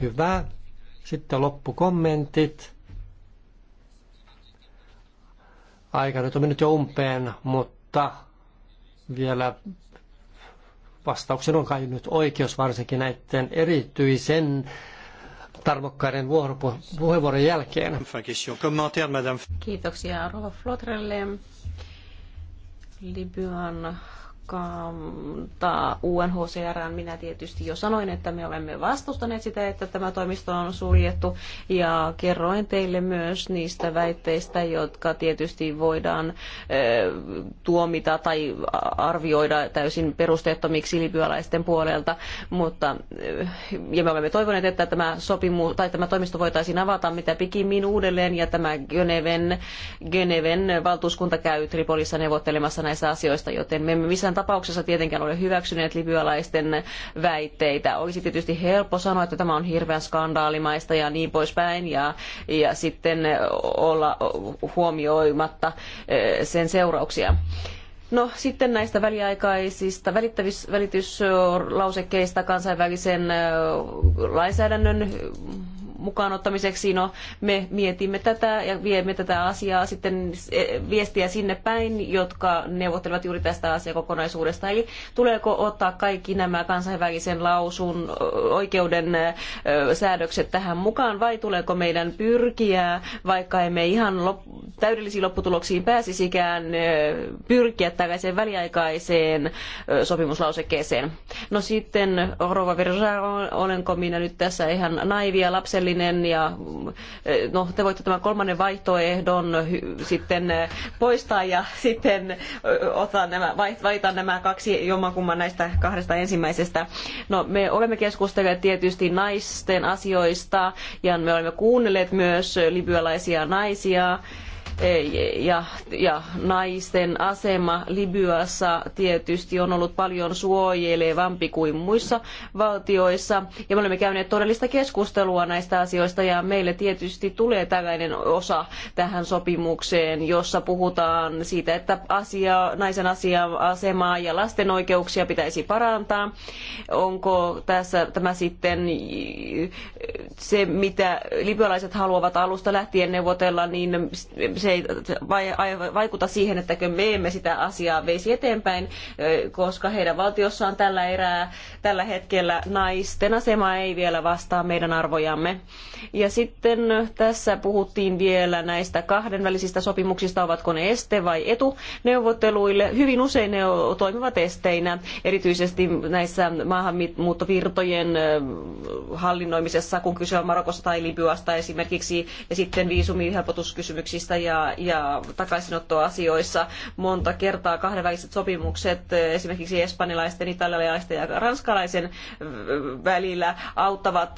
Hyvä. Sitten loppukommentit. Aika nyt on mennyt jo umpeen, mutta vielä vastauksen on kai nyt oikeus, varsinkin näiden erityisen tarmokkaiden puheenvuoron jälkeen. Kiitoksia Rova Flotrelle. Libyan kantaa UNHCRään. Minä tietysti jo sanoin, että me olemme vastustaneet sitä, että tämä toimisto on suljettu ja kerroin teille myös niistä väitteistä, jotka tietysti voidaan tuomita tai arvioida täysin perusteettomiksi libyalaisten puolelta, mutta ja me olemme toivoneet, että tämä sopimu, tai tämä toimisto voitaisiin avata mitä pikimmin uudelleen ja tämä Geneven, Geneven valtuuskunta käy Tripolissa neuvottelemassa näissä asioista, joten me emme missään missään tapauksessa tietenkään ole hyväksyneet libyalaisten väitteitä. Olisi tietysti helppo sanoa, että tämä on hirveän skandaalimaista ja niin poispäin ja, ja sitten olla huomioimatta eh, sen seurauksia. No sitten näistä väliaikaisista välityslausekkeista kansainvälisen lainsäädännön mukaan ottamiseksi. No, me mietimme tätä ja viemme tätä asiaa sitten e, viestiä sinne päin, jotka neuvottelevat juuri tästä asiakokonaisuudesta. Eli tuleeko ottaa kaikki nämä kansainvälisen lausun oikeuden säädökset tähän mukaan vai tuleeko meidän pyrkiä, vaikka emme ihan lop- täydellisiin lopputuloksiin pääsisikään, pyrkiä tällaiseen väliaikaiseen sopimuslausekkeeseen. No sitten, Rova Virja, olenko minä nyt tässä ihan naivia lapsellinen? hyödyllinen ja no te voitte tämän kolmannen vaihtoehdon sitten eh, poistaa ja [LAUGHS] sitten eh, ottaa nämä, valita nämä kaksi jommankumman näistä kahdesta ensimmäisestä. No me olemme keskustelleet tietysti naisten asioista ja me olemme kuunnelleet myös libyalaisia naisia ja, ja naisten asema Libyassa tietysti on ollut paljon suojelevampi kuin muissa valtioissa. Ja me olemme käyneet todellista keskustelua näistä asioista ja meille tietysti tulee tällainen osa tähän sopimukseen, jossa puhutaan siitä, että asia, naisen asia, asemaa ja lasten oikeuksia pitäisi parantaa. Onko tässä tämä sitten se, mitä libyalaiset haluavat alusta lähtien neuvotella, niin se ei vaikuta siihen, että me emme sitä asiaa veisi eteenpäin, koska heidän valtiossaan tällä erää tällä hetkellä naisten asema ei vielä vastaa meidän arvojamme. Ja sitten tässä puhuttiin vielä näistä kahdenvälisistä sopimuksista, ovatko ne este vai etu neuvotteluille. Hyvin usein ne toimivat esteinä, erityisesti näissä maahanmuuttovirtojen hallinnoimisessa, kun kyse on Marokosta tai Libyasta esimerkiksi, ja sitten viisumihelpotuskysymyksistä ja ja, takaisinottoasioissa monta kertaa kahdenväliset sopimukset esimerkiksi espanjalaisten, italialaisten ja ranskalaisen välillä auttavat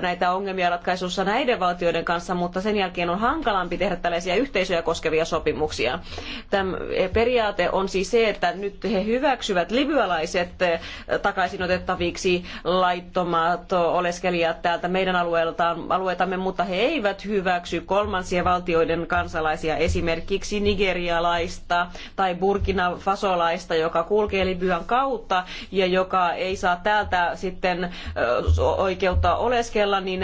näitä ongelmia ratkaisussa näiden valtioiden kanssa, mutta sen jälkeen on hankalampi tehdä tällaisia yhteisöjä koskevia sopimuksia. Tämä periaate on siis se, että nyt he hyväksyvät libyalaiset takaisinotettaviksi laittomat oleskelijat täältä meidän alueeltaan, alueetamme, mutta he eivät hyväksy kolmansien valtioiden kansalaisia kansalaisia, esimerkiksi nigerialaista tai Burkina Fasolaista, joka kulkee Libyan kautta ja joka ei saa täältä sitten oikeutta oleskella, niin,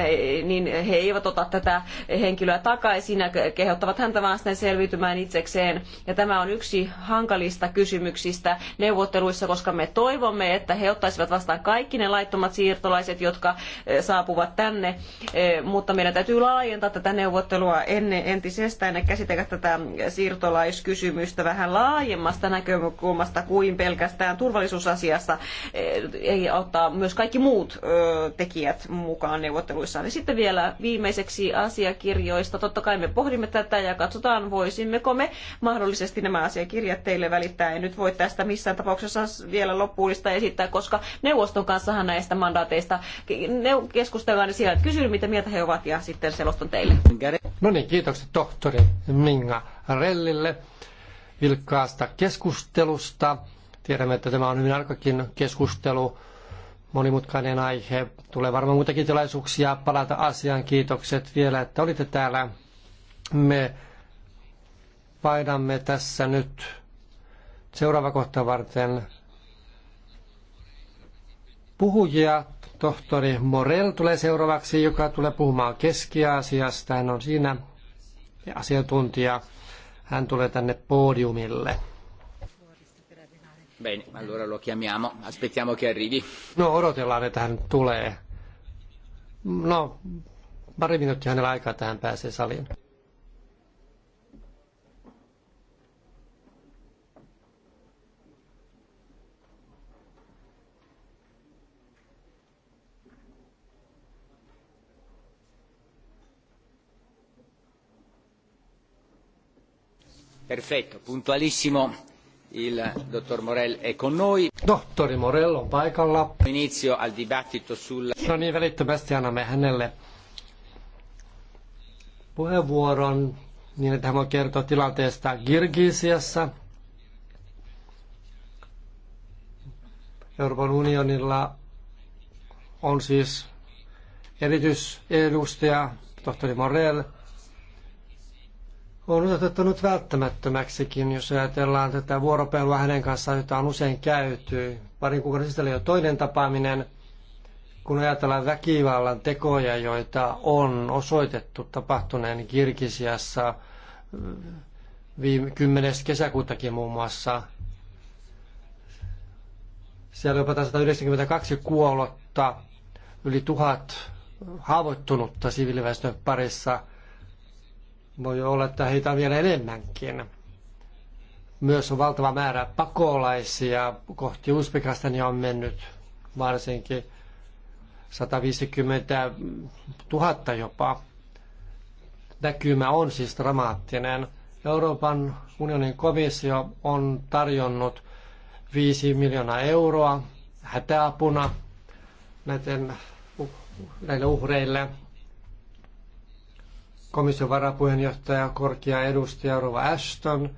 niin he eivät ota tätä henkilöä takaisin ja kehottavat häntä vaan sitten selviytymään itsekseen. Ja tämä on yksi hankalista kysymyksistä neuvotteluissa, koska me toivomme, että he ottaisivat vastaan kaikki ne laittomat siirtolaiset, jotka saapuvat tänne, mutta meidän täytyy laajentaa tätä neuvottelua ennen entisestään ja käsitellä käsitellä tätä siirtolaiskysymystä vähän laajemmasta näkökulmasta kuin pelkästään turvallisuusasiassa eh, Ei ottaa myös kaikki muut tekijät mukaan neuvotteluissa. Ja sitten vielä viimeiseksi asiakirjoista. Totta kai me pohdimme tätä ja katsotaan, voisimmeko me mahdollisesti nämä asiakirjat teille välittää. En nyt voi tästä missään tapauksessa vielä loppuulista esittää, koska neuvoston kanssahan näistä mandaateista keskustellaan ja siellä kysyn, mitä mieltä he ovat ja sitten selostan teille. No niin, kiitokset tohtori Minga Rellille vilkkaasta keskustelusta. Tiedämme, että tämä on hyvin arkakin keskustelu, monimutkainen aihe. Tulee varmaan muitakin tilaisuuksia palata asiaan. Kiitokset vielä, että olitte täällä. Me painamme tässä nyt seuraava kohta varten puhujia. Tohtori Morel tulee seuraavaksi, joka tulee puhumaan Keski-Aasiasta. Hän on siinä asiantuntija. Hän tulee tänne podiumille. Bene, allora lo chiamiamo, aspettiamo che arrivi. No, odotellaan, että hän tulee. No, pari minuuttia hänellä aikaa että hän pääsee saliin. Perfetto, puntualissimo. Il dottor Morel è con noi. Tohtori Morel on paikalla. Inizio al dibattito sulla... No niin, välittömästi annamme hänelle puheenvuoron niin, että hän voi kertoa tilanteesta Kirgisiassa. Euroopan unionilla on siis erityisedustaja, tohtori Morel, on otettanut välttämättömäksikin, jos ajatellaan tätä vuoropelua hänen kanssaan, jota on usein käyty. Parin kuukauden sisällä jo toinen tapaaminen, kun ajatellaan väkivallan tekoja, joita on osoitettu tapahtuneen Kirgisiassa viime 10. kesäkuutakin muun muassa. Siellä jopa 192 kuollutta, yli tuhat haavoittunutta siviiliväestön parissa – voi olla, että heitä on vielä enemmänkin. Myös on valtava määrä pakolaisia. Kohti Uzbekistania on mennyt varsinkin 150 000 jopa. Näkymä on siis dramaattinen. Euroopan unionin komissio on tarjonnut 5 miljoonaa euroa hätäapuna näiden, näille uhreille – Komission varapuheenjohtaja, korkea edustaja Rova Ashton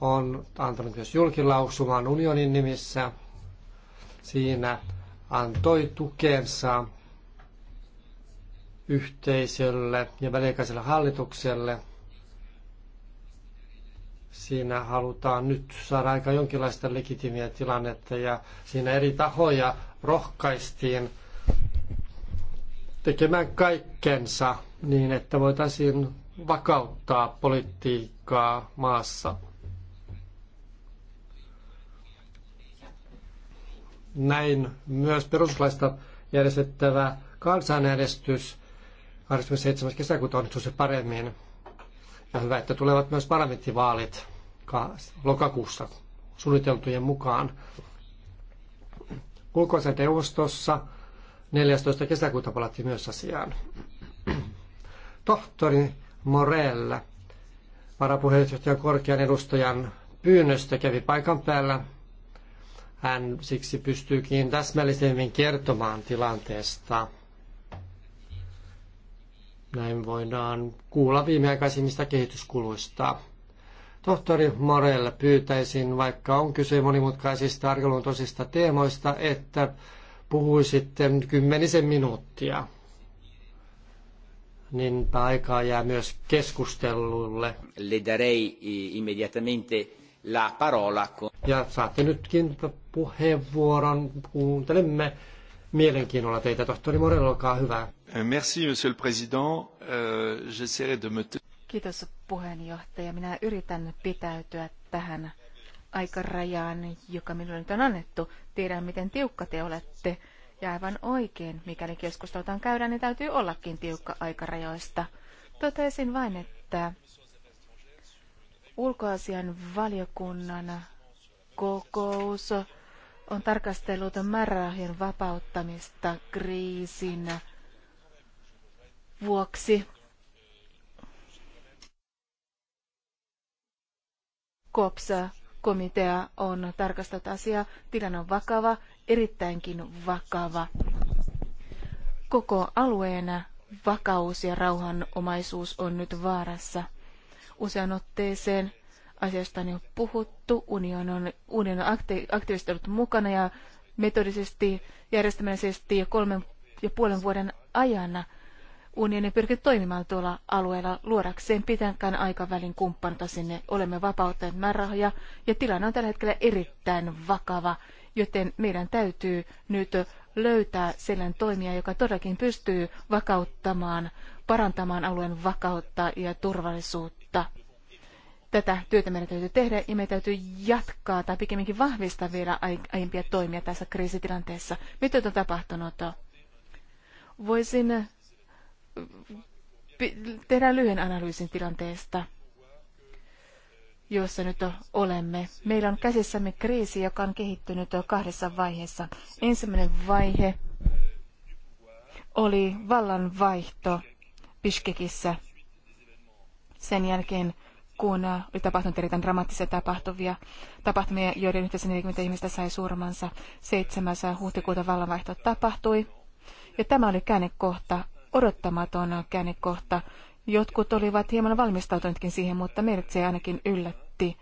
on antanut myös julkilausuman unionin nimissä. Siinä antoi tukensa yhteisölle ja väliaikaiselle hallitukselle. Siinä halutaan nyt saada aika jonkinlaista legitimiä tilannetta ja siinä eri tahoja rohkaistiin tekemään kaikkensa niin, että voitaisiin vakauttaa politiikkaa maassa. Näin myös peruslaista järjestettävä kansanäänestys 27. kesäkuuta onnistuu se paremmin. Ja hyvä, että tulevat myös parlamenttivaalit lokakuussa suunniteltujen mukaan. Ulkoisen neuvostossa 14. kesäkuuta palattiin myös asiaan. Tohtori Morell, varapuheenjohtajan korkean edustajan pyynnöstä kävi paikan päällä. Hän siksi pystyykin täsmällisemmin kertomaan tilanteesta. Näin voidaan kuulla viimeaikaisimmista kehityskuluista. Tohtori Morell pyytäisin, vaikka on kyse monimutkaisista arkeluontoisista teemoista, että puhui sitten kymmenisen minuuttia. Niin aikaa jää myös keskustelulle. Le darei eh, immediatamente la parola. Ja saatte nytkin puheenvuoron. Kuuntelemme mielenkiinnolla teitä. Tohtori Morel, olkaa hyvä. Eh, merci, monsieur le président. Uh, de me... Kiitos puheenjohtaja. Minä yritän pitäytyä tähän aikarajaan, joka minulle nyt on annettu. Tiedän, miten tiukka te olette. Ja aivan oikein, mikäli keskustelutaan käydään, niin täytyy ollakin tiukka aikarajoista. Totesin vain, että ulkoasian valiokunnan kokous on tarkastellut määrärahojen vapauttamista kriisin vuoksi. Kopsa komitea on tarkastanut asiaa. Tilanne on vakava, erittäinkin vakava. Koko alueen vakaus ja rauhanomaisuus on nyt vaarassa. Usean otteeseen asiasta on jo puhuttu. Union on, union on akti, aktiivisesti ollut mukana ja metodisesti, järjestelmällisesti jo kolmen ja puolen vuoden ajana – unioni pyrkii toimimaan tuolla alueella luodakseen pitänkään aikavälin kumppanita sinne. Olemme vapauttaneet määrärahoja ja tilanne on tällä hetkellä erittäin vakava, joten meidän täytyy nyt löytää sellainen toimija, joka todellakin pystyy vakauttamaan, parantamaan alueen vakautta ja turvallisuutta. Tätä työtä meidän täytyy tehdä ja meidän täytyy jatkaa tai pikemminkin vahvistaa vielä aiempia toimia tässä kriisitilanteessa. Mitä on tapahtunut? Voisin tehdään lyhyen analyysin tilanteesta, jossa nyt olemme. Meillä on käsissämme kriisi, joka on kehittynyt kahdessa vaiheessa. Ensimmäinen vaihe oli vallanvaihto Bishkekissä sen jälkeen, kun oli tapahtunut erittäin dramaattisia tapahtumia, tapahtumia joiden yhteensä 40 ihmistä sai surmansa. 7. huhtikuuta vallanvaihto tapahtui. Ja tämä oli käännekohta odottamaton käännekohta. Jotkut olivat hieman valmistautuneetkin siihen, mutta meidät se ainakin yllätti.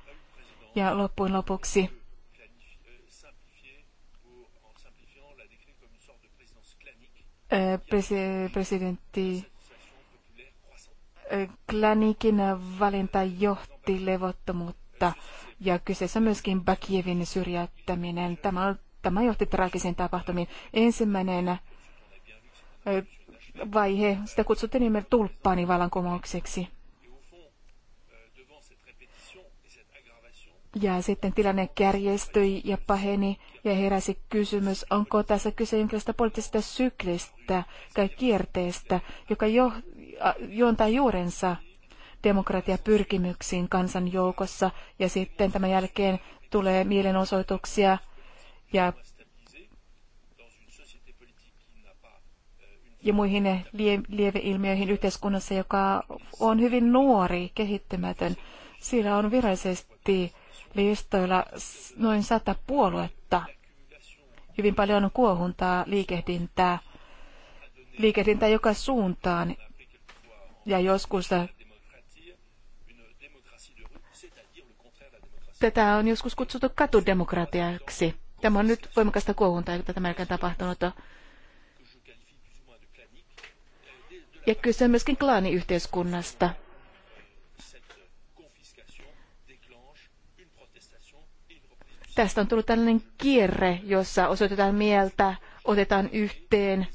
Ja loppujen lopuksi presidentti Klanikin valinta johti levottomuutta ja kyseessä myöskin Bakievin syrjäyttäminen. Tämä, tämä johti traagisiin tapahtumiin. Ensimmäinen vaihe, sitä kutsutte nimellä tulppaani vallankumoukseksi. Ja sitten tilanne kärjestyi ja paheni ja heräsi kysymys, onko tässä kyse jonkinlaista poliittisesta syklistä tai kierteestä, joka jo, juontaa juurensa demokratiapyrkimyksiin kansan joukossa ja sitten tämän jälkeen tulee mielenosoituksia ja ja muihin lieveilmiöihin yhteiskunnassa, joka on hyvin nuori, kehittymätön. Siellä on virallisesti listoilla noin sata puoluetta. Hyvin paljon on kuohuntaa, liikehdintää, liikehdintää joka suuntaan ja joskus tätä on joskus kutsuttu katudemokratiaksi. Tämä on nyt voimakasta kuohuntaa, jota tämä tapahtunut. Ja kyse on myöskin klaaniyhteiskunnasta. Tästä on tullut tällainen kierre, jossa osoitetaan mieltä, otetaan yhteen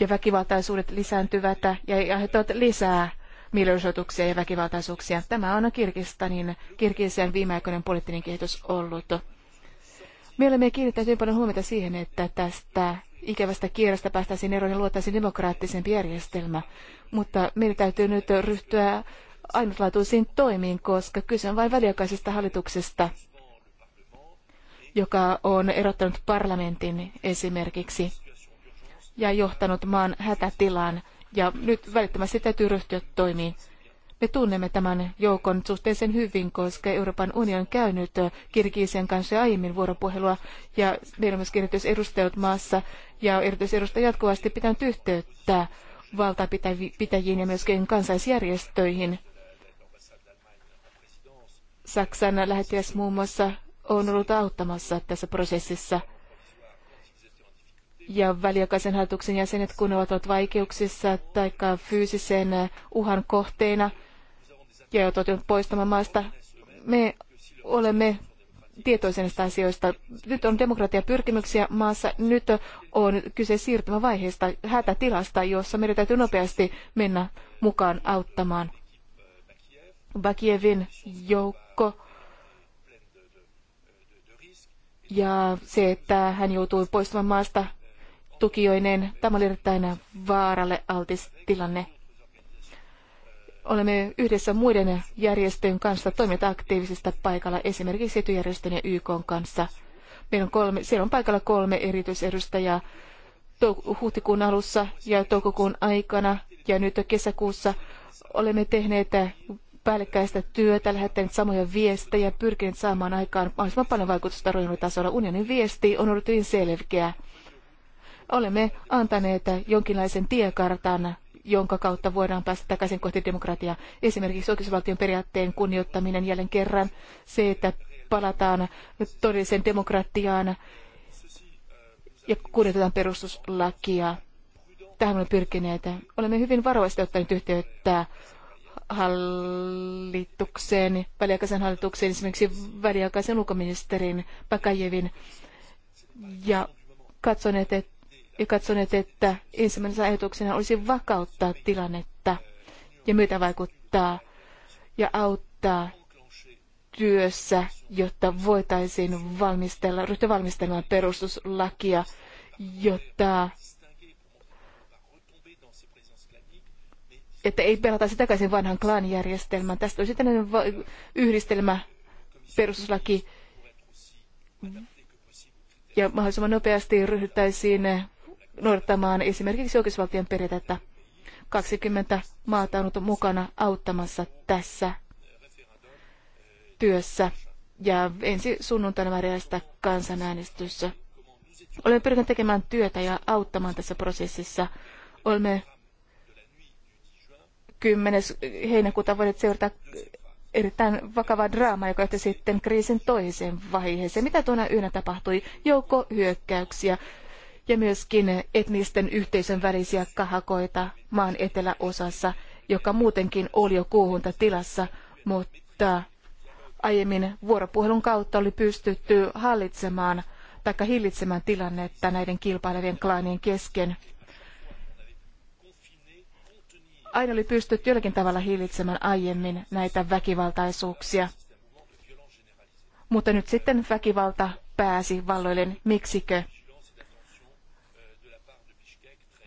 ja väkivaltaisuudet lisääntyvät ja aiheuttavat lisää mielenosoituksia ja väkivaltaisuuksia. Tämä on niin Kirkisen viimeaikoinen poliittinen kehitys ollut. Mielemme olemme hyvin paljon huomiota siihen, että tästä ikävästä kierrosta päästäisiin eroon ja luotaisiin demokraattisempi järjestelmä. Mutta meidän täytyy nyt ryhtyä ainutlaatuisiin toimiin, koska kyse on vain väliaikaisesta hallituksesta, joka on erottanut parlamentin esimerkiksi ja johtanut maan hätätilaan. Ja nyt välittömästi täytyy ryhtyä toimiin. Me tunnemme tämän joukon suhteellisen hyvin, koska Euroopan unioni on käynyt äh, Kirgiisian kanssa aiemmin vuoropuhelua ja meillä on myös erityisedustajat maassa ja erityisedustajat jatkuvasti pitänyt yhteyttä valtapitäjiin ja myöskin kansaisjärjestöihin. Saksan lähettiläs muun muassa on ollut auttamassa tässä prosessissa. Ja väliaikaisen hallituksen jäsenet, kun ovat vaikeuksissa tai fyysisen äh, uhan kohteena – ja joutuvat poistamaan maasta. Me olemme tietoisia näistä asioista. Nyt on demokratiapyrkimyksiä maassa, nyt on kyse siirtymävaiheesta, hätätilasta, jossa meidän täytyy nopeasti mennä mukaan auttamaan. Bakievin joukko ja se, että hän joutui poistumaan maasta tukijoineen, tämä oli erittäin vaaralle altis tilanne olemme yhdessä muiden järjestöjen kanssa toiminut aktiivisesti paikalla, esimerkiksi etujärjestön ja YK kanssa. Meillä on kolme, siellä on paikalla kolme erityisedustajaa huhtikuun alussa ja toukokuun aikana ja nyt kesäkuussa olemme tehneet päällekkäistä työtä, lähettäneet samoja viestejä, pyrkineet saamaan aikaan mahdollisimman paljon vaikutusta tasolla. Unionin viesti on ollut hyvin selkeä. Olemme antaneet jonkinlaisen tiekartan jonka kautta voidaan päästä takaisin kohti demokratiaa. Esimerkiksi oikeusvaltion periaatteen kunnioittaminen jälleen kerran, se, että palataan todelliseen demokratiaan ja kunnioitetaan perustuslakia. Tähän olemme pyrkineet. Olemme hyvin varovasti ottaneet yhteyttä hallitukseen, väliaikaisen hallitukseen, esimerkiksi väliaikaisen ulkoministerin Pakajevin, ja katsoneet, että ja katsoneet, että ensimmäisenä ajatuksena olisi vakauttaa tilannetta ja myötä vaikuttaa ja auttaa työssä, jotta voitaisiin valmistella, ryhtyä valmistelemaan perustuslakia, jotta että ei pelataisi takaisin vanhan klaanijärjestelmän. Tästä olisi tällainen yhdistelmä perustuslaki ja mahdollisimman nopeasti ryhdyttäisiin noudattamaan esimerkiksi oikeusvaltion periaatetta. 20 maata on ollut mukana auttamassa tässä työssä ja ensi sunnuntaina määräistä kansanäänestyssä. Olemme pyrkineet tekemään työtä ja auttamaan tässä prosessissa. Olemme 10. heinäkuuta voineet seurata erittäin vakava draama, joka johti sitten kriisin toiseen vaiheeseen. Mitä tuona yönä tapahtui? Joukko hyökkäyksiä, ja myöskin etnisten yhteisön välisiä kahakoita maan eteläosassa, joka muutenkin oli jo kuuhuntatilassa, mutta aiemmin vuoropuhelun kautta oli pystytty hallitsemaan tai hillitsemään tilannetta näiden kilpailevien klaanien kesken. Aina oli pystytty jollakin tavalla hillitsemään aiemmin näitä väkivaltaisuuksia. Mutta nyt sitten väkivalta pääsi valloilleen. Miksikö?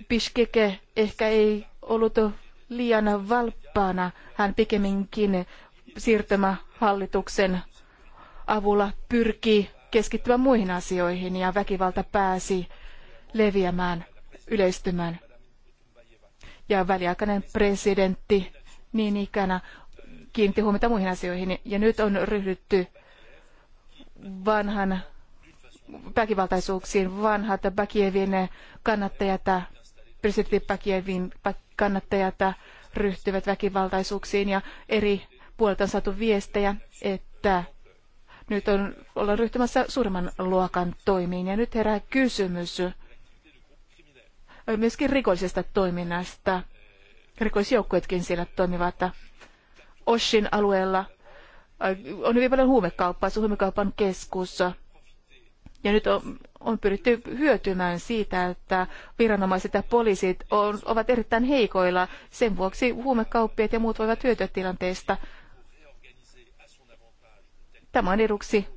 Pishkeke ehkä ei ollut liian valppaana. Hän pikemminkin siirtymähallituksen avulla pyrki keskittymään muihin asioihin ja väkivalta pääsi leviämään, yleistymään. Ja väliaikainen presidentti niin ikänä kiinnitti huomiota muihin asioihin ja nyt on ryhdytty vanhan väkivaltaisuuksiin. Vanhat Bakievin kannattajat presidentti Pakievin kannattajat ryhtyvät väkivaltaisuuksiin ja eri puolilta on saatu viestejä, että nyt on, ollaan ryhtymässä suuremman luokan toimiin. Ja nyt herää kysymys myöskin rikollisesta toiminnasta. Rikollisjoukkuetkin siellä toimivat. Oshin alueella on hyvin paljon huumekauppaa, se on huumekaupan keskus. Ja nyt on, on pyritty hyötymään siitä, että viranomaiset ja poliisit on, ovat erittäin heikoilla. Sen vuoksi huumekauppiat ja muut voivat hyötyä tilanteesta. Tämä on eduksi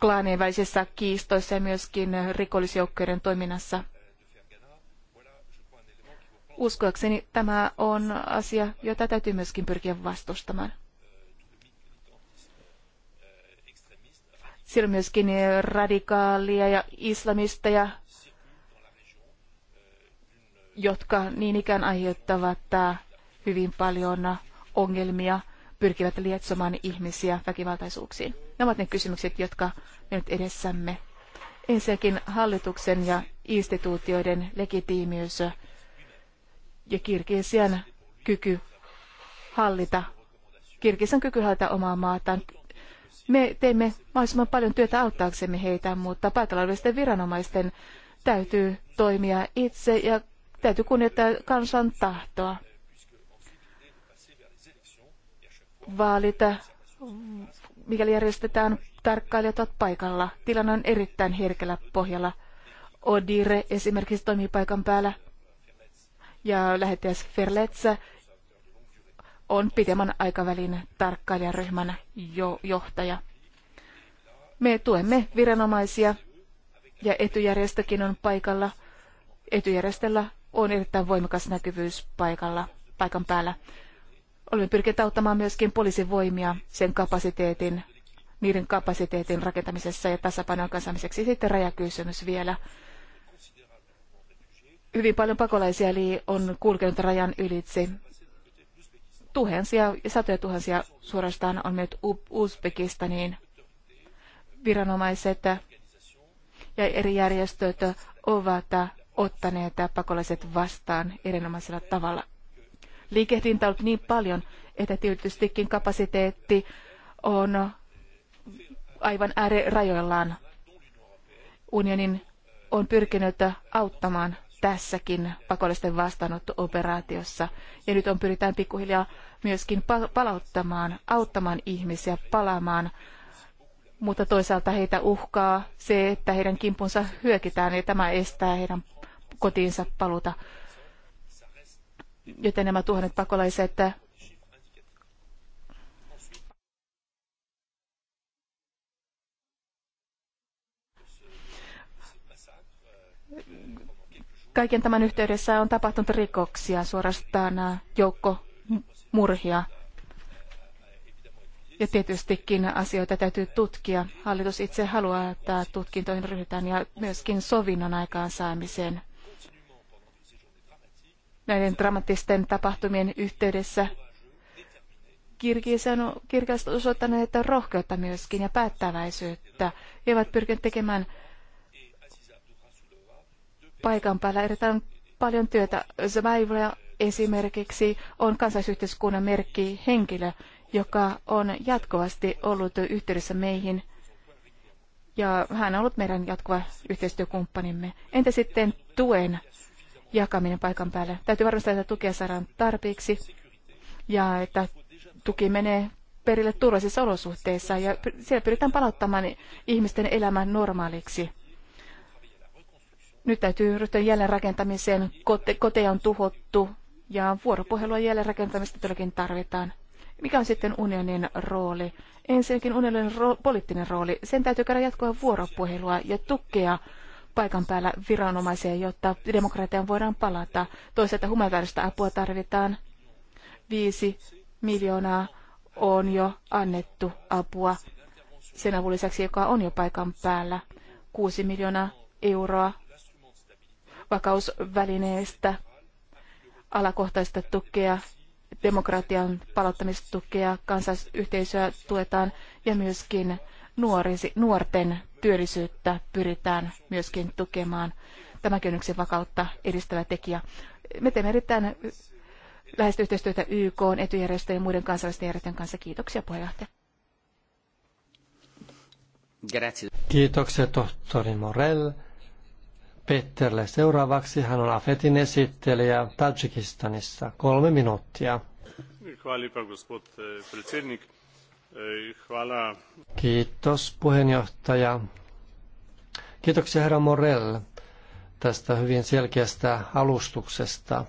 klaanien välisissä kiistoissa ja myöskin rikollisjoukkojen toiminnassa. Uskoakseni tämä on asia, jota täytyy myöskin pyrkiä vastustamaan. Siellä on myöskin eh, radikaalia ja islamisteja, jotka niin ikään aiheuttavat eh, hyvin paljon ongelmia, pyrkivät lietsomaan ihmisiä väkivaltaisuuksiin. Nämä ovat ne kysymykset, jotka me nyt edessämme. Ensinnäkin hallituksen ja instituutioiden legitiimiys ja Kirgisian kyky hallita, Kirgisan kyky hallita omaa maataan me teemme mahdollisimman paljon työtä auttaaksemme heitä, mutta paikallisten viranomaisten täytyy toimia itse ja täytyy kunnioittaa kansan tahtoa. Vaalita, mikäli järjestetään, tarkkailijat ovat paikalla. Tilanne on erittäin herkällä pohjalla. Odire esimerkiksi toimii paikan päällä ja lähettiläs Ferletsä on pitemmän aikavälin tarkkailijaryhmän jo- johtaja. Me tuemme viranomaisia ja etujärjestökin on paikalla. Etujärjestöllä on erittäin voimakas näkyvyys paikalla, paikan päällä. Olemme pyrkineet auttamaan myöskin poliisin voimia sen kapasiteetin, niiden kapasiteetin rakentamisessa ja tasapainon kansaamiseksi. Sitten rajakysymys vielä. Hyvin paljon pakolaisia eli on kulkenut rajan ylitse tuhansia, satoja tuhansia suorastaan on mennyt Uzbekistaniin. Viranomaiset ja eri järjestöt ovat ottaneet pakolaiset vastaan erinomaisella tavalla. Liikehdintä on ollut niin paljon, että tietystikin kapasiteetti on aivan äärirajoillaan. Unionin on pyrkinyt auttamaan tässäkin pakollisten vastaanotto-operaatiossa. Ja nyt on pyritään pikkuhiljaa myöskin palauttamaan, auttamaan ihmisiä palaamaan, mutta toisaalta heitä uhkaa se, että heidän kimpunsa hyökitään ja tämä estää heidän kotiinsa paluta, Joten nämä tuhannet pakolaiset kaiken tämän yhteydessä on tapahtunut rikoksia, suorastaan äh, joukko murhia. Ja tietystikin asioita täytyy tutkia. Hallitus itse haluaa, että tutkintoihin ryhdytään ja myöskin sovinnon aikaansaamiseen. Näiden dramaattisten tapahtumien yhteydessä Kirgisan on kirkasta osoittaneet rohkeutta myöskin ja päättäväisyyttä. He ovat pyrkineet tekemään paikan päällä erittäin paljon työtä. Survivor esimerkiksi on kansalaisyhteiskunnan merkki henkilö, joka on jatkuvasti ollut yhteydessä meihin ja hän on ollut meidän jatkuva yhteistyökumppanimme. Entä sitten tuen jakaminen paikan päälle? Täytyy varmistaa, että tukea saadaan tarpeeksi ja että tuki menee perille turvallisissa olosuhteissa ja siellä pyritään palauttamaan ihmisten elämän normaaliksi. Nyt täytyy ryhtyä jälleenrakentamiseen. Kote, koteja on tuhottu ja vuoropuhelua jälleenrakentamista todellakin tarvitaan. Mikä on sitten unionin rooli? Ensinnäkin unionin ro- poliittinen rooli. Sen täytyy käydä jatkoa vuoropuhelua ja tukea paikan päällä viranomaisia, jotta demokratiaan voidaan palata. Toisaalta humanitaarista apua tarvitaan. Viisi miljoonaa on jo annettu apua sen avun lisäksi, joka on jo paikan päällä. Kuusi miljoonaa euroa vakausvälineestä, alakohtaista tukea, demokratian palauttamistukea, kansallisyhteisöä tuetaan ja myöskin nuorisi, nuorten työllisyyttä pyritään myöskin tukemaan. Tämä kynnyksen vakautta edistävä tekijä. Me teemme erittäin läheistä yhteistyötä YK, etujärjestöjen ja muiden kansallisten järjestöjen kanssa. Kiitoksia puheenjohtaja. Grazie. Kiitoksia tohtori Morell. Petterle. Seuraavaksi hän on Afetin esittelijä Tajikistanissa. Kolme minuuttia. Eh, eh, Kiitos puheenjohtaja. Kiitoksia herra Morell tästä hyvin selkeästä alustuksesta.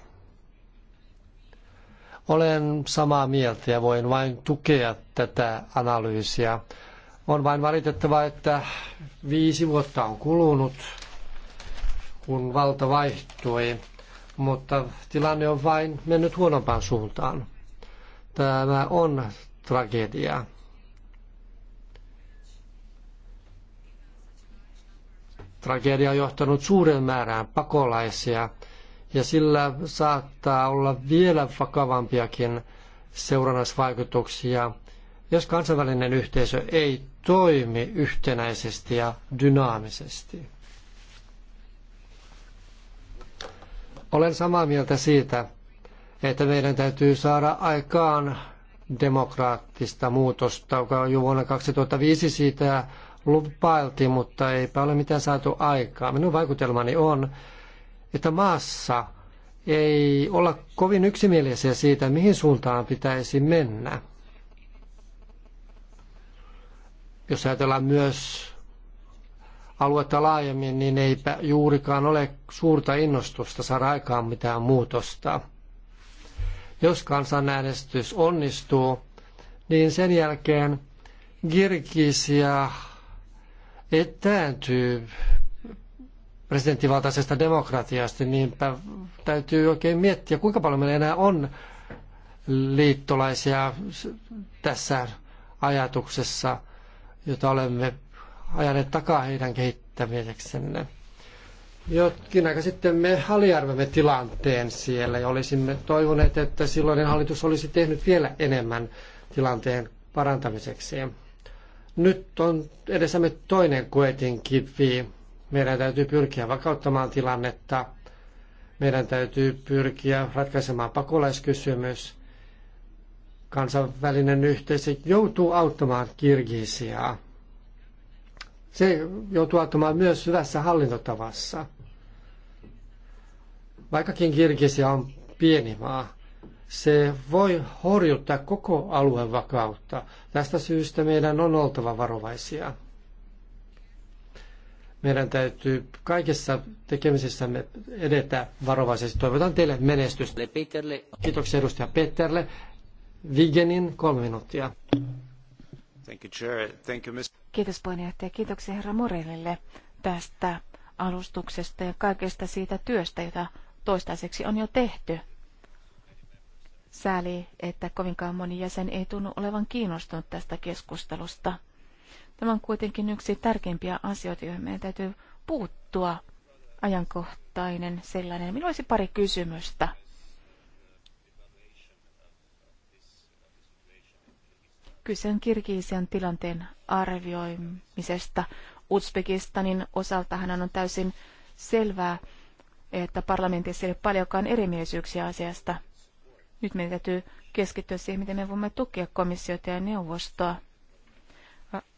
Olen samaa mieltä ja voin vain tukea tätä analyysiä. On vain valitettavaa, että viisi vuotta on kulunut kun valta vaihtui, mutta tilanne on vain mennyt huonompaan suuntaan. Tämä on tragedia. Tragedia on johtanut suuren määrään pakolaisia ja sillä saattaa olla vielä vakavampiakin seurannasvaikutuksia, jos kansainvälinen yhteisö ei toimi yhtenäisesti ja dynaamisesti. Olen samaa mieltä siitä, että meidän täytyy saada aikaan demokraattista muutosta, joka jo vuonna 2005 siitä lupailtiin, mutta eipä ole mitään saatu aikaa. Minun vaikutelmani on, että maassa ei olla kovin yksimielisiä siitä, mihin suuntaan pitäisi mennä. Jos ajatellaan myös aluetta laajemmin, niin eipä juurikaan ole suurta innostusta saada aikaan mitään muutosta. Jos kansanäänestys onnistuu, niin sen jälkeen Kirgisia etääntyy presidenttivaltaisesta demokratiasta, niinpä täytyy oikein miettiä, kuinka paljon meillä enää on liittolaisia tässä ajatuksessa, jota olemme ajaneet takaa heidän kehittämiseksenne. Jotkin aika sitten me haliarvemme tilanteen siellä ja olisimme toivoneet, että silloinen hallitus olisi tehnyt vielä enemmän tilanteen parantamiseksi. Nyt on edessämme toinen kuetin kivi. Meidän täytyy pyrkiä vakauttamaan tilannetta. Meidän täytyy pyrkiä ratkaisemaan pakolaiskysymys. Kansainvälinen yhteisö joutuu auttamaan Kirgisiaa. Se joutuu auttamaan myös hyvässä hallintotavassa. Vaikkakin Kirgisia on pieni maa, se voi horjuttaa koko alueen vakautta. Tästä syystä meidän on oltava varovaisia. Meidän täytyy kaikessa tekemisessämme edetä varovaisesti. Toivotan teille menestystä. Kiitoksia edustaja Peterle, Vigenin kolme minuuttia. Kiitos puheenjohtaja. Kiitoksia herra Morelille tästä alustuksesta ja kaikesta siitä työstä, jota toistaiseksi on jo tehty. Sääli, että kovinkaan moni jäsen ei tunnu olevan kiinnostunut tästä keskustelusta. Tämä on kuitenkin yksi tärkeimpiä asioita, joihin meidän täytyy puuttua ajankohtainen sellainen. Minulla olisi pari kysymystä. Kyse on Kirgisian tilanteen arvioimisesta. Uzbekistanin osaltahan on täysin selvää, että parlamentissa ei ole paljonkaan erimielisyyksiä asiasta. Nyt meidän täytyy keskittyä siihen, miten me voimme tukea komissiota ja neuvostoa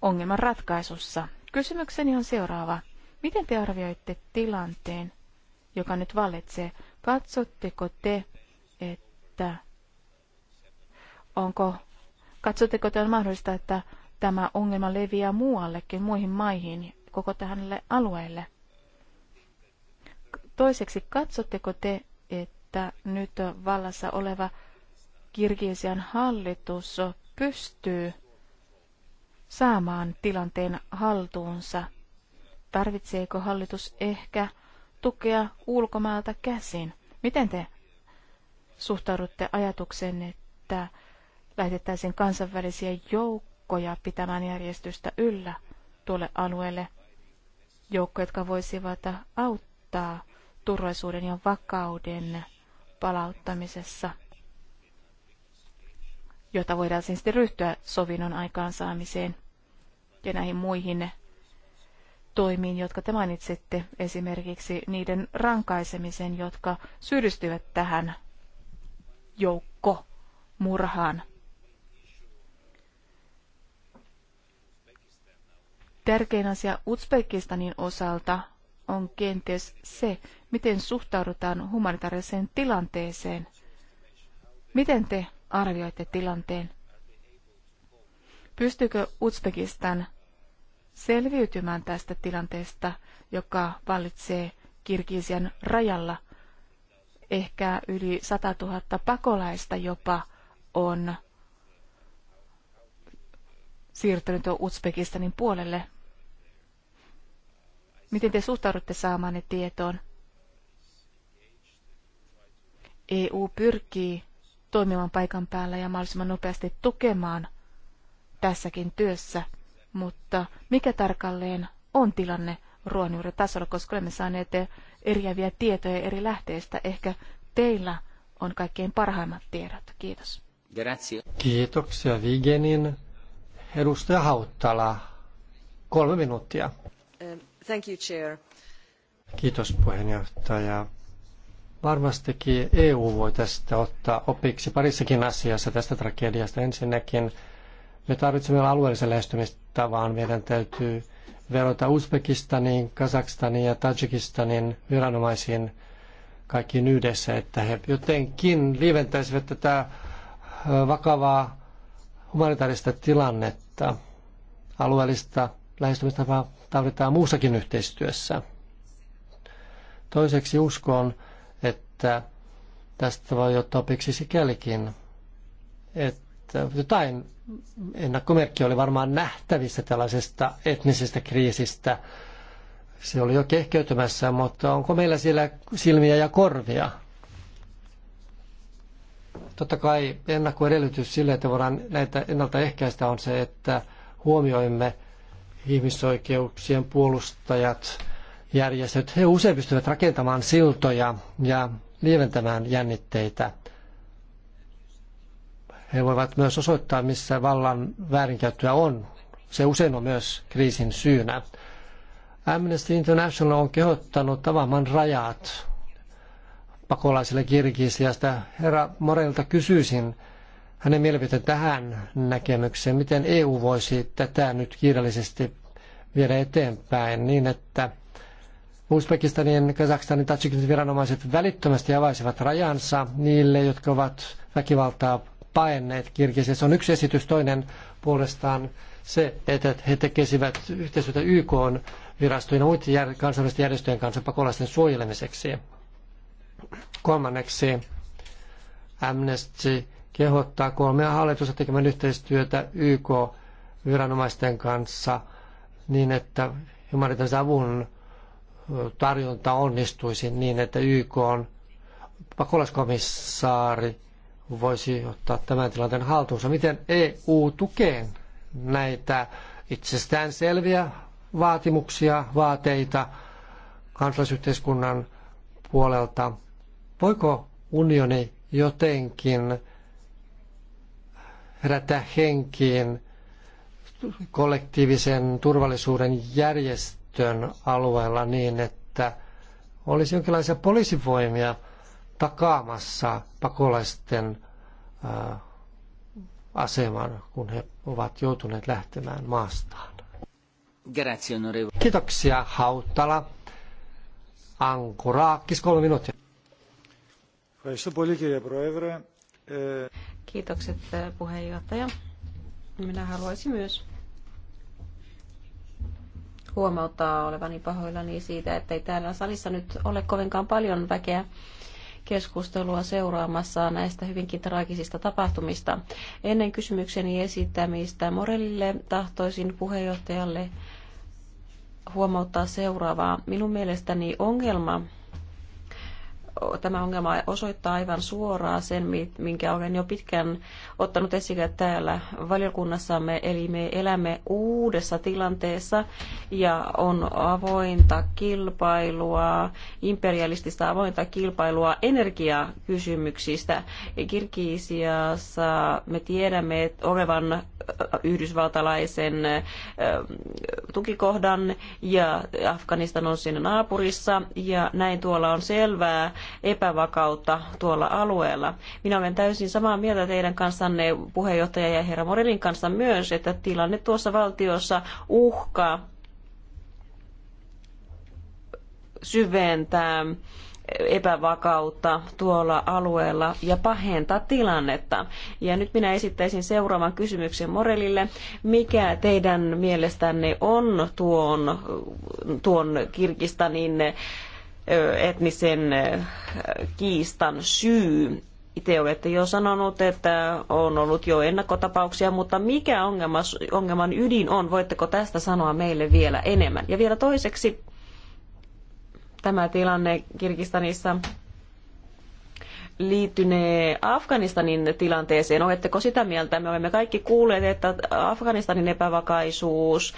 ongelman ratkaisussa. Kysymykseni on seuraava. Miten te arvioitte tilanteen, joka nyt vallitsee? Katsotteko te, että onko Katsotteko te on mahdollista, että tämä ongelma leviää muuallekin, muihin maihin, koko tähän alueelle? Toiseksi, katsotteko te, että nyt vallassa oleva Kirgisian hallitus pystyy saamaan tilanteen haltuunsa? Tarvitseeko hallitus ehkä tukea ulkomailta käsin? Miten te suhtaudutte ajatukseen, että lähetettäisiin kansainvälisiä joukkoja pitämään järjestystä yllä tuolle alueelle. Joukkoja, jotka voisivat auttaa turvallisuuden ja vakauden palauttamisessa, jota voidaan siis sitten ryhtyä sovinnon aikaansaamiseen ja näihin muihin toimiin, jotka te mainitsitte, esimerkiksi niiden rankaisemisen, jotka syyllistyvät tähän joukkomurhaan. Tärkein asia Uzbekistanin osalta on kenties se, miten suhtaudutaan humanitaariseen tilanteeseen. Miten te arvioitte tilanteen? Pystyykö Uzbekistan selviytymään tästä tilanteesta, joka vallitsee Kirgisian rajalla? Ehkä yli 100 000 pakolaista jopa on siirtynyt Uzbekistanin puolelle. Miten te suhtaudutte saamanne tietoon? EU pyrkii toimimaan paikan päällä ja mahdollisimman nopeasti tukemaan tässäkin työssä, mutta mikä tarkalleen on tilanne ruoanjuuritasolla, koska olemme saaneet eriäviä tietoja eri lähteistä. Ehkä teillä on kaikkein parhaimmat tiedot. Kiitos. Grazie. Kiitoksia Vigenin. Edustaja Hauttala, kolme minuuttia. Ähm. Thank you, Chair. Kiitos puheenjohtaja. Varmastikin EU voi tästä ottaa opiksi parissakin asiassa tästä tragediasta. Ensinnäkin me tarvitsemme alueellisen lähestymistavan. Meidän täytyy verota Uzbekistanin, Kazakstanin ja Tajikistanin viranomaisiin kaikkiin yhdessä, että he jotenkin lieventäisivät tätä vakavaa humanitaarista tilannetta. Alueellista Lähestymistapa tarvitaan muussakin yhteistyössä. Toiseksi uskon, että tästä voi ottaa opiksi sikälikin, että jotain ennakkomerkki oli varmaan nähtävissä tällaisesta etnisestä kriisistä. Se oli jo kehkeytymässä, mutta onko meillä siellä silmiä ja korvia? Totta kai ennakkoedellytys sille, että voidaan näitä ennaltaehkäistä, on se, että huomioimme – ihmisoikeuksien puolustajat, järjestöt, he usein pystyvät rakentamaan siltoja ja lieventämään jännitteitä. He voivat myös osoittaa, missä vallan väärinkäyttöä on. Se usein on myös kriisin syynä. Amnesty International on kehottanut avaamaan rajat pakolaisille Kirgisiasta. Herra Morelta kysyisin, hänen mielipiteen tähän näkemykseen, miten EU voisi tätä nyt kiireellisesti viedä eteenpäin niin, että Uzbekistanin, Kazakstanin, Tatsikin viranomaiset välittömästi avaisivat rajansa niille, jotka ovat väkivaltaa paenneet se On yksi esitys, toinen puolestaan se, että he tekisivät yhteistyötä YK virastojen ja muiden kansainvälisten järjestöjen kanssa pakolaisten suojelemiseksi. Kolmanneksi Amnesty kehottaa kolmea hallitusta tekemään yhteistyötä YK-viranomaisten kanssa niin, että humanitaarisen avun tarjonta onnistuisi niin, että YK on pakolaiskomissaari voisi ottaa tämän tilanteen haltuunsa. Miten EU tukee näitä itsestään selviä vaatimuksia, vaateita kansalaisyhteiskunnan puolelta? Voiko unioni jotenkin herättää henkiin kollektiivisen turvallisuuden järjestön alueella niin, että olisi jonkinlaisia poliisivoimia takaamassa pakolaisten aseman, kun he ovat joutuneet lähtemään maastaan. Kiitoksia hauttala. Ankuraakis, kolme minuuttia. Kiitokset eh, puheenjohtaja. Minä haluaisin myös huomauttaa olevani pahoillani siitä, että ei täällä salissa nyt ole kovinkaan paljon väkeä keskustelua seuraamassa näistä hyvinkin traagisista tapahtumista. Ennen kysymykseni esittämistä Morellille tahtoisin puheenjohtajalle huomauttaa seuraavaa. Minun mielestäni ongelma tämä ongelma osoittaa aivan suoraan sen, minkä olen jo pitkään ottanut esille täällä valiokunnassamme. Eli me elämme uudessa tilanteessa ja on avointa kilpailua, imperialistista avointa kilpailua energiakysymyksistä. Kirkiisiassa me tiedämme olevan yhdysvaltalaisen tukikohdan ja Afganistan on siinä naapurissa ja näin tuolla on selvää epävakautta tuolla alueella. Minä olen täysin samaa mieltä teidän kanssanne puheenjohtaja ja herra Morelin kanssa myös, että tilanne tuossa valtiossa uhkaa syventää epävakautta tuolla alueella ja pahentaa tilannetta. Ja nyt minä esittäisin seuraavan kysymyksen Morelille. Mikä teidän mielestänne on tuon, tuon Kirkistanin etnisen kiistan syy. Itse olette jo sanonut, että on ollut jo ennakkotapauksia, mutta mikä ongelma, ongelman ydin on? Voitteko tästä sanoa meille vielä enemmän? Ja vielä toiseksi tämä tilanne Kirgistanissa liittynee Afganistanin tilanteeseen. Oletteko sitä mieltä? Me olemme kaikki kuulleet, että Afganistanin epävakaisuus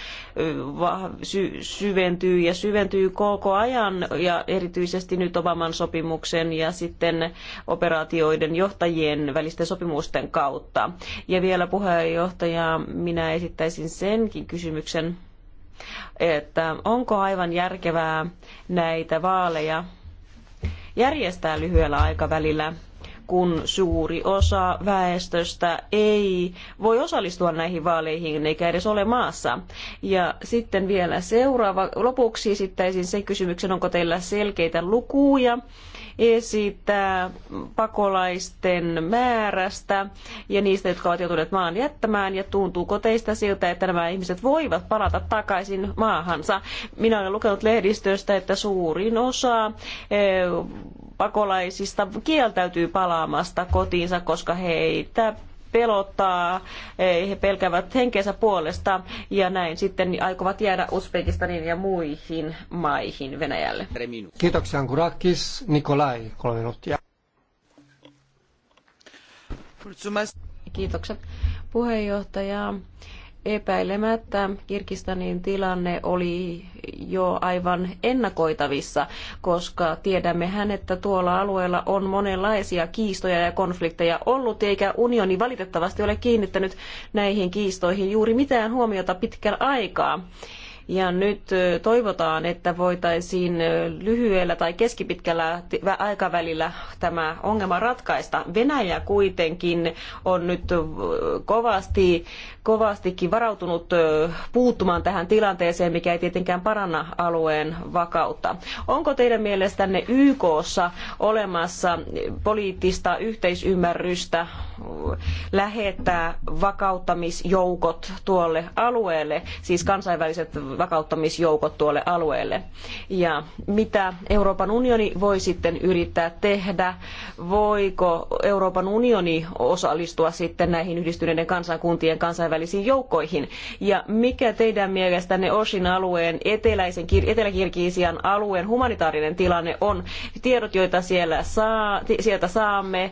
syventyy ja syventyy koko ajan ja erityisesti nyt Obaman sopimuksen ja sitten operaatioiden johtajien välisten sopimusten kautta. Ja vielä puheenjohtaja, minä esittäisin senkin kysymyksen, että onko aivan järkevää näitä vaaleja järjestää lyhyellä aikavälillä, kun suuri osa väestöstä ei voi osallistua näihin vaaleihin eikä edes ole maassa. Ja sitten vielä seuraava, lopuksi esittäisin sen kysymyksen, onko teillä selkeitä lukuja esittää pakolaisten määrästä ja niistä, jotka ovat joutuneet maan jättämään. Ja tuntuuko teistä siltä, että nämä ihmiset voivat palata takaisin maahansa? Minä olen lukenut lehdistöstä, että suurin osa eh, pakolaisista kieltäytyy palaamasta kotiinsa, koska heitä pelottaa, he pelkäävät henkensä puolesta ja näin sitten aikovat jäädä Uzbekistaniin ja muihin maihin Venäjälle. Kiitoksia Ankurakis. Nikolai, kolme minuuttia. Kiitokset puheenjohtaja. Epäilemättä Kirkistanin tilanne oli jo aivan ennakoitavissa, koska tiedämmehän, että tuolla alueella on monenlaisia kiistoja ja konflikteja ollut, eikä unioni valitettavasti ole kiinnittänyt näihin kiistoihin juuri mitään huomiota pitkän aikaa. Ja nyt toivotaan, että voitaisiin lyhyellä tai keskipitkällä aikavälillä tämä ongelma ratkaista. Venäjä kuitenkin on nyt kovasti, kovastikin varautunut puuttumaan tähän tilanteeseen, mikä ei tietenkään paranna alueen vakautta. Onko teidän mielestänne YKssa olemassa poliittista yhteisymmärrystä lähettää vakauttamisjoukot tuolle alueelle, siis kansainväliset vakauttamisjoukot tuolle alueelle. Ja mitä Euroopan unioni voi sitten yrittää tehdä? Voiko Euroopan unioni osallistua sitten näihin yhdistyneiden kansakuntien kansainvälisiin joukkoihin? Ja mikä teidän mielestänne Oshin alueen eteläisen, etelä-Kirgisian alueen humanitaarinen tilanne on? Tiedot, joita siellä saa, sieltä saamme,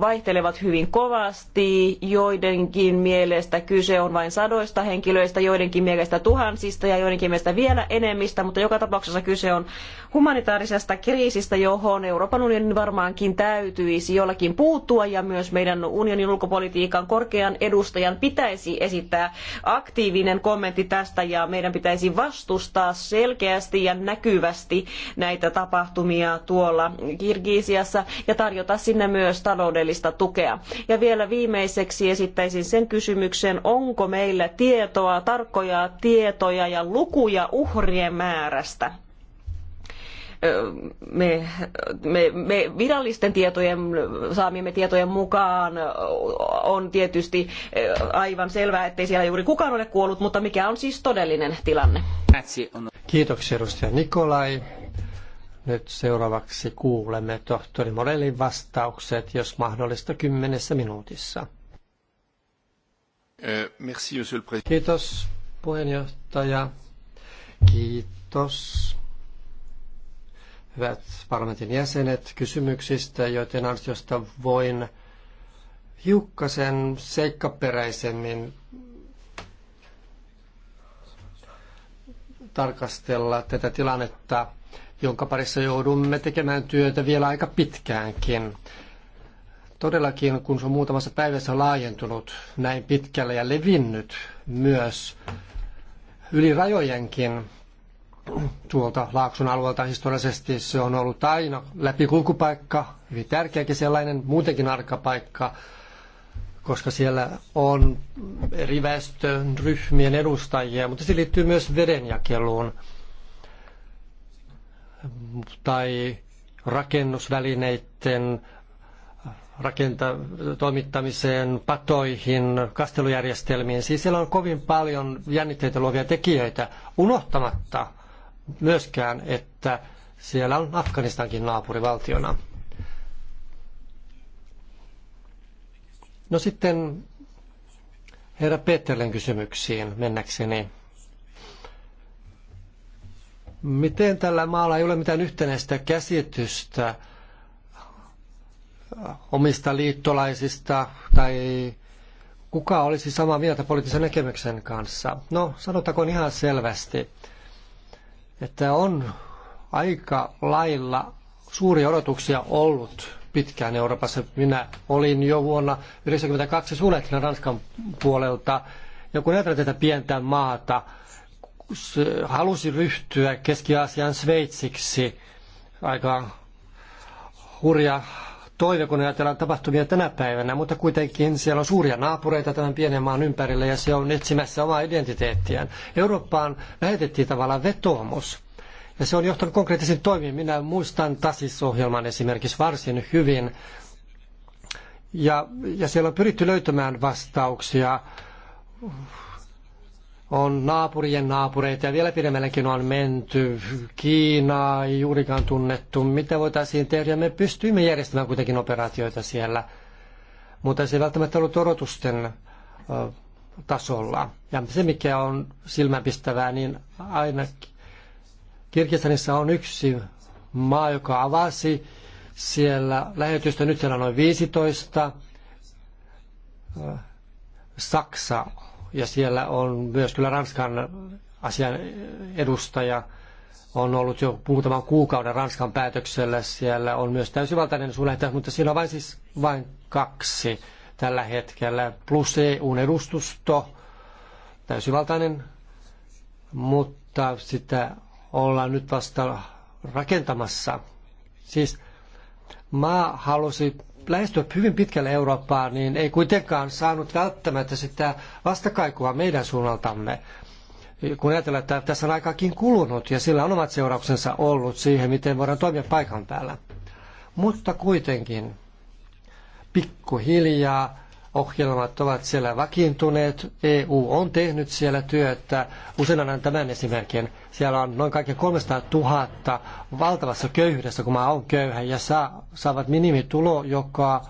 vaihtelevat hyvin kovasti. Joidenkin mielestä kyse on vain sadoista henkilöistä, joidenkin mielestä tuhansista ja joidenkin mielestä vielä enemmistä, mutta joka tapauksessa kyse on humanitaarisesta kriisistä, johon Euroopan unionin varmaankin täytyisi jollakin puuttua ja myös meidän unionin ulkopolitiikan korkean edustajan pitäisi esittää aktiivinen kommentti tästä ja meidän pitäisi vastustaa selkeästi ja näkyvästi näitä tapahtumia tuolla Kirgisiassa ja tarjota sinne myös taloudellista tukea. Ja vielä viimeiseksi esittäisin sen kysymyksen, onko meillä tietoa, tarkkoja tietoja ja lukuja uhrien määrästä? me, me, me virallisten tietojen, saamiemme tietojen mukaan on tietysti aivan selvää, ettei siellä juuri kukaan ole kuollut, mutta mikä on siis todellinen tilanne? Kiitoksia edustaja Nikolai. Nyt seuraavaksi kuulemme tohtori Morellin vastaukset, jos mahdollista kymmenessä minuutissa. Eh, merci, le Kiitos puheenjohtaja. Kiitos hyvät parlamentin jäsenet kysymyksistä, joiden ansiosta voin hiukkasen seikkaperäisemmin tarkastella tätä tilannetta jonka parissa joudumme tekemään työtä vielä aika pitkäänkin. Todellakin, kun se on muutamassa päivässä laajentunut näin pitkälle ja levinnyt myös yli rajojenkin tuolta Laakson alueelta historiallisesti, se on ollut aina läpikulkupaikka, hyvin tärkeäkin sellainen, muutenkin arkapaikka, koska siellä on eri väestön ryhmien edustajia, mutta se liittyy myös vedenjakeluun tai rakennusvälineiden rakenta- toimittamiseen, patoihin, kastelujärjestelmiin. Siis siellä on kovin paljon jännitteitä luovia tekijöitä, unohtamatta myöskään, että siellä on Afganistankin naapurivaltiona. No sitten herra Peterlen kysymyksiin mennäkseni. Miten tällä maalla ei ole mitään yhtenäistä käsitystä omista liittolaisista tai kuka olisi samaa mieltä poliittisen näkemyksen kanssa? No, sanotakoon ihan selvästi, että on aika lailla suuri odotuksia ollut pitkään Euroopassa. Minä olin jo vuonna 1992 suunnitelma Ranskan puolelta. Ja kun ajatellaan tätä pientä maata, Äh, halusi ryhtyä Keski-Aasian Sveitsiksi. Aika hurja toive, kun ajatellaan tapahtumia tänä päivänä, mutta kuitenkin siellä on suuria naapureita tämän pienen maan ympärillä ja se on etsimässä omaa identiteettiään. Eurooppaan lähetettiin tavallaan vetoomus ja se on johtanut konkreettisiin toimiin. Minä muistan TASIS-ohjelman esimerkiksi varsin hyvin ja, ja siellä on pyritty löytämään vastauksia on naapurien naapureita ja vielä pidemmällekin on menty. Kiinaa ei juurikaan tunnettu. Mitä voitaisiin tehdä? Me pystyimme järjestämään kuitenkin operaatioita siellä, mutta se ei välttämättä ollut odotusten tasolla. Ja se, mikä on silmänpistävää, niin aina Kirkistanissa on yksi maa, joka avasi siellä lähetystä. Nyt siellä on noin 15. Saksa ja siellä on myös kyllä Ranskan asian edustaja, on ollut jo muutaman kuukauden Ranskan päätöksellä. Siellä on myös täysivaltainen suurlähettiläs, mutta siellä on vain siis vain kaksi tällä hetkellä, plus eu edustusto, täysivaltainen, mutta sitä ollaan nyt vasta rakentamassa. Siis maa halusi lähestyä hyvin pitkälle Eurooppaa, niin ei kuitenkaan saanut välttämättä sitä vastakaikua meidän suunnaltamme. Kun ajatellaan, että tässä on aikaakin kulunut ja sillä on omat seurauksensa ollut siihen, miten voidaan toimia paikan päällä. Mutta kuitenkin pikkuhiljaa ohjelmat ovat siellä vakiintuneet. EU on tehnyt siellä työtä. Usein annan tämän esimerkin. Siellä on noin kaikkiaan 300 000 valtavassa köyhyydessä, kun maa on köyhä, ja saa, saavat minimitulo, joka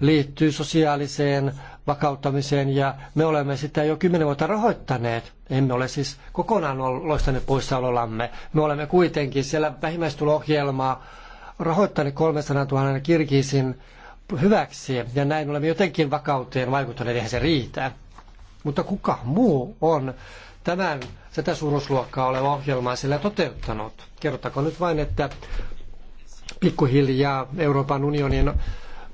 liittyy sosiaaliseen vakauttamiseen ja me olemme sitä jo kymmenen vuotta rahoittaneet. Emme ole siis kokonaan loistaneet poissaolollamme. Me olemme kuitenkin siellä vähimmäistulo-ohjelmaa rahoittaneet 300 000 kirkisin hyväksi ja näin olemme jotenkin vakauteen vaikuttaneet, eihän se riitä. Mutta kuka muu on tämän tätä suuruusluokkaa oleva ohjelmaa sillä toteuttanut? Kerrottakoon nyt vain, että pikkuhiljaa Euroopan unionin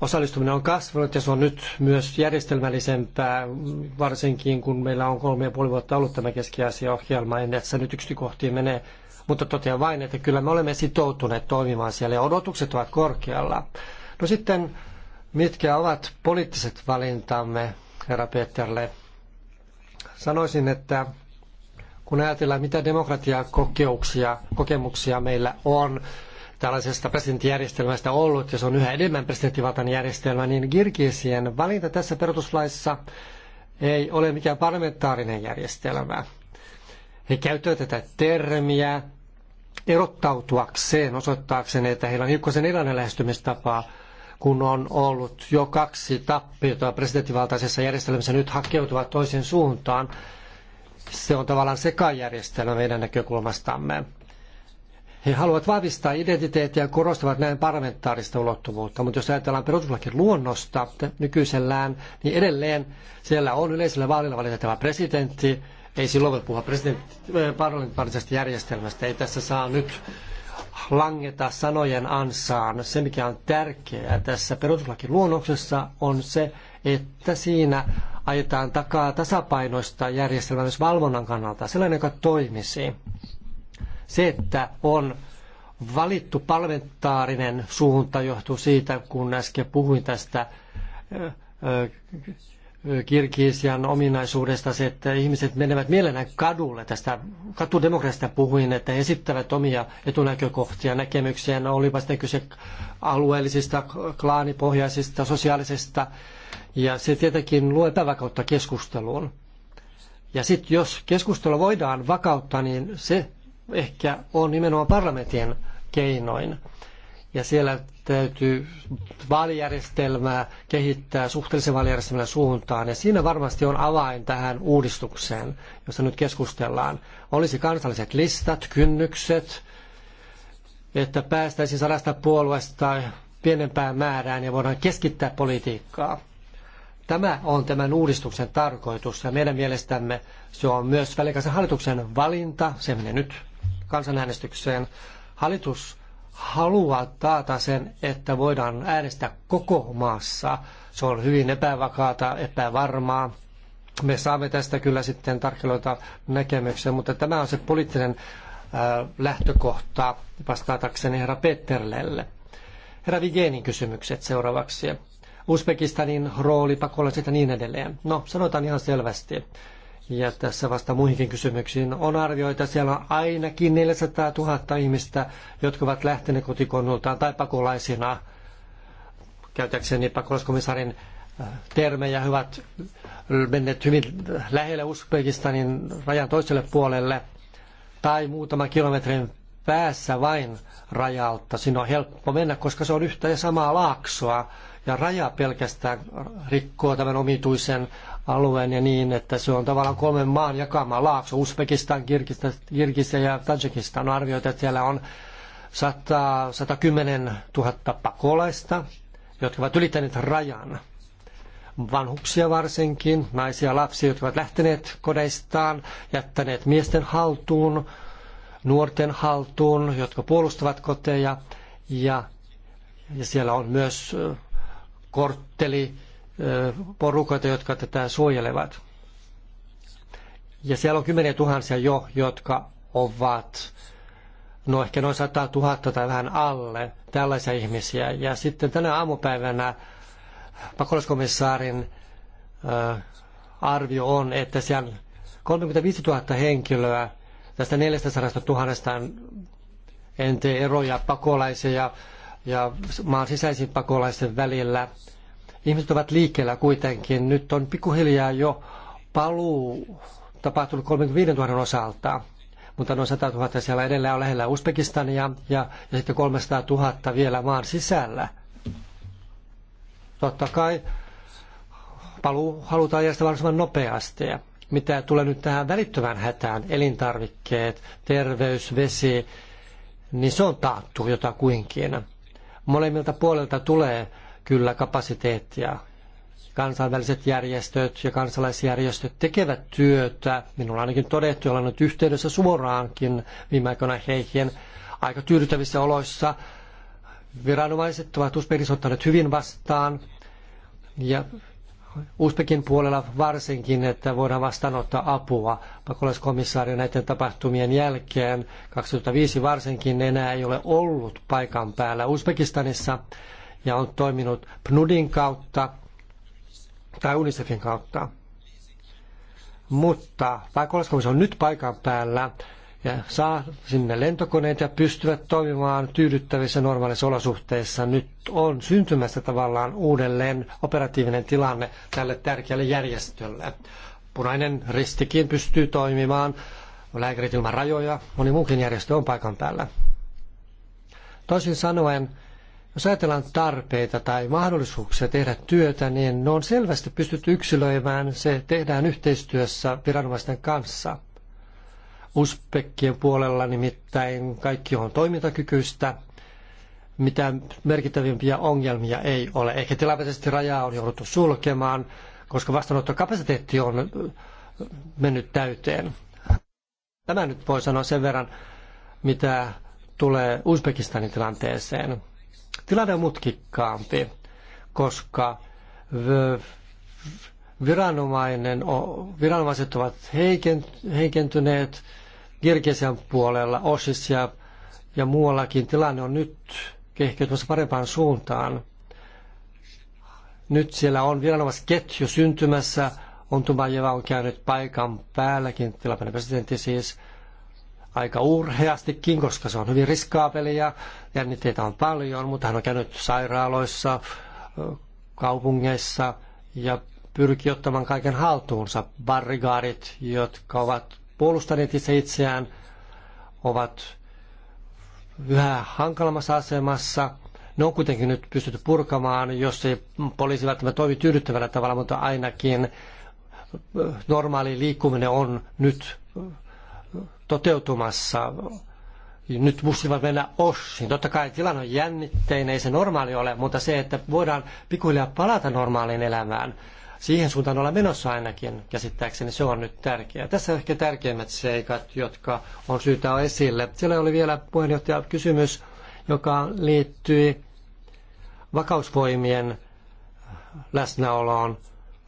osallistuminen on kasvanut ja se on nyt myös järjestelmällisempää, varsinkin kun meillä on kolme ja puoli vuotta ollut tämä keski-Aasia-ohjelma. En tässä nyt yksityiskohtiin mene, mutta totean vain, että kyllä me olemme sitoutuneet toimimaan siellä ja odotukset ovat korkealla. No sitten Mitkä ovat poliittiset valintamme, herra Peterle? Sanoisin, että kun ajatellaan, mitä demokratiakokemuksia kokemuksia meillä on tällaisesta presidenttijärjestelmästä ollut, ja se on yhä enemmän presidenttivaltainen järjestelmä, niin Kirgisien valinta tässä perustuslaissa ei ole mikään parlamentaarinen järjestelmä. He käyttävät tätä termiä erottautuakseen, osoittaakseen, että heillä on hiukkasen erilainen lähestymistapa kun on ollut jo kaksi tappiota presidentinvaltaisessa järjestelmässä, nyt hakeutuvat toisen suuntaan. Se on tavallaan sekajärjestelmä meidän näkökulmastamme. He haluavat vahvistaa identiteettiä ja korostavat näin parlamentaarista ulottuvuutta, mutta jos ajatellaan perustuslakin luonnosta nykyisellään, niin edelleen siellä on yleisellä vaalilla valitettava presidentti. Ei silloin voi puhua eh, parlamentaarisesta järjestelmästä, ei tässä saa nyt langeta sanojen ansaan. Se, mikä on tärkeää tässä perustuslakiluonnoksessa, on se, että siinä ajetaan takaa tasapainoista järjestelmää myös valvonnan kannalta, sellainen, joka toimisi. Se, että on valittu parlamentaarinen suunta johtuu siitä, kun äsken puhuin tästä Kirgisian ominaisuudesta se, että ihmiset menevät mielellään kadulle. Tästä katudemokratiasta puhuin, että he esittävät omia etunäkökohtia, näkemyksiä. No, olipa sitten kyse alueellisista, klaanipohjaisista, sosiaalisesta. Ja se tietenkin luo epävakautta keskusteluun. Ja sitten jos keskustelua voidaan vakauttaa, niin se ehkä on nimenomaan parlamentin keinoin ja siellä täytyy vaalijärjestelmää kehittää suhteellisen vaalijärjestelmän suuntaan. Ja siinä varmasti on avain tähän uudistukseen, josta nyt keskustellaan. Olisi kansalliset listat, kynnykset, että päästäisiin sadasta puolueesta pienempään määrään ja voidaan keskittää politiikkaa. Tämä on tämän uudistuksen tarkoitus ja meidän mielestämme se on myös välikäisen hallituksen valinta. Se menee nyt kansanäänestykseen. Hallitus haluaa taata sen, että voidaan äänestää koko maassa. Se on hyvin epävakaata, epävarmaa. Me saamme tästä kyllä sitten tarkkeloita näkemyksiä, mutta tämä on se poliittinen äh, lähtökohta vastaatakseni herra Petterlelle. Herra Vigenin kysymykset seuraavaksi. Uzbekistanin rooli, pakolaiset ja niin edelleen. No, sanotaan ihan selvästi. Ja tässä vasta muihinkin kysymyksiin on arvioita. Siellä on ainakin 400 000 ihmistä, jotka ovat lähteneet kotikonnultaan tai pakolaisina. Käytäkseni pakolaiskomissarin äh, termejä, hyvät menneet hyvin lähelle Uzbekistanin rajan toiselle puolelle tai muutama kilometrin päässä vain rajalta. Siinä on helppo mennä, koska se on yhtä ja samaa laaksoa. Ja raja pelkästään rikkoo tämän omituisen alueen ja niin, että se on tavallaan kolmen maan jakama laakso. Uzbekistan, Kirgistan ja Tajikistan on arvioitu, että siellä on 100, 110 000 pakolaista, jotka ovat ylittäneet rajan. Vanhuksia varsinkin, naisia ja lapsia, jotka ovat lähteneet kodeistaan, jättäneet miesten haltuun, nuorten haltuun, jotka puolustavat koteja. Ja, ja siellä on myös kortteli, porukoita, jotka tätä suojelevat. Ja siellä on kymmeniä tuhansia jo, jotka ovat no ehkä noin 100 000 tai vähän alle tällaisia ihmisiä. Ja sitten tänä aamupäivänä äh, arvio on, että siellä 35 000 henkilöä tästä 400 000 en tee eroja pakolaisia ja, ja maan sisäisin pakolaisten välillä – Ihmiset ovat liikkeellä kuitenkin. Nyt on pikkuhiljaa jo paluu tapahtunut 35 000 osalta, mutta noin 100 000 siellä edelleen on lähellä Uzbekistania ja, ja sitten 300 000 vielä maan sisällä. Totta kai paluu halutaan järjestää mahdollisimman nopeasti. Mitä tulee nyt tähän välittömään hätään, elintarvikkeet, terveys, vesi, niin se on taattu jotakuinkin. Molemmilta puolelta tulee kyllä kapasiteettia. Kansainväliset järjestöt ja kansalaisjärjestöt tekevät työtä. Minulla on ainakin todettu, olen nyt yhteydessä suoraankin viime aikoina heihin aika tyydyttävissä oloissa. Viranomaiset ovat Uzbekissa ottaneet hyvin vastaan ja Uzbekin puolella varsinkin, että voidaan vastaanottaa apua pakolaiskomissaario näiden tapahtumien jälkeen. 2005 varsinkin enää ei ole ollut paikan päällä Uzbekistanissa ja on toiminut PNUDin kautta tai UNICEFin kautta. Mutta pakolaiskomissio on nyt paikan päällä ja saa sinne lentokoneita ja pystyvät toimimaan tyydyttävissä normaalissa olosuhteissa. Nyt on syntymässä tavallaan uudelleen operatiivinen tilanne tälle tärkeälle järjestölle. Punainen ristikin pystyy toimimaan, lääkärit ilman rajoja, moni muukin järjestö on paikan päällä. Toisin sanoen, jos ajatellaan tarpeita tai mahdollisuuksia tehdä työtä, niin ne on selvästi pystytty yksilöimään. Se tehdään yhteistyössä viranomaisten kanssa. Uzbekkien puolella nimittäin kaikki on toimintakykyistä. Mitään merkittävimpiä ongelmia ei ole. Ehkä tilapäisesti rajaa on jouduttu sulkemaan, koska vastaanottokapasiteetti on mennyt täyteen. Tämä nyt voi sanoa sen verran, mitä tulee Uzbekistanin tilanteeseen tilanne on mutkikkaampi, koska viranomainen, viranomaiset ovat heikentyneet Kirkesian puolella, Osis ja, ja muuallakin. Tilanne on nyt kehkeytymässä parempaan suuntaan. Nyt siellä on viranomaisketju syntymässä, on on käynyt paikan päälläkin, tilapäinen presidentti siis, aika urheastikin, koska se on hyvin ja jännitteitä on paljon, mutta hän on käynyt sairaaloissa, kaupungeissa ja pyrki ottamaan kaiken haltuunsa. Barrigaarit, jotka ovat puolustaneet itse itseään, ovat yhä hankalammassa asemassa. Ne on kuitenkin nyt pystytty purkamaan, jos ei poliisi välttämättä toimi tyydyttävällä tavalla, mutta ainakin normaali liikkuminen on nyt toteutumassa. Nyt muslimat mennä Oshin. Totta kai tilanne on jännitteinen, ei se normaali ole, mutta se, että voidaan pikkuhiljaa palata normaaliin elämään, siihen suuntaan olla menossa ainakin, käsittääkseni se on nyt tärkeää. Tässä on ehkä tärkeimmät seikat, jotka on syytä olla esille. Siellä oli vielä puheenjohtaja kysymys, joka liittyi vakausvoimien läsnäoloon.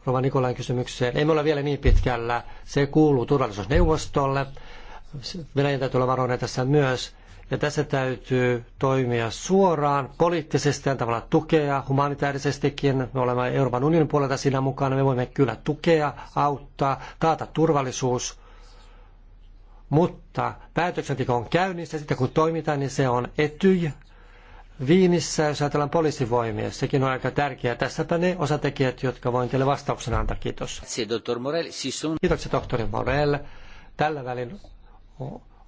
Rova Nikolain kysymykseen. me ole vielä niin pitkällä. Se kuuluu turvallisuusneuvostolle. Venäjän täytyy olla varoinen tässä myös. Ja tässä täytyy toimia suoraan poliittisesti, tavallaan tukea humanitaarisestikin. Me olemme Euroopan unionin puolelta siinä mukana. Me voimme kyllä tukea, auttaa, taata turvallisuus. Mutta päätöksenteko on käynnissä. Sitten kun toimitaan, niin se on etyj. Viinissä, jos ajatellaan poliisivoimia, sekin on aika tärkeää. Tässäpä ne osatekijät, jotka voin teille vastauksena antaa. Kiitos. Kiitoksia, tohtori Morel. Tällä välin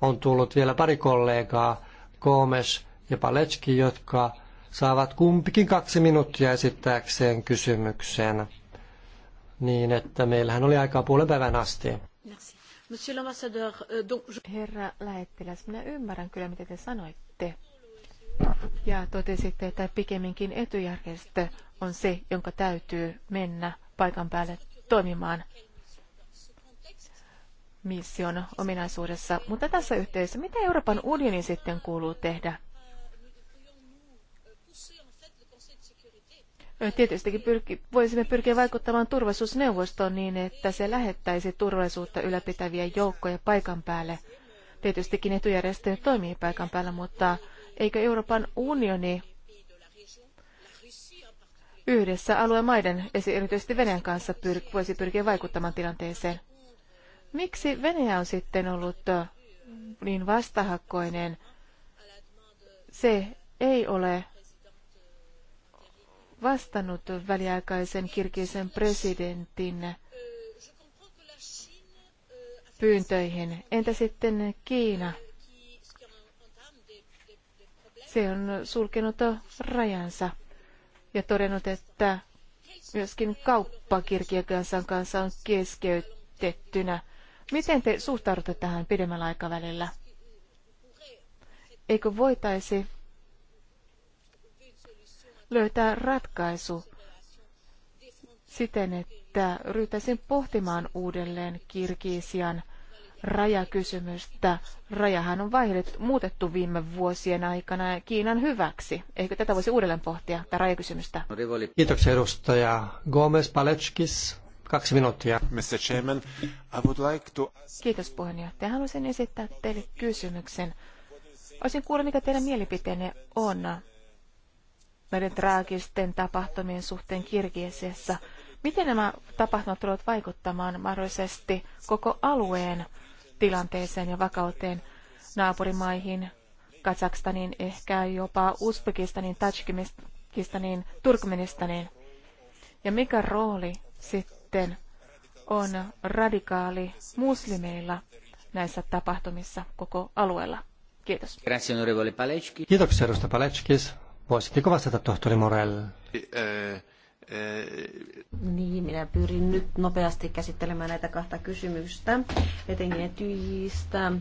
on tullut vielä pari kollegaa, Gomes ja Paletski, jotka saavat kumpikin kaksi minuuttia esittääkseen kysymyksen. Niin, että meillähän oli aikaa puolen päivän asti. Euh, Herra lähettiläs, minä ymmärrän kyllä, mitä te sanoitte. Ja totesitte, että pikemminkin etujärjestö on se, jonka täytyy mennä paikan päälle toimimaan komission ominaisuudessa. Mutta tässä yhteydessä, mitä Euroopan unionin sitten kuuluu tehdä? Tietystikin pyrki, voisimme pyrkiä vaikuttamaan turvallisuusneuvostoon niin, että se lähettäisi turvallisuutta ylläpitäviä joukkoja paikan päälle. Tietystikin etujärjestö toimii paikan päällä, mutta eikö Euroopan unioni yhdessä alueen maiden, erityisesti Venäjän kanssa, pyr- voisi pyrkiä vaikuttamaan tilanteeseen? Miksi Venäjä on sitten ollut niin vastahakkoinen? Se ei ole vastannut väliaikaisen kirkisen presidentin pyyntöihin. Entä sitten Kiina? Se on sulkenut rajansa ja todennut, että myöskin kauppa Kirgiakansan kanssa on keskeytettynä. Miten te suhtaudutte tähän pidemmällä aikavälillä? Eikö voitaisi löytää ratkaisu siten, että ryhtäisin pohtimaan uudelleen Kirgisian rajakysymystä. Rajahan on vaihdet muutettu viime vuosien aikana Kiinan hyväksi. Eikö tätä voisi uudelleen pohtia, tätä rajakysymystä? Kiitoksia edustaja Gomez Palechkis. Kaksi minuuttia. Mr. Chairman, I would like to... Kiitos puheenjohtaja. Haluaisin esittää teille kysymyksen. Olisin kuulla, mikä teidän mielipiteenne on näiden traagisten tapahtumien suhteen Kirgiesiassa. Miten nämä tapahtumat tulevat vaikuttamaan mahdollisesti koko alueen tilanteeseen ja vakauteen naapurimaihin, Kazakstaniin, ehkä jopa Uzbekistaniin, Tajikistanin, Turkmenistaniin? Ja mikä rooli sitten sitten on radikaali muslimeilla näissä tapahtumissa koko alueella. Kiitos. Kiitoksia, edustaja Palecki. Voisitteko vastata tohtori Morel? Eh, niin, minä pyrin nyt nopeasti käsittelemään näitä kahta kysymystä, etenkin etyjistä.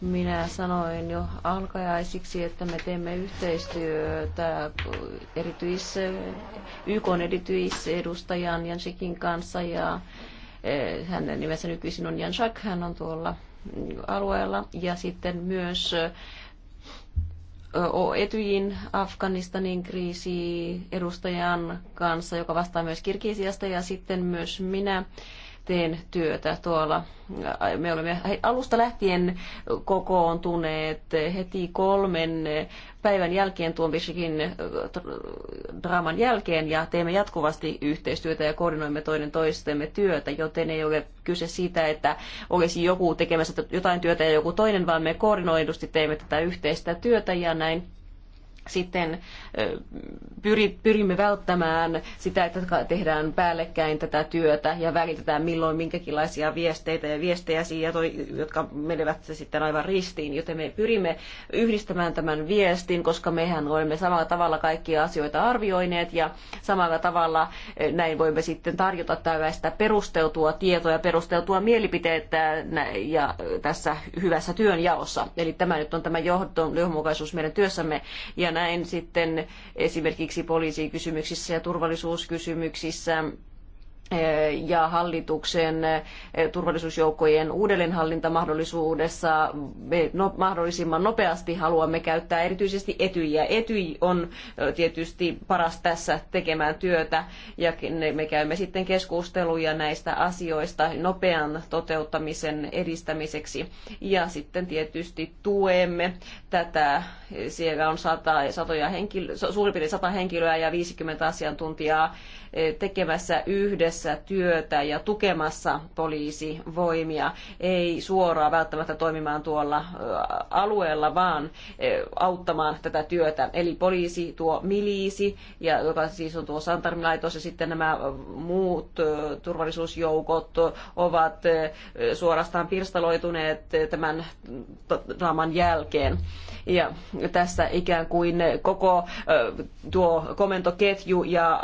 Minä sanoin jo alkajaisiksi, että me teemme yhteistyötä erityis, YK edustajan Jansikin kanssa ja eh, hänen nimensä nykyisin on Jan hän on tuolla alueella ja sitten myös Etyjin Afganistanin kriisi edustajan kanssa, joka vastaa myös Kirkisiasta ja sitten myös minä teen työtä tuolla. Me olemme alusta lähtien kokoontuneet heti kolmen päivän jälkeen tuon Bishikin äh, draaman jälkeen ja teemme jatkuvasti yhteistyötä ja koordinoimme toinen toistemme työtä, joten ei ole kyse siitä, että olisi joku tekemässä jotain työtä ja joku toinen, vaan me koordinoidusti teemme tätä yhteistä työtä ja näin sitten pyrimme välttämään sitä, että tehdään päällekkäin tätä työtä ja välitetään milloin minkäkinlaisia viesteitä ja viestejä siihen, jotka menevät sitten aivan ristiin. Joten me pyrimme yhdistämään tämän viestin, koska mehän olemme samalla tavalla kaikkia asioita arvioineet ja samalla tavalla näin voimme sitten tarjota tällaista perusteltua tietoa ja perusteltua mielipiteettä ja tässä hyvässä työnjaossa. Eli tämä nyt on tämä johdonmukaisuus meidän työssämme ja näin sitten esimerkiksi poliisikysymyksissä ja turvallisuuskysymyksissä ja hallituksen turvallisuusjoukkojen uudelleenhallintamahdollisuudessa me no, mahdollisimman nopeasti haluamme käyttää erityisesti etyjä. Etyj on tietysti paras tässä tekemään työtä ja me käymme sitten keskusteluja näistä asioista nopean toteuttamisen edistämiseksi ja sitten tietysti tuemme tätä. Siellä on sata, satoja henkilö, suurin piirtein sata henkilöä ja 50 asiantuntijaa E, tekemässä yhdessä työtä ja tukemassa poliisivoimia, ei suoraan välttämättä toimimaan tuolla e, alueella, vaan e, auttamaan tätä työtä. Eli poliisi, tuo miliisi, ja, joka siis on tuo santarmilaitos, ja sitten nämä muut turvallisuusjoukot ovat suorastaan pirstaloituneet tämän draaman jälkeen. Ja tässä ikään kuin koko tuo komentoketju ja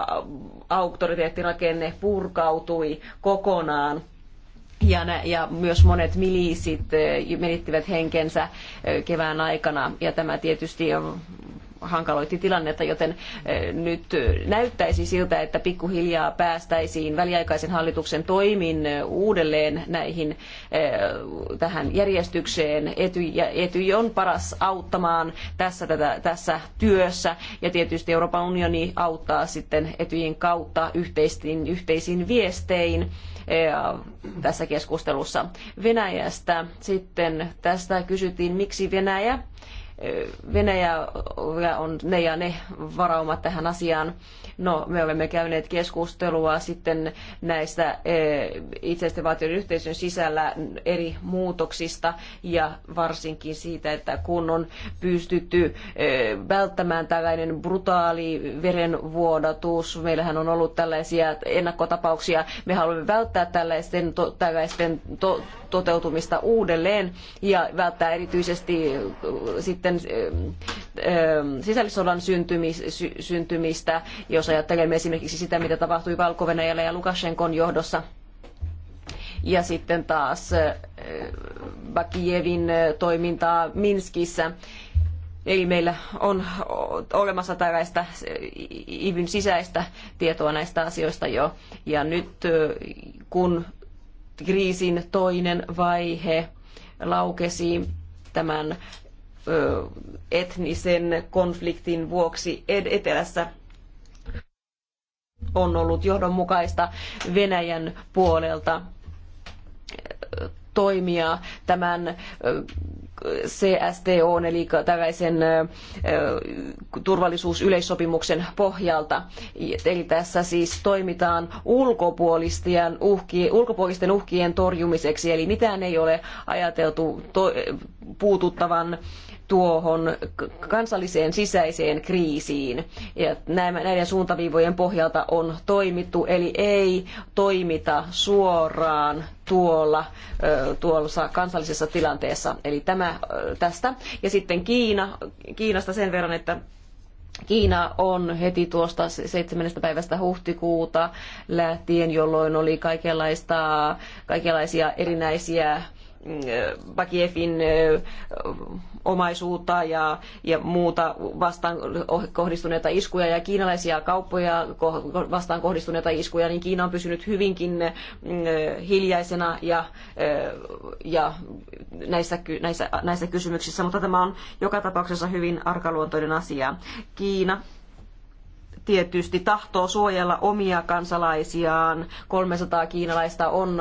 auktoriteettirakenne purkautui kokonaan. Ja, nä, ja myös monet miliisit eh, menettivät henkensä eh, kevään aikana. Ja tämä tietysti eh, hankaloitti tilannetta, joten eh, nyt eh, näyttäisi siltä, että pikkuhiljaa päästäisiin väliaikaisen hallituksen toimin eh, uudelleen näihin tähän järjestykseen. Ety, on paras auttamaan tässä, tätä, tässä työssä ja tietysti Euroopan unioni auttaa sitten Etyjin kautta yhteisiin, yhteisiin viestein tässä keskustelussa Venäjästä. Sitten tästä kysyttiin, miksi Venäjä Venäjällä on ne ja ne varaumat tähän asiaan. No, me olemme käyneet keskustelua sitten näistä eh, itseisten yhteisön sisällä eri muutoksista ja varsinkin siitä, että kun on pystytty eh, välttämään tällainen brutaali verenvuodatus, meillähän on ollut tällaisia ennakkotapauksia, me haluamme välttää tällaisten, tällaisten to, toteutumista uudelleen ja välttää erityisesti sitten sisällissodan syntymistä, jos ajattelemme esimerkiksi sitä, mitä tapahtui valko ja Lukashenkon johdossa. Ja sitten taas Bakijevin toimintaa Minskissä. Eli meillä on olemassa tällaista IVin sisäistä tietoa näistä asioista jo. Ja nyt kun kriisin toinen vaihe laukesi tämän etnisen konfliktin vuoksi etelässä on ollut johdonmukaista Venäjän puolelta toimia tämän CSTO, eli tällaisen turvallisuusyleissopimuksen pohjalta. Eli tässä siis toimitaan ulkopuolisten, ulkopuolisten uhkien torjumiseksi, eli mitään ei ole ajateltu puututtavan tuohon kansalliseen sisäiseen kriisiin. Ja näiden suuntaviivojen pohjalta on toimittu, eli ei toimita suoraan tuolla, tuolla kansallisessa tilanteessa. Eli tämä tästä. Ja sitten Kiina, Kiinasta sen verran, että Kiina on heti tuosta 7. päivästä huhtikuuta lähtien, jolloin oli kaikenlaista, kaikenlaisia erinäisiä Äh, Bakiefin äh, omaisuutta ja, ja muuta vastaan kohdistuneita iskuja ja kiinalaisia kauppoja vastaan kohdistuneita iskuja, niin Kiina on pysynyt hyvinkin äh, hiljaisena ja, ja näissä, näissä, näissä kysymyksissä, mutta tämä on joka tapauksessa hyvin arkaluontoinen asia. Kiina tietysti tahtoo suojella omia kansalaisiaan. 300 kiinalaista on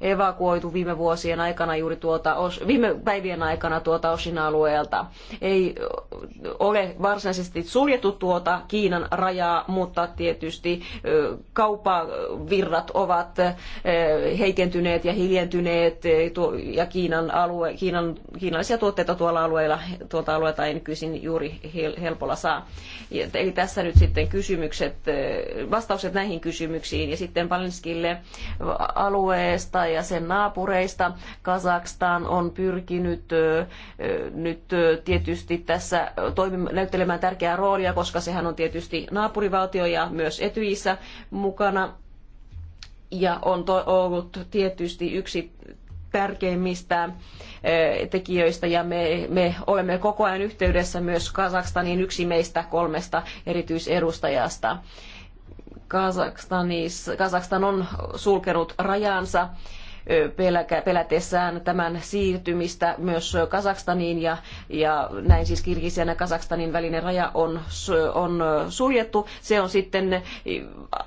evakuoitu viime vuosien aikana juuri tuota, viime päivien aikana tuota Oshin alueelta. Ei ole varsinaisesti suljettu tuota Kiinan rajaa, mutta tietysti kauppavirrat ovat heikentyneet ja hiljentyneet ja Kiinan alue, Kiinan, kiinalaisia tuotteita tuolla alueella, tuolta alueelta ei nykyisin juuri helpolla saa. Eli tässä nyt sitten kysymykset, eh, vastaukset näihin kysymyksiin ja sitten Palinskille alueesta ja sen naapureista. Kazakstan on pyrkinyt eh, nyt eh, tietysti tässä toimim- näyttelemään tärkeää roolia, koska sehän on tietysti naapurivaltio ja myös Etyissä mukana ja on ollut tietysti yksi tärkeimmistä eh, tekijöistä ja me, me olemme koko ajan yhteydessä myös Kazakstanin yksi meistä kolmesta erityisedustajasta. Kazakstan on sulkenut rajansa pelätessään tämän siirtymistä myös Kazakstaniin ja, ja näin siis Kirgisian ja Kazakstanin välinen raja on, on suljettu. Se on sitten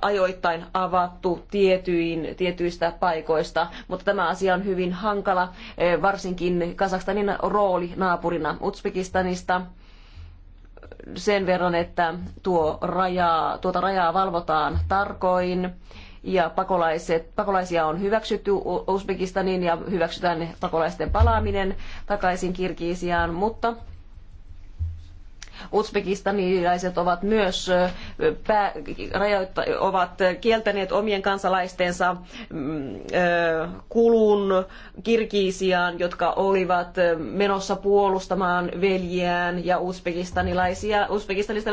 ajoittain avattu tietyin, tietyistä paikoista, mutta tämä asia on hyvin hankala, eh, varsinkin Kazakstanin rooli naapurina Uzbekistanista sen verran, että tuo raja, tuota rajaa valvotaan tarkoin ja pakolaiset, pakolaisia on hyväksytty Uzbekistaniin ja hyväksytään pakolaisten palaaminen takaisin Kirgisiaan, mutta Uzbekistanilaiset ovat myös pää, ovat kieltäneet omien kansalaistensa mm, kulun Kirgiisiaan, jotka olivat menossa puolustamaan veljiään ja uzbekistanilaisia, uzbekistanista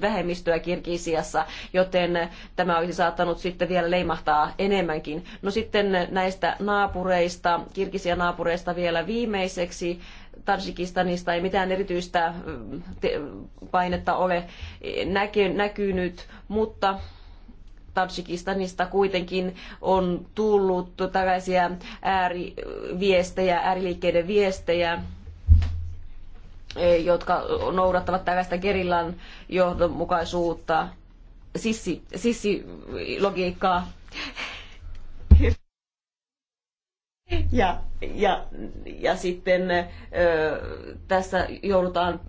vähemmistöä Kirgiisiassa, joten tämä olisi saattanut sitten vielä leimahtaa enemmänkin. No sitten näistä naapureista, Kirgisian naapureista vielä viimeiseksi Tajikistanista ei mitään erityistä mm, painetta ole näkynyt, mutta Tajikistanista kuitenkin on tullut tällaisia ääriviestejä, ääriliikkeiden viestejä, eh, jotka noudattavat tällaista gerillan johdonmukaisuutta, sissi, sissilogiikkaa. Ja, ja, ja sitten ö, tässä joudutaan,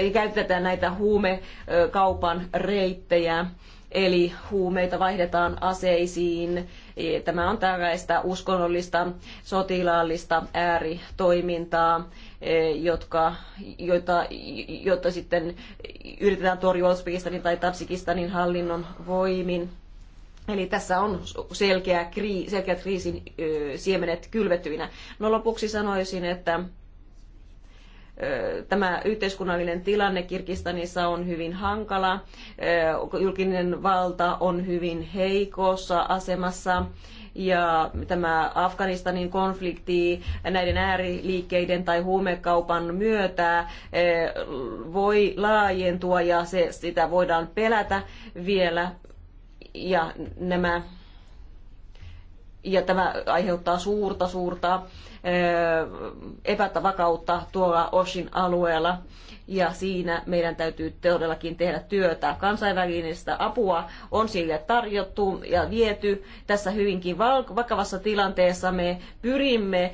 ö, käytetään näitä huumekaupan reittejä, eli huumeita vaihdetaan aseisiin. E, tämä on tällaista uskonnollista, sotilaallista ääritoimintaa, e, jotka, joita, jotta sitten yritetään torjua Uzbekistanin tai Tapsikistanin hallinnon voimin. Eli tässä on selkeä krii, selkeät kriisin siemenet kylvettyinä. No lopuksi sanoisin, että tämä yhteiskunnallinen tilanne Kirgistanissa on hyvin hankala. Julkinen valta on hyvin heikossa asemassa ja tämä Afganistanin konflikti näiden ääriliikkeiden tai huumekaupan myötä voi laajentua ja se, sitä voidaan pelätä vielä ja nämä ja tämä aiheuttaa suurta, suurta epävakautta tuolla Oshin alueella. Ja siinä meidän täytyy todellakin tehdä työtä. Kansainvälistä apua on sille tarjottu ja viety. Tässä hyvinkin vakavassa tilanteessa me pyrimme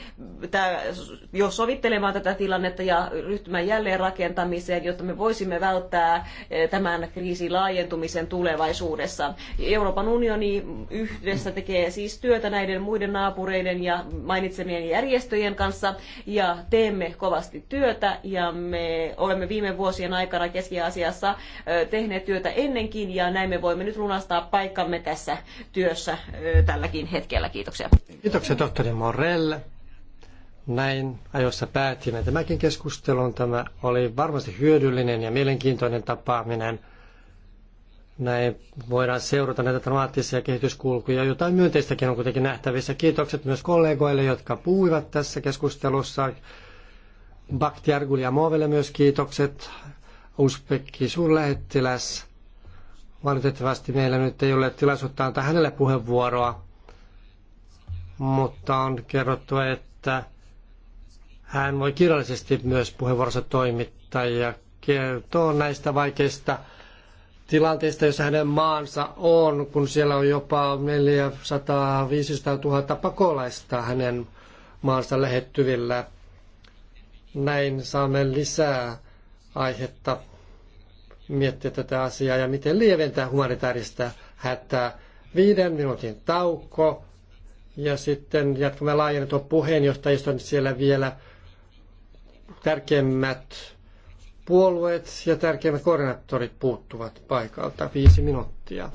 jo sovittelemaan tätä tilannetta ja ryhtymään jälleen rakentamiseen, jotta me voisimme välttää tämän kriisin laajentumisen tulevaisuudessa. Euroopan unioni yhdessä tekee siis työtä näiden muiden naapureiden ja mainitsemien järjestelmien järjestöjen kanssa ja teemme kovasti työtä ja me olemme viime vuosien aikana Keski-Aasiassa tehneet työtä ennenkin ja näin me voimme nyt lunastaa paikkamme tässä työssä tälläkin hetkellä. Kiitoksia. Kiitoksia tohtori Morell. Näin ajoissa päätimme tämäkin keskustelun. Tämä oli varmasti hyödyllinen ja mielenkiintoinen tapaaminen. Näin voidaan seurata näitä dramaattisia kehityskulkuja. Jotain myönteistäkin on kuitenkin nähtävissä. Kiitokset myös kollegoille, jotka puhuivat tässä keskustelussa. Bakhtiar Guljamovelle myös kiitokset. Uspekki suurlähettiläs. Valitettavasti meillä nyt ei ole tilaisuutta antaa hänelle puheenvuoroa, mutta on kerrottu, että hän voi kirjallisesti myös puheenvuorossa toimittaa ja kertoo näistä vaikeista tilanteesta, jossa hänen maansa on, kun siellä on jopa 400 500 000 pakolaista hänen maansa lähettyvillä. Näin saamme lisää aihetta miettiä tätä asiaa ja miten lieventää humanitaarista hätää. Viiden minuutin tauko ja sitten jatkamme laajennetun puheenjohtajiston siellä vielä tärkeimmät Puolueet ja tärkeimmät koordinaattorit puuttuvat paikalta. Viisi minuuttia.